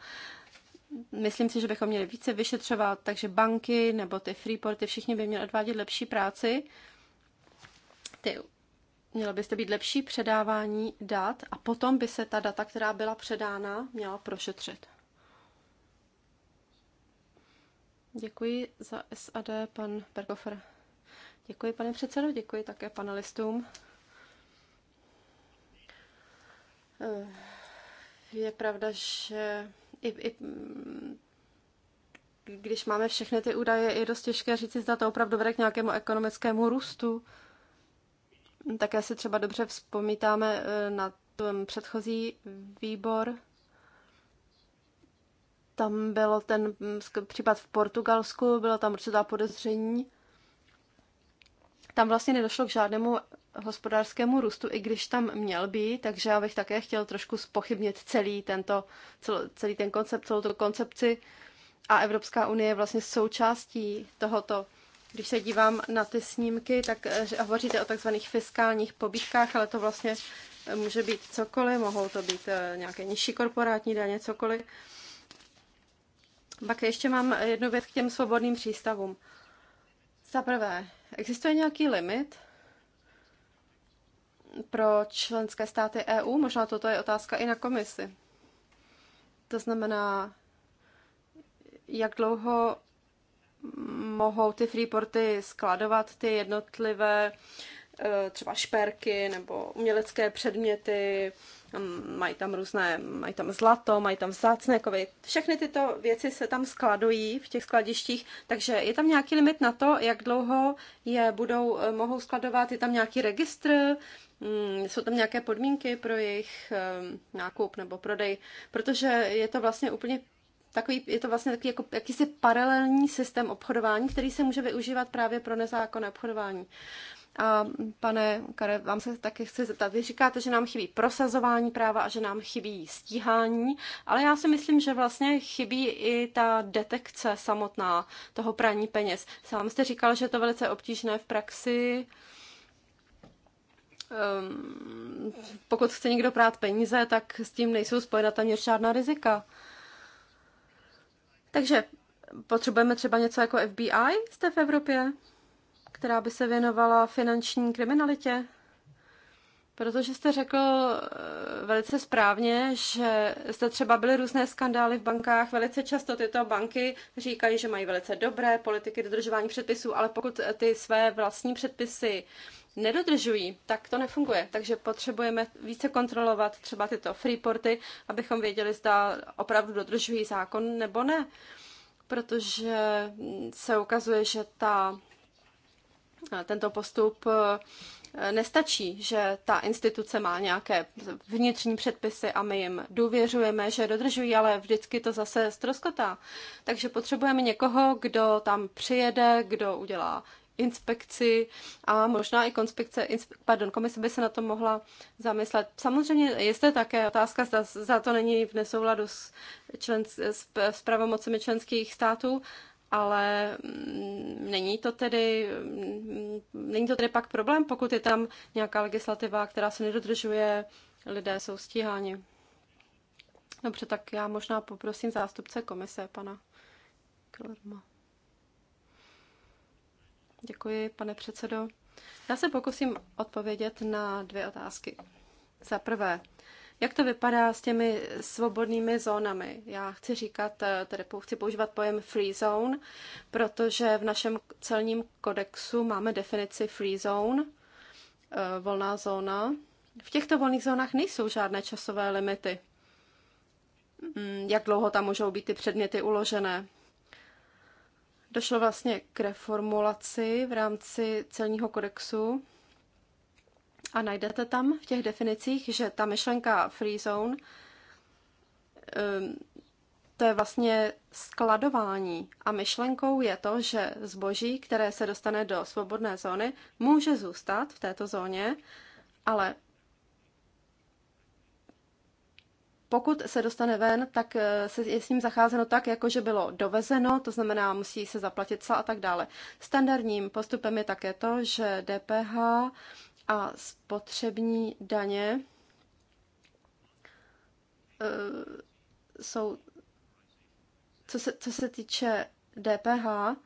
Myslím si, že bychom měli více vyšetřovat, takže banky nebo ty freeporty, všichni by měli odvádět lepší práci. Ty Mělo byste být lepší předávání dat a potom by se ta data, která byla předána, měla prošetřit. Děkuji za SAD, pan Bergofer. Děkuji, pane předsedo, děkuji také panelistům. Eh, je pravda, že i, i když máme všechny ty údaje, je dost těžké říct, zda to opravdu vede k nějakému ekonomickému růstu. Také si třeba dobře vzpomítáme eh, na ten předchozí výbor. Tam byl ten hm, případ v Portugalsku, bylo tam určitá podezření. Tam vlastně nedošlo k žádnému hospodářskému růstu, i když tam měl být, takže já bych také chtěl trošku spochybnit celý, tento, cel, celý ten koncept, celou tu koncepci a Evropská unie je vlastně součástí tohoto. Když se dívám na ty snímky, tak eh, hovoříte o takzvaných fiskálních pobídkách, ale to vlastně eh, může být cokoliv, mohou to být eh, nějaké nižší korporátní daně, cokoliv. Pak ještě mám jednu věc k těm svobodným přístavům. Za prvé, existuje nějaký limit pro členské státy EU? Možná toto je otázka i na komisi. To znamená, jak dlouho mohou ty freeporty skladovat ty jednotlivé eh, třeba šperky nebo umělecké předměty, mají tam různé, mají tam zlato, mají tam vzácné kovy. Všechny tyto věci se tam skladují v těch skladištích, takže je tam nějaký limit na to, jak dlouho je budou, eh, mohou skladovat, je tam nějaký registr, mm, jsou tam nějaké podmínky pro jejich eh, nákup nebo prodej, protože je to vlastně úplně takový, je to vlastně takový jako jakýsi paralelní systém obchodování, který se může využívat právě pro nezákonné obchodování. A pane Kare, vám se taky chci zeptat. Vy říkáte, že nám chybí prosazování práva a že nám chybí stíhání, ale já si myslím, že vlastně chybí i ta detekce samotná toho praní peněz. Sám jste říkal, že je to velice obtížné v praxi. Um, pokud chce někdo prát peníze, tak s tím nejsou spojena téměř žádná rizika. Takže potřebujeme třeba něco jako FBI? Jste v Evropě? která by se věnovala finanční kriminalitě? Protože jste řekl eh, velice správně, že jste třeba byly různé skandály v bankách. Velice často tyto banky říkají, že mají velice dobré politiky dodržování předpisů, ale pokud eh, ty své vlastní předpisy nedodržují, tak to nefunguje. Takže potřebujeme více kontrolovat třeba tyto freeporty, abychom věděli, zda opravdu dodržují zákon nebo ne. Protože mm, se ukazuje, že ta tento postup e, nestačí, že ta instituce má nějaké vnitřní předpisy a my jim důvěřujeme, že dodržují, ale vždycky to zase stroskotá. Takže potřebujeme někoho, kdo tam přijede, kdo udělá inspekci a možná i konspekce, pardon, komise by se na to mohla zamyslet. Samozřejmě je zde také otázka, zda, za to není v nesouladu s, člen, s, s pravomocemi členských států, ale mm, není to tedy, mm, není to tedy pak problém, pokud je tam nějaká legislativa, která se nedodržuje, lidé jsou stíháni. Dobře, tak já možná poprosím zástupce komise, pana Klerma. Děkuji, pane předsedo. Já se pokusím odpovědět na dvě otázky. Za prvé, jak to vypadá s těmi svobodnými zónami? Já chci říkat, eh, tedy chci používat pojem free zone, protože v našem celním kodexu máme definici free zone, eh, volná zóna. V těchto volných zónách nejsou žádné časové limity. Mm, jak dlouho tam můžou být ty předměty uložené? Došlo vlastně k reformulaci v rámci celního kodexu a najdete tam v těch definicích, že ta myšlenka free zone, ehm, to je vlastně skladování. A myšlenkou je to, že zboží, které se dostane do svobodné zóny, může zůstat v této zóně, ale pokud se dostane ven, tak eh, je s ním zacházeno tak, jako že bylo dovezeno, to znamená, musí se zaplatit cla a tak dále. Standardním postupem je také to, že DPH a spotřební daně e, jsou, co se, co se týče DPH,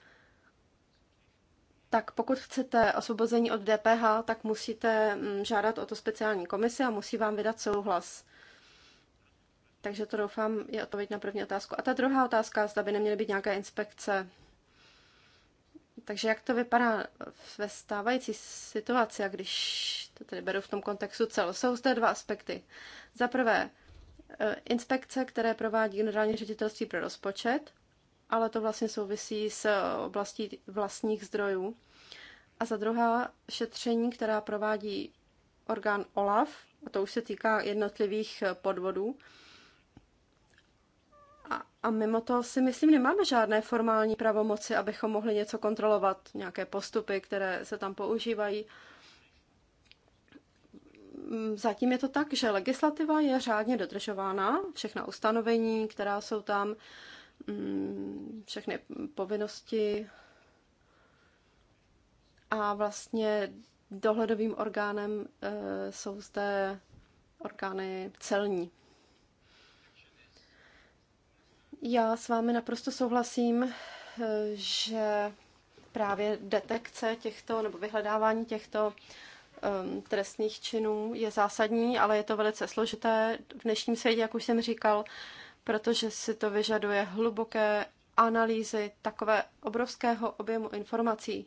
tak pokud chcete osvobození od DPH, tak musíte mm, žádat o to speciální komisi a musí vám vydat souhlas. Takže to doufám je odpověď na první otázku. A ta druhá otázka, zda by neměly být nějaké inspekce takže jak to vypadá ve stávající situaci, a když to tedy beru v tom kontextu celo, jsou zde dva aspekty. Za prvé, e, inspekce, které provádí generální ředitelství pro rozpočet, ale to vlastně souvisí s oblastí vlastních zdrojů. A za druhá, šetření, která provádí orgán OLAF, a to už se týká jednotlivých podvodů, a mimo to si myslím, nemáme žádné formální pravomoci, abychom mohli něco kontrolovat, nějaké postupy, které se tam používají. Zatím je to tak, že legislativa je řádně dodržována, všechna ustanovení, která jsou tam, mm, všechny povinnosti a vlastně dohledovým orgánem eh, jsou zde orgány celní. Já s vámi naprosto souhlasím, eh, že právě detekce těchto nebo vyhledávání těchto um, trestných činů je zásadní, ale je to velice složité v dnešním světě, jak už jsem říkal, protože si to vyžaduje hluboké analýzy takové obrovského objemu informací.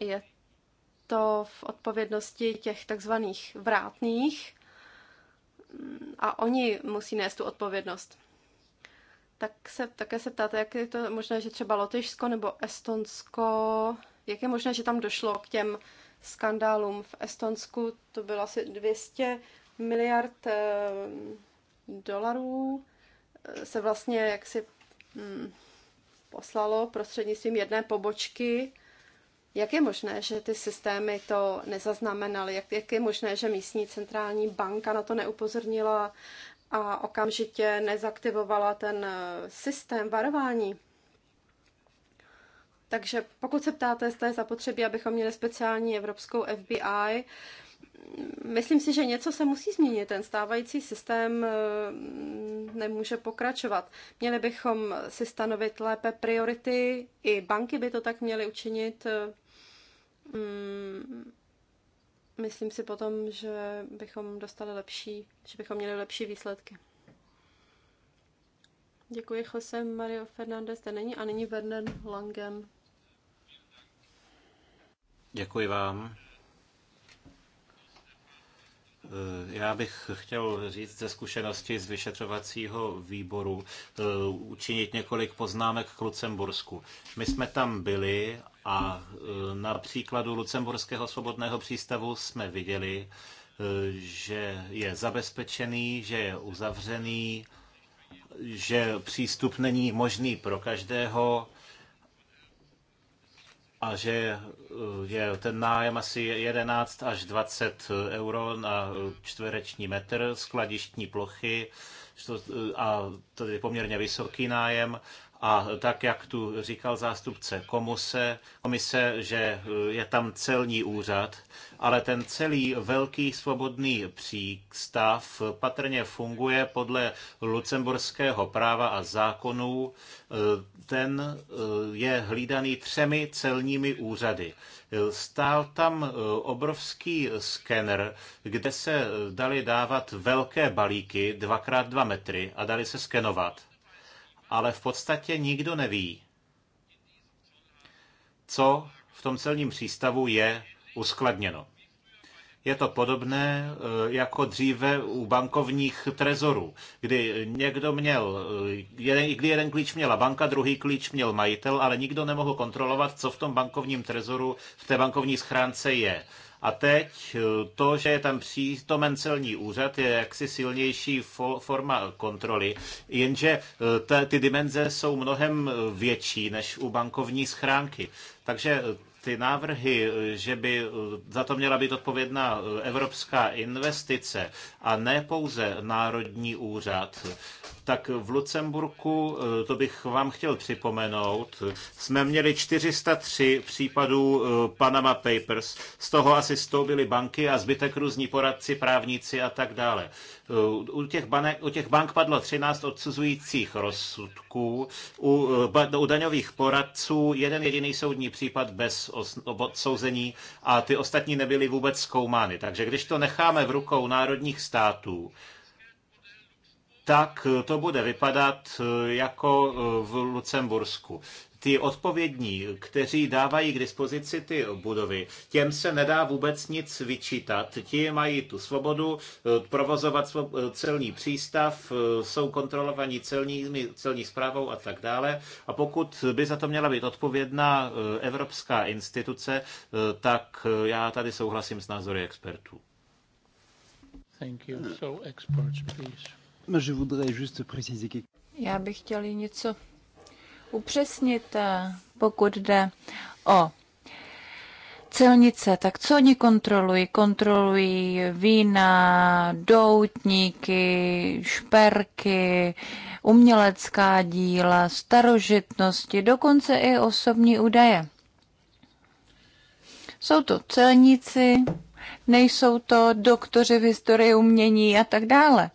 Je to v odpovědnosti těch takzvaných vrátných, a oni musí nést tu odpovědnost. Tak se také se ptáte, jak je to možné, že třeba Lotyšsko nebo Estonsko, jak je možné, že tam došlo k těm skandálům v Estonsku, to bylo asi 200 miliard eh, dolarů, eh, se vlastně jaksi hmm, poslalo prostřednictvím jedné pobočky jak je možné, že ty systémy to nezaznamenaly? Jak, jak je možné, že místní centrální banka na to neupozornila a okamžitě nezaktivovala ten eh, systém varování? Takže pokud se ptáte, jestli je zapotřebí, abychom měli speciální evropskou FBI, myslím si, že něco se musí změnit. Ten stávající systém eh, nemůže pokračovat. Měli bychom si stanovit lépe priority, i banky by to tak měly učinit. Eh, Mm, myslím si potom, že bychom dostali lepší, že bychom měli lepší výsledky. Děkuji Jose Mario Fernández, ten není a není Werner Langen. Děkuji vám. Eh, já bych chtěl říct ze zkušenosti z vyšetřovacího výboru eh, učinit několik poznámek k Lucembursku. My jsme tam byli a eh, na příkladu Lucemburského svobodného přístavu jsme viděli, že je zabezpečený, že je uzavřený, že přístup není možný pro každého a že eh, je ten nájem asi 11 až 20 euro na eh, čtvereční metr skladištní plochy eh, a to je poměrně vysoký nájem a tak, jak tu říkal zástupce komise, komise, že je tam celní úřad, ale ten celý velký svobodný přístav patrně funguje podle lucemburského práva a zákonů. E, ten e, je hlídaný třemi celními úřady. Stál tam e, obrovský skener, kde se dali dávat velké balíky, dvakrát dva metry, a dali se skenovat ale v podstatě nikdo neví, co v tom celním přístavu je uskladněno. Je to podobné eh, jako dříve u bankovních trezorů, kdy někdo měl, eh, jeden, kdy jeden klíč měla banka, druhý klíč měl majitel, ale nikdo nemohl kontrolovat, co v tom bankovním trezoru, v té bankovní schránce je. A teď eh, to, že je tam přítomen celní úřad, je jaksi silnější fo- forma kontroly, jenže eh, ty dimenze jsou mnohem eh, větší než u bankovní schránky. Takže ty návrhy, že by za to měla být odpovědná evropská investice a ne pouze národní úřad, tak v Lucemburku, eh, to bych vám chtěl připomenout, jsme měli 403 případů eh, Panama Papers. Z toho asi 100 byly banky a zbytek různí poradci, právníci a tak dále. Eh, u těch, banek, u těch bank padlo 13 odsuzujících rozsudků, u, u daňových poradců jeden jediný soudní případ bez odsouzení a ty ostatní nebyly vůbec zkoumány. Takže když to necháme v rukou národních států, tak eh, to bude vypadat eh, jako eh, v Lucembursku ty odpovědní, kteří dávají k dispozici ty budovy, těm se nedá vůbec nic vyčítat. Ti mají tu svobodu provozovat celní přístav, jsou kontrolovaní celní, celní zprávou a tak dále. A pokud by za to měla být odpovědná evropská instituce, tak já tady souhlasím s názory expertů. Thank you. So experts, please. Já bych chtěl něco upřesnit, eh, pokud jde o celnice, tak co oni kontrolují? Kontrolují vína, doutníky, šperky, umělecká díla, starožitnosti, dokonce i osobní údaje. Jsou to celníci, nejsou to doktoři v historii umění a tak dále.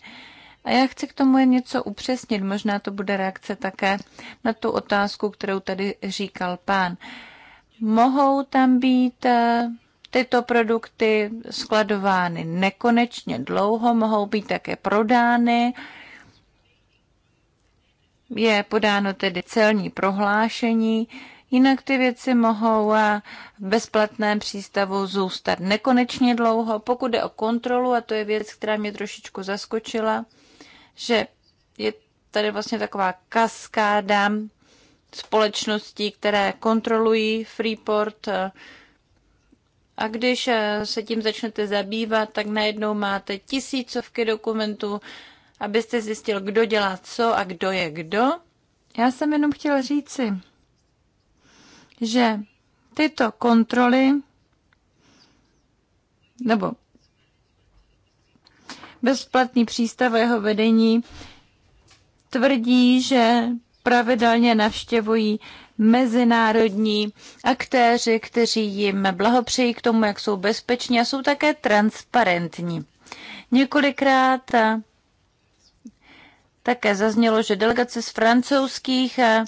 A já chci k tomu jen něco upřesnit, možná to bude reakce také na tu otázku, kterou tady říkal pán. Mohou tam být eh, tyto produkty skladovány nekonečně dlouho, mohou být také prodány. Je podáno tedy celní prohlášení, jinak ty věci mohou eh, v bezplatném přístavu zůstat nekonečně dlouho. Pokud jde o kontrolu, a to je věc, která mě trošičku zaskočila, že je tady vlastně taková kaskáda společností, které kontrolují Freeport. A když se tím začnete zabývat, tak najednou máte tisícovky dokumentů, abyste zjistil, kdo dělá co a kdo je kdo. Já jsem jenom chtěla říci, že tyto kontroly nebo bezplatný přístav a jeho vedení tvrdí, že pravidelně navštěvují mezinárodní aktéři, kteří jim blahopřejí k tomu, jak jsou bezpeční a jsou také transparentní. Několikrát eh, také zaznělo, že delegace z francouzských eh,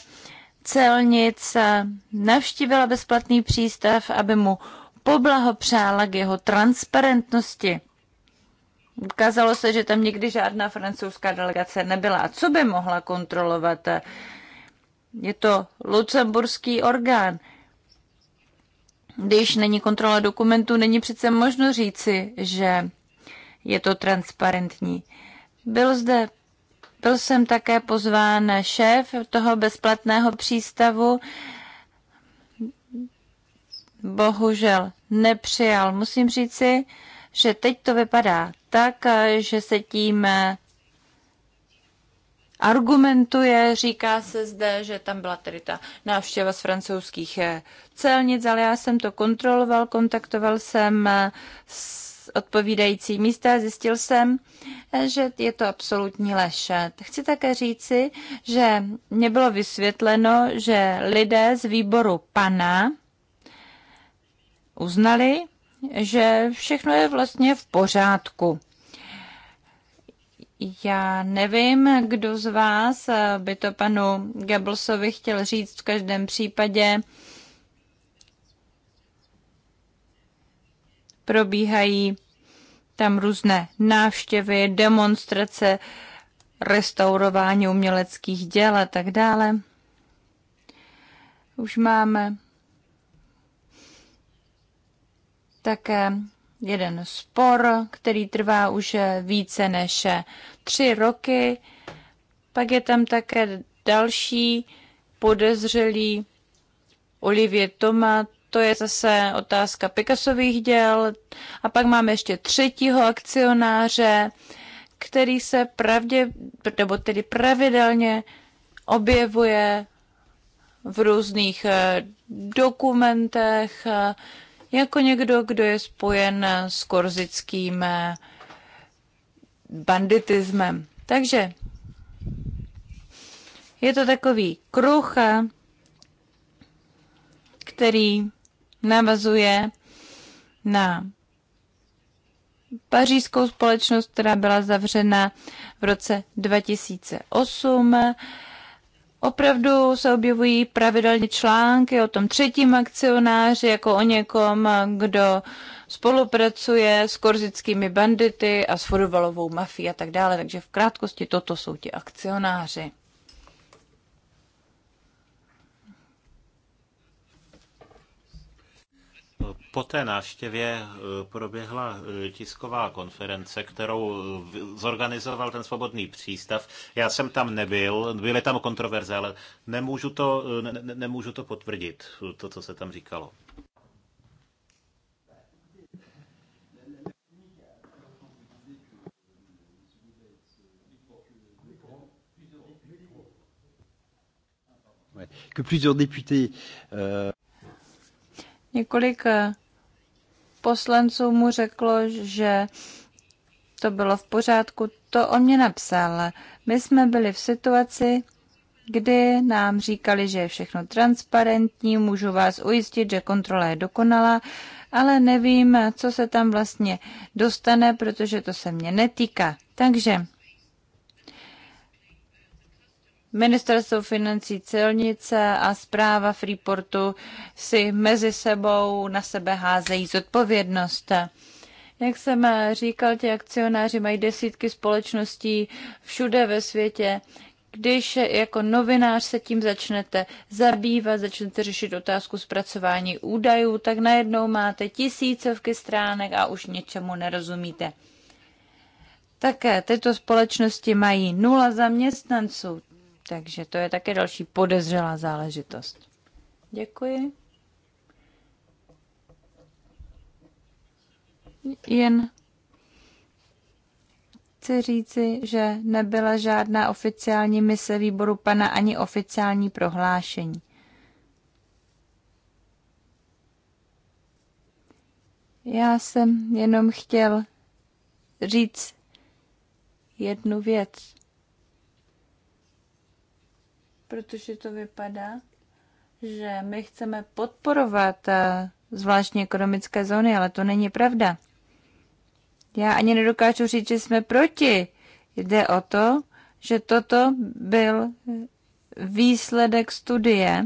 celnic eh, navštívila bezplatný přístav, aby mu poblahopřála k jeho transparentnosti. Ukázalo se, že tam nikdy žádná francouzská delegace nebyla. A co by mohla kontrolovat? Je to lucemburský orgán. Když není kontrola dokumentů, není přece možno říci, že je to transparentní. Byl zde byl jsem také pozván šéf toho bezplatného přístavu. Bohužel nepřijal. Musím říci, že teď to vypadá tak, eh, že se tím eh, argumentuje, říká se zde, že tam byla tedy ta návštěva z francouzských eh, celnic, ale já jsem to kontroloval, kontaktoval jsem s odpovídající místa a zjistil jsem, že je to absolutní lež. Chci také říci, že mě bylo vysvětleno, že lidé z výboru pana uznali, že všechno je vlastně v pořádku. Já nevím, kdo z vás by to panu Goebbelsovi chtěl říct v každém případě. Probíhají tam různé návštěvy, demonstrace, restaurování uměleckých děl a tak dále. Už máme také jeden spor, který trvá už více než tři roky. Pak je tam také další podezřelý Olivier Toma, to je zase otázka Picassových děl. A pak máme ještě třetího akcionáře, který se pravdě, nebo tedy pravidelně objevuje v různých eh, dokumentech, eh, jako někdo, kdo je spojen s korzickým eh, banditismem. Takže je to takový kruh, eh, který navazuje na pařížskou společnost, která byla zavřena v roce 2008 Opravdu se objevují pravidelně články o tom třetím akcionáři, jako o někom, kdo spolupracuje s korzickými bandity a s fotbalovou mafií a tak dále. Takže v krátkosti toto jsou ti akcionáři. Po té návštěvě eh, proběhla eh, tisková konference, kterou eh, zorganizoval ten svobodný přístav. Já jsem tam nebyl, byly tam kontroverze, ale nemůžu to, ne, nemůžu to potvrdit, to, co se tam říkalo. que plusieurs députés euh, Několik eh, poslanců mu řeklo, že to bylo v pořádku, to on mě napsal. My jsme byli v situaci, kdy nám říkali, že je všechno transparentní, můžu vás ujistit, že kontrola je dokonalá, ale nevím, co se tam vlastně dostane, protože to se mě netýká. Takže Ministerstvo financí celnice a zpráva Freeportu si mezi sebou na sebe házejí zodpovědnost. Jak jsem říkal, ti akcionáři mají desítky společností všude ve světě. Když jako novinář se tím začnete zabývat, začnete řešit otázku zpracování údajů, tak najednou máte tisícovky stránek a už něčemu nerozumíte. Také tyto společnosti mají nula zaměstnanců, takže to je také další podezřelá záležitost. Děkuji. Jen chci říci, že nebyla žádná oficiální mise výboru pana ani oficiální prohlášení. Já jsem jenom chtěl říct jednu věc protože to vypadá, že my chceme podporovat eh, zvláštní ekonomické zóny, ale to není pravda. Já ani nedokážu říct, že jsme proti. Jde o to, že toto byl výsledek studie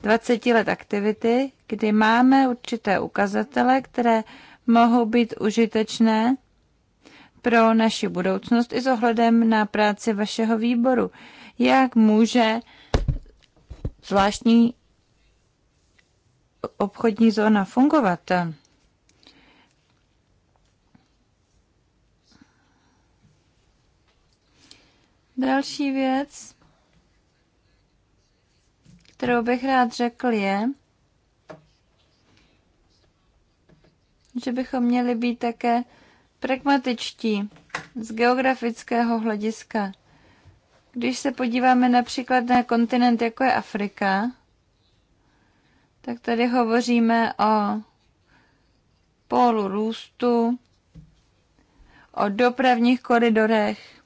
20 let aktivity, kdy máme určité ukazatele, které mohou být užitečné pro naši budoucnost i s ohledem na práci vašeho výboru jak může zvláštní obchodní zóna fungovat. Další věc, kterou bych rád řekl, je, že bychom měli být také pragmatičtí z geografického hlediska. Když se podíváme například na kontinent, jako je Afrika, tak tady hovoříme o pólu růstu, o dopravních koridorech.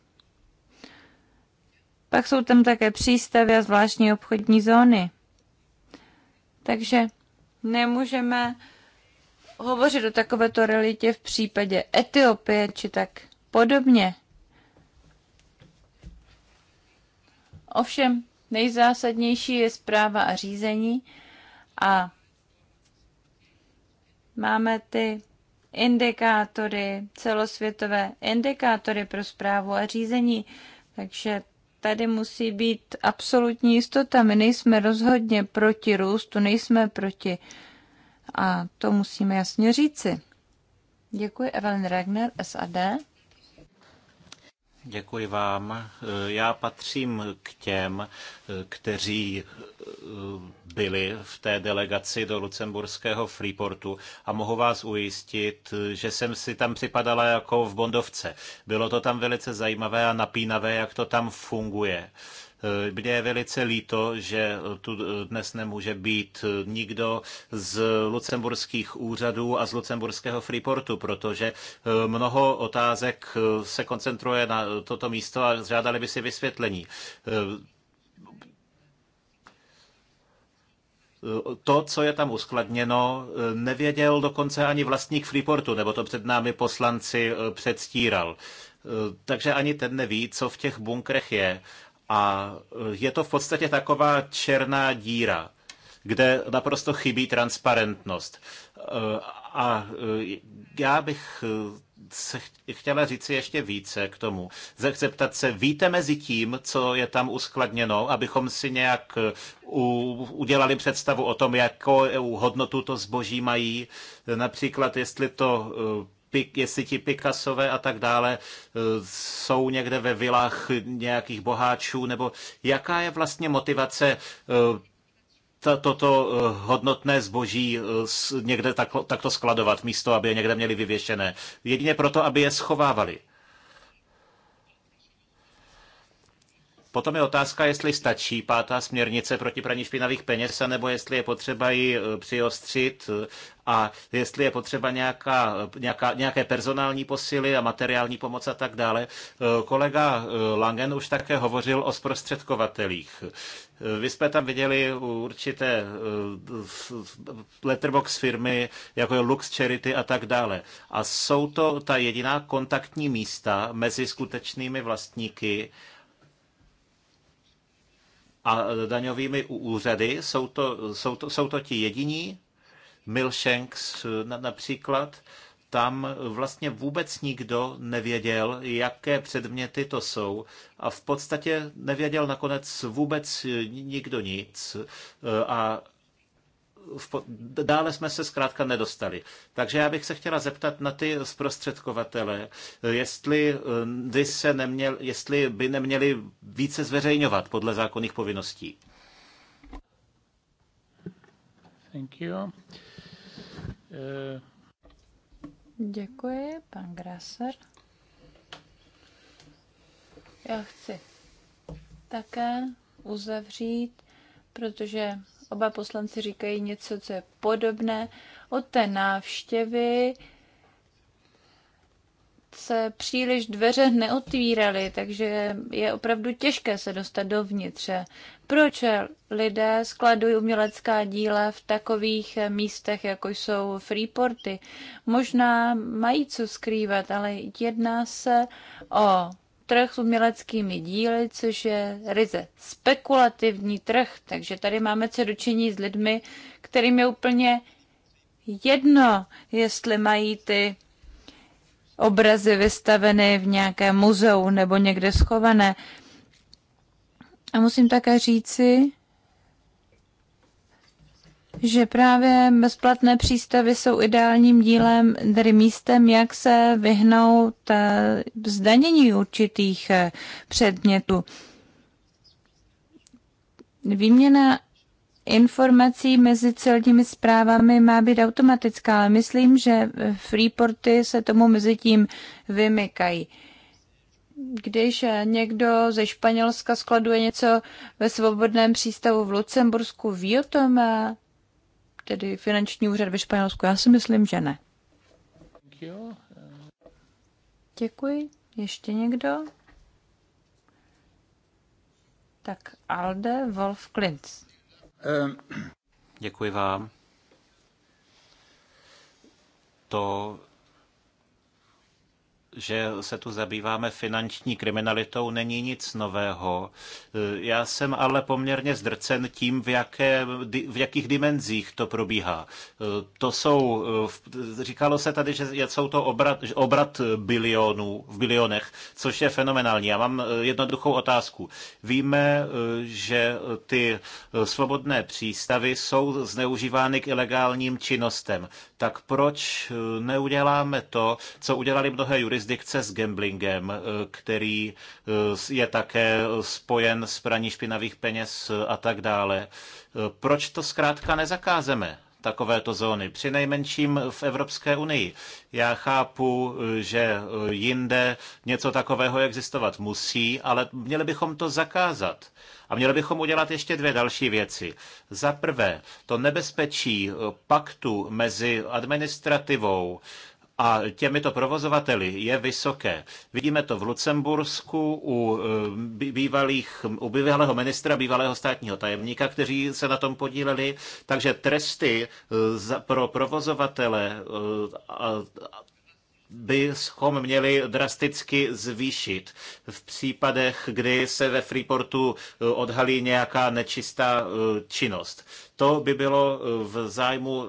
Pak jsou tam také přístavy a zvláštní obchodní zóny. Takže nemůžeme hovořit o takovéto realitě v případě Etiopie či tak podobně. Ovšem nejzásadnější je zpráva a řízení a máme ty indikátory, celosvětové indikátory pro zprávu a řízení, takže tady musí být absolutní jistota. My nejsme rozhodně proti růstu, nejsme proti a to musíme jasně říci. Děkuji, Evelyn Regner, SAD. Děkuji vám. E, já patřím k těm, e, kteří e, byli v té delegaci do lucemburského Freeportu a mohu vás ujistit, že jsem si tam připadala jako v Bondovce. Bylo to tam velice zajímavé a napínavé, jak to tam funguje. Eh, mně je velice líto, že tu dnes nemůže být nikdo z lucemburských úřadů a z lucemburského Freeportu, protože eh, mnoho otázek eh, se koncentruje na toto místo a žádali by si vysvětlení. to, co je tam uskladněno, nevěděl dokonce ani vlastník Freeportu, nebo to před námi poslanci předstíral. Takže ani ten neví, co v těch bunkrech je. A e, je to v podstatě taková černá díra, kde naprosto chybí transparentnost. E, a e, já bych se chtěla říci ještě více k tomu. Zeptat se, víte mezi tím, co je tam uskladněno, abychom si nějak udělali představu o tom, jakou hodnotu to zboží mají. Například, jestli to jestli ti Picassové a tak dále eh, jsou někde ve vilách nějakých boháčů, nebo jaká je vlastně motivace eh, toto eh, hodnotné zboží někde takto skladovat, místo aby je někde měli vyvěšené. Jedině proto, aby je schovávali. Potom je otázka, jestli stačí pátá směrnice proti praní špinavých peněz, nebo jestli je potřeba ji eh, přiostřit eh, a jestli je potřeba nějaká, eh, nějaká, nějaké personální posily a materiální pomoc a tak dále. Kolega Langen už také hovořil o zprostředkovatelích. Vy jste tam viděli určité letterbox firmy, jako je Lux Charity a tak dále. A jsou to ta jediná kontaktní místa mezi skutečnými vlastníky, a daňovými úřady. Jsou to, jsou to, jsou to ti jediní, Milšenks například, tam vlastně vůbec nikdo nevěděl, jaké předměty to jsou a v podstatě nevěděl nakonec vůbec nikdo nic. E, a dále jsme se zkrátka nedostali. Takže já bych se chtěla zeptat na ty zprostředkovatele, jestli, by eh, se neměl, jestli by neměli více zveřejňovat podle zákonných povinností. Thank you. Uh... Děkuji, pan Grasser. Já chci také uzavřít, protože Oba poslanci říkají něco, co je podobné. Od té návštěvy se příliš dveře neotvíraly, takže je opravdu těžké se dostat dovnitř. Proč lidé skladují umělecká díla v takových místech, jako jsou Freeporty? Možná mají co skrývat, ale jedná se o trh s uměleckými díly, což je ryze spekulativní trh, takže tady máme co dočení s lidmi, kterým je úplně jedno, jestli mají ty obrazy vystaveny v nějakém muzeu nebo někde schované. A musím také říci, že právě bezplatné přístavy jsou ideálním dílem, tedy místem, jak se vyhnout eh, zdanění určitých eh, předmětů. Výměna informací mezi celními zprávami má být automatická, ale myslím, že freeporty se tomu mezi tím vymykají. Když eh, někdo ze Španělska skladuje něco ve svobodném přístavu v Lucembursku, ví o tom tedy finanční úřad ve Španělsku? Já si myslím, že ne. Děkuji. Ještě někdo? Tak Alde Wolf Klintz. Ehm. Děkuji vám. To že se tu zabýváme finanční kriminalitou, není nic nového. Já jsem ale poměrně zdrcen tím, v, jaké, v jakých dimenzích to probíhá. To jsou, říkalo se tady, že jsou to obrat, obrat bilionů, v bilionech, což je fenomenální. Já mám jednoduchou otázku. Víme, že ty svobodné přístavy jsou zneužívány k ilegálním činnostem. Tak proč neuděláme to, co udělali mnohé jurisdikce, jurisdikce s gamblingem, eh, který eh, je také spojen s praní špinavých peněz a tak dále. Eh, proč to zkrátka nezakázeme? takovéto zóny, při nejmenším v Evropské unii. Já chápu, že jinde něco takového existovat musí, ale měli bychom to zakázat. A měli bychom udělat ještě dvě další věci. Za prvé, to nebezpečí paktu mezi administrativou, a těmito provozovateli je vysoké. Vidíme to v Lucembursku u, eh, bývalých, u bývalého ministra, bývalého státního tajemníka, kteří se na tom podíleli. Takže tresty eh, pro provozovatele eh, bychom měli drasticky zvýšit v případech, kdy se ve Freeportu eh, odhalí nějaká nečistá eh, činnost. To by bylo eh, v zájmu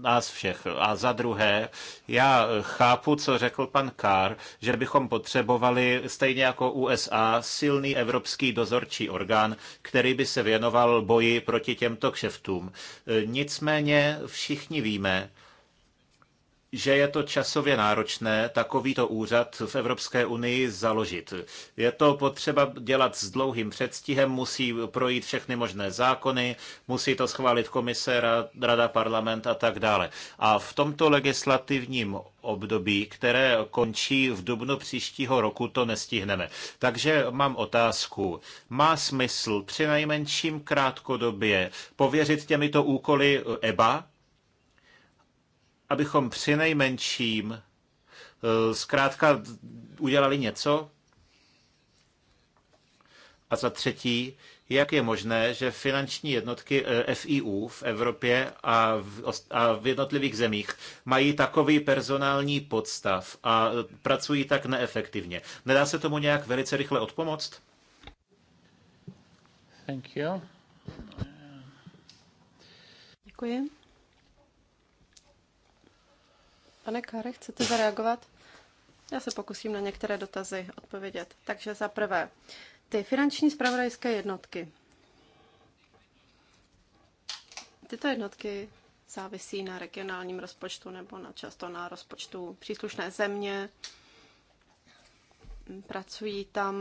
nás všech. A za druhé, já chápu, co řekl pan Kár, že bychom potřebovali, stejně jako USA, silný evropský dozorčí orgán, který by se věnoval boji proti těmto kšeftům. Nicméně všichni víme, že je to časově náročné takovýto úřad v Evropské unii založit. Je to potřeba dělat s dlouhým předstihem, musí projít všechny možné zákony, musí to schválit komise, rada, parlament a tak dále. A v tomto legislativním období, které končí v dubnu příštího roku, to nestihneme. Takže mám otázku. Má smysl při nejmenším krátkodobě pověřit těmito úkoly EBA, abychom při nejmenším eh, zkrátka udělali něco? A za třetí, jak je možné, že finanční jednotky eh, FIU v Evropě a v, a v jednotlivých zemích mají takový personální podstav a eh, pracují tak neefektivně. Nedá se tomu nějak velice rychle odpomoct? Thank you. Děkuji. Pane Kare, chcete zareagovat? Já se pokusím na některé dotazy odpovědět. Takže za prvé, ty finanční spravodajské jednotky. Tyto jednotky závisí na regionálním rozpočtu nebo na často na rozpočtu příslušné země. Pracují tam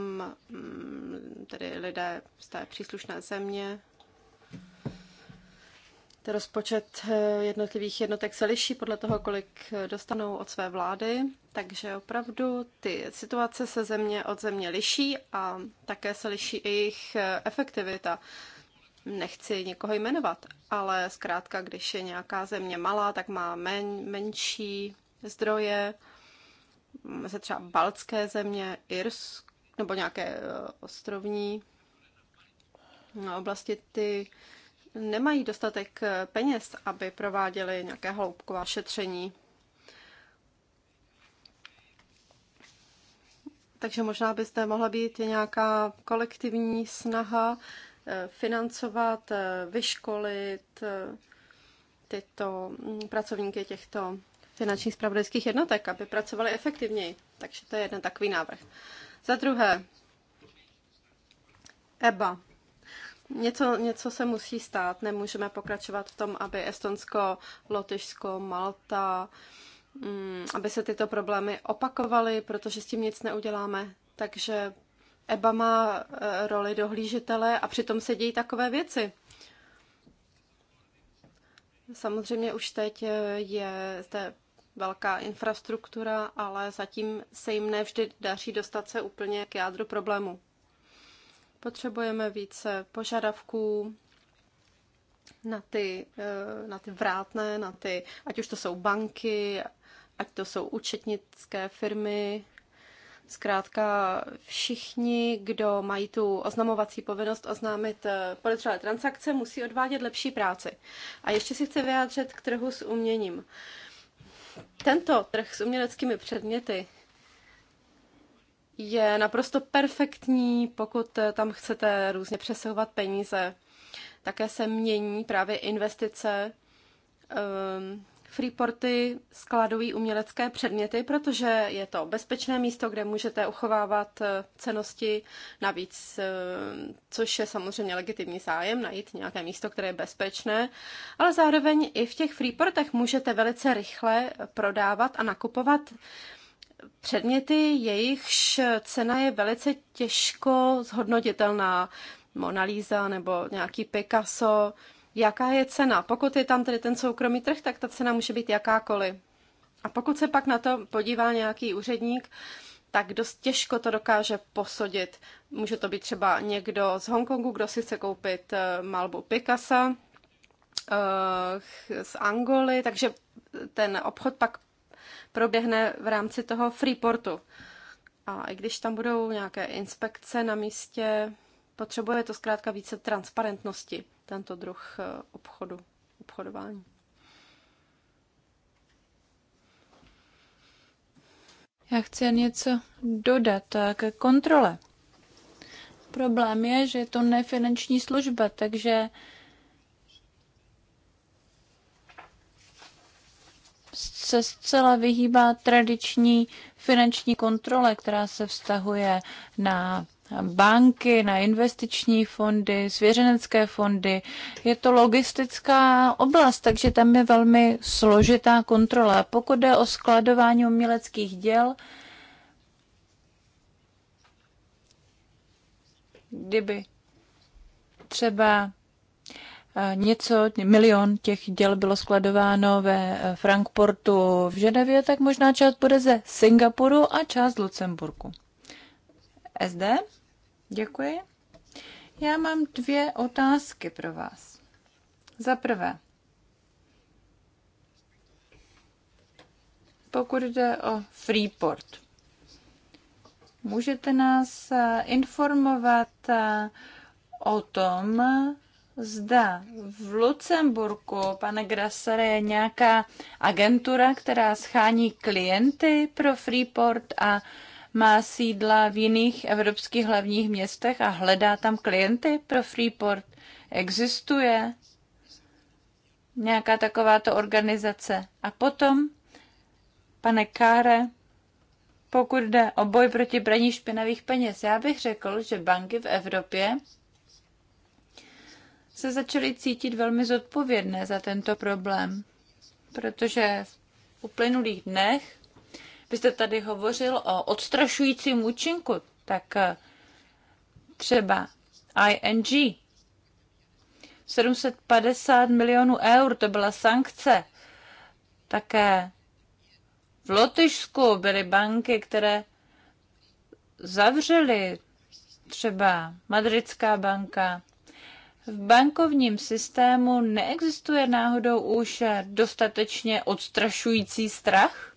mm, tedy lidé z té příslušné země, rozpočet eh, jednotlivých jednotek se liší podle toho, kolik eh, dostanou od své vlády, takže opravdu ty situace se země od země liší a také se liší i jejich eh, efektivita. Nechci někoho jmenovat, ale zkrátka, když je nějaká země malá, tak má men, menší zdroje, se třeba baltské země, Irsk, nebo nějaké ostrovní oblasti, ty nemají dostatek eh, peněz, aby prováděli nějaké hloubková šetření. Takže možná by zde mohla být nějaká kolektivní snaha eh, financovat, eh, vyškolit tyto mm, pracovníky těchto finančních spravodajských jednotek, aby pracovali efektivněji. Takže to je jeden takový návrh. Za druhé, EBA, něco, něco se musí stát. Nemůžeme pokračovat v tom, aby Estonsko, Lotyšsko, Malta, mm, aby se tyto problémy opakovaly, protože s tím nic neuděláme. Takže EBA má e, roli dohlížitele a přitom se dějí takové věci. Samozřejmě už teď e, je zde velká infrastruktura, ale zatím se jim nevždy daří dostat se úplně k jádru problému. Potřebujeme více požadavků na ty, eh, na ty vrátné, na ty, ať už to jsou banky, ať to jsou účetnické firmy, Zkrátka všichni, kdo mají tu oznamovací povinnost oznámit eh, podezřelé transakce, musí odvádět lepší práci. A ještě si chci vyjádřit k trhu s uměním. Tento trh s uměleckými předměty je naprosto perfektní, pokud tam chcete různě přesouvat peníze. Také se mění právě investice. Ehm, Freeporty skladují umělecké předměty, protože je to bezpečné místo, kde můžete uchovávat eh, cenosti navíc, eh, což je samozřejmě legitimní zájem, najít nějaké místo, které je bezpečné, ale zároveň i v těch freeportech můžete velice rychle prodávat a nakupovat předměty, jejichž cena je velice těžko zhodnotitelná. Mona Lisa nebo nějaký Picasso. Jaká je cena? Pokud je tam tedy ten soukromý trh, tak ta cena může být jakákoliv. A pokud se pak na to podívá nějaký úředník, tak dost těžko to dokáže posodit. Může to být třeba někdo z Hongkongu, kdo si chce koupit eh, malbu Picasso eh, z Angoly, takže ten obchod pak proběhne v rámci toho Freeportu. A i když tam budou nějaké inspekce na místě, potřebuje to zkrátka více transparentnosti, tento druh eh, obchodu, obchodování. Já chci něco dodat eh, ke kontrole. Problém je, že je to nefinanční služba, takže se zcela vyhýbá tradiční finanční kontrole, která se vztahuje na banky, na investiční fondy, svěřenecké fondy. Je to logistická oblast, takže tam je velmi složitá kontrola. Pokud jde o skladování uměleckých děl, kdyby třeba Eh, něco, milion těch děl bylo skladováno ve eh, Frankfurtu v Ženevě, tak možná část bude ze Singapuru a část z Lucemburku. SD, děkuji. Já mám dvě otázky pro vás. Za prvé, pokud jde o Freeport, můžete nás eh, informovat o tom, zda v Lucemburku, pane Grasere, je nějaká agentura, která schání klienty pro Freeport a má sídla v jiných evropských hlavních městech a hledá tam klienty pro Freeport. Existuje nějaká takováto organizace. A potom, pane Káre, pokud jde o boj proti praní špinavých peněz, já bych řekl, že banky v Evropě se začaly cítit velmi zodpovědné za tento problém, protože v uplynulých dnech byste tady hovořil o odstrašujícím účinku, tak eh, třeba ING 750 milionů eur, to byla sankce. Také v Lotyšsku byly banky, které zavřely třeba Madridská banka, v bankovním systému neexistuje náhodou už dostatečně odstrašující strach?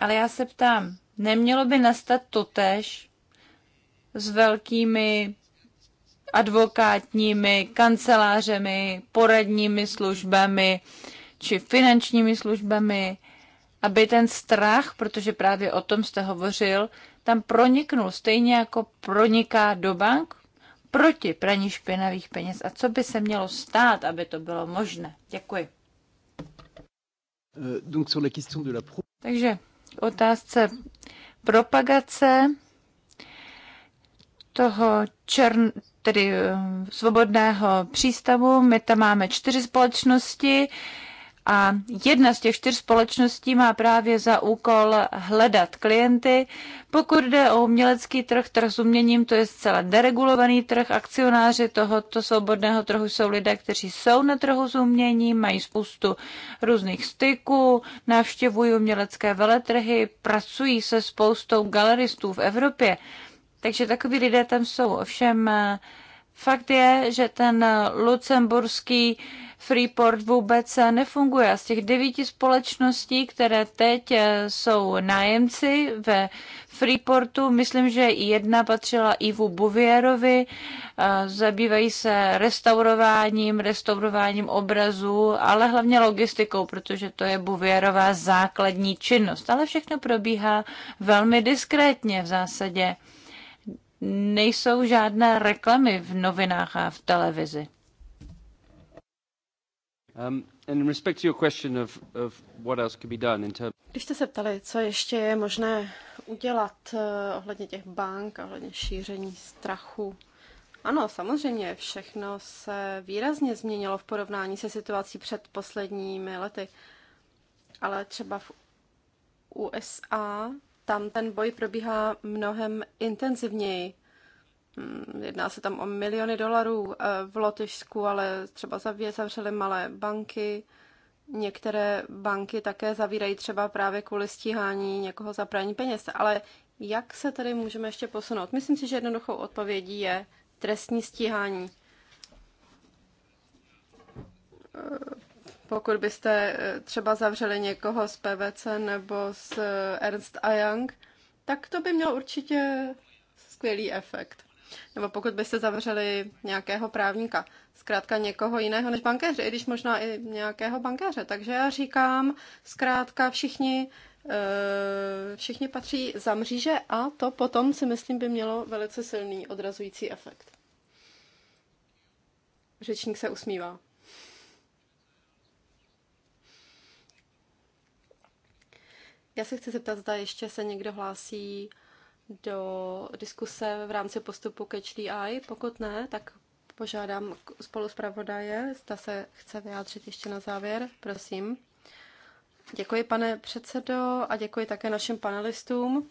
Ale já se ptám, nemělo by nastat totéž s velkými advokátními kancelářemi, poradními službami či finančními službami, aby ten strach, protože právě o tom jste hovořil, tam proniknul stejně jako proniká do bank? proti praní špinavých peněz a co by se mělo stát, aby to bylo možné? Děkuji. Euh, Takže otázce propagace toho čern, tedy eh, svobodného přístavu. My tam máme čtyři společnosti, a jedna z těch čtyř společností má právě za úkol hledat klienty. Pokud jde o umělecký trh, trh s uměním, to je zcela deregulovaný trh. Akcionáři tohoto svobodného trhu jsou lidé, kteří jsou na trhu s uměním, mají spoustu různých styků, navštěvují umělecké veletrhy, pracují se spoustou galeristů v Evropě. Takže takový lidé tam jsou. Ovšem Fakt je, že ten lucemburský Freeport vůbec nefunguje. A z těch devíti společností, které teď jsou nájemci ve Freeportu, myslím, že jedna patřila Ivu Buvierovi, zabývají se restaurováním, restaurováním obrazů, ale hlavně logistikou, protože to je Buvierová základní činnost. Ale všechno probíhá velmi diskrétně v zásadě nejsou žádné reklamy v novinách a v televizi. Um, Když jste se ptali, co ještě je možné udělat eh, ohledně těch bank, ohledně šíření strachu, ano, samozřejmě, všechno se výrazně změnilo v porovnání se situací před posledními lety. Ale třeba v USA tam ten boj probíhá mnohem intenzivněji. Hmm, jedná se tam o miliony dolarů eh, v Lotyšsku, ale třeba zavřeli malé banky. Některé banky také zavírají třeba právě kvůli stíhání někoho za praní peněz. Ale jak se tady můžeme ještě posunout? Myslím si, že jednoduchou odpovědí je trestní stíhání eh, pokud byste eh, třeba zavřeli někoho z PVC nebo z eh, Ernst a Young, tak to by mělo určitě skvělý efekt. Nebo pokud byste zavřeli nějakého právníka, zkrátka někoho jiného než bankéře, i když možná i nějakého bankéře. Takže já říkám, zkrátka všichni, eh, všichni patří za mříže a to potom si myslím by mělo velice silný odrazující efekt. Řečník se usmívá. Já se chci zeptat, zda ještě se někdo hlásí do diskuse v rámci postupu ke AI Pokud ne, tak požádám spolu zpravodaje, zda se chce vyjádřit ještě na závěr. Prosím. Děkuji, pane předsedo, a děkuji také našim panelistům.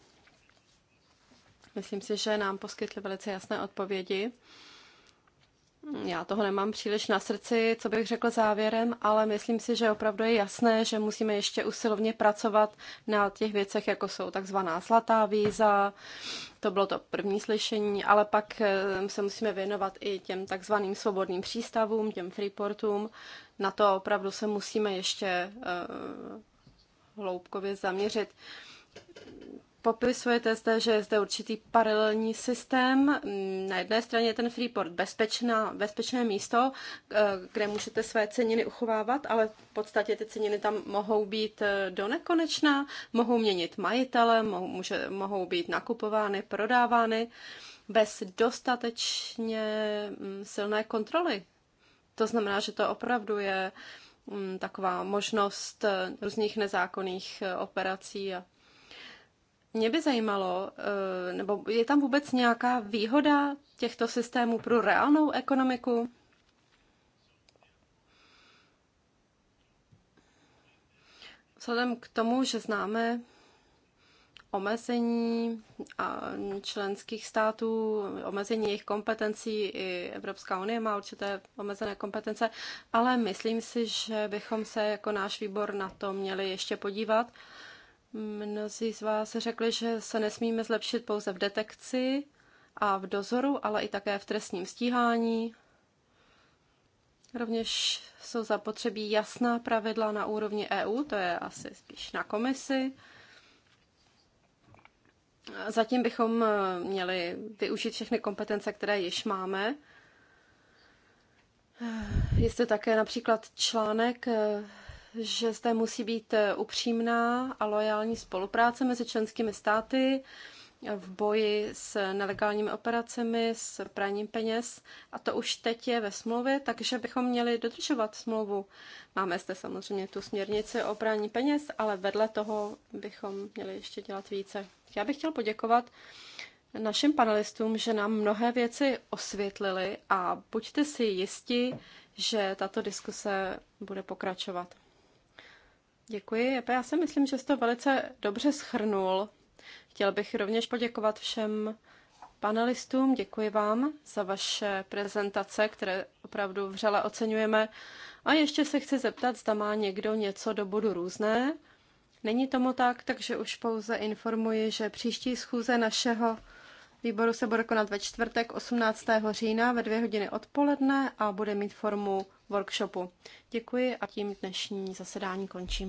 Myslím si, že nám poskytli velice jasné odpovědi. Já toho nemám příliš na srdci, co bych řekl závěrem, ale myslím si, že opravdu je jasné, že musíme ještě usilovně pracovat na těch věcech, jako jsou takzvaná zlatá víza. To bylo to první slyšení, ale pak eh, se musíme věnovat i těm takzvaným svobodným přístavům, těm freeportům. Na to opravdu se musíme ještě eh, hloubkově zaměřit popisujete zde, že je zde určitý paralelní systém. Na jedné straně je ten Freeport bezpečná, bezpečné místo, eh, kde můžete své ceniny uchovávat, ale v podstatě ty ceniny tam mohou být eh, do nekonečna, mohou měnit majitele, mohou, mohou být nakupovány, prodávány bez dostatečně mm, silné kontroly. To znamená, že to opravdu je mm, taková možnost eh, různých nezákonných operací a mě by zajímalo, eh, nebo je tam vůbec nějaká výhoda těchto systémů pro reálnou ekonomiku? Vzhledem k tomu, že známe omezení mm, členských států, omezení jejich kompetencí. I Evropská unie má určité omezené kompetence, ale myslím si, že bychom se jako náš výbor na to měli ještě podívat Mnozí z vás řekli, že se nesmíme zlepšit pouze v detekci a v dozoru, ale i také v trestním stíhání. Rovněž jsou zapotřebí jasná pravidla na úrovni EU, to je asi spíš na komisi. Zatím bychom eh, měli využít všechny kompetence, které již máme. Eh, Jestli také například článek eh, že zde musí být eh, upřímná a lojální spolupráce mezi členskými státy v boji s nelegálními operacemi, s praním peněz. A to už teď je ve smlouvě, takže bychom měli dodržovat smlouvu. Máme zde samozřejmě tu směrnici o praní peněz, ale vedle toho bychom měli ještě dělat více. Já bych chtěl poděkovat našim panelistům, že nám mnohé věci osvětlili a buďte si jisti, že tato diskuse bude pokračovat. Děkuji. Já si myslím, že jste to velice dobře schrnul. Chtěl bych rovněž poděkovat všem panelistům. Děkuji vám za vaše prezentace, které opravdu vřele oceňujeme. A ještě se chci zeptat, zda má někdo něco do bodu různé. Není tomu tak, takže už pouze informuji, že příští schůze našeho výboru se bude konat ve čtvrtek 18. října ve dvě hodiny odpoledne a bude mít formu workshopu. Děkuji a tím dnešní zasedání končím.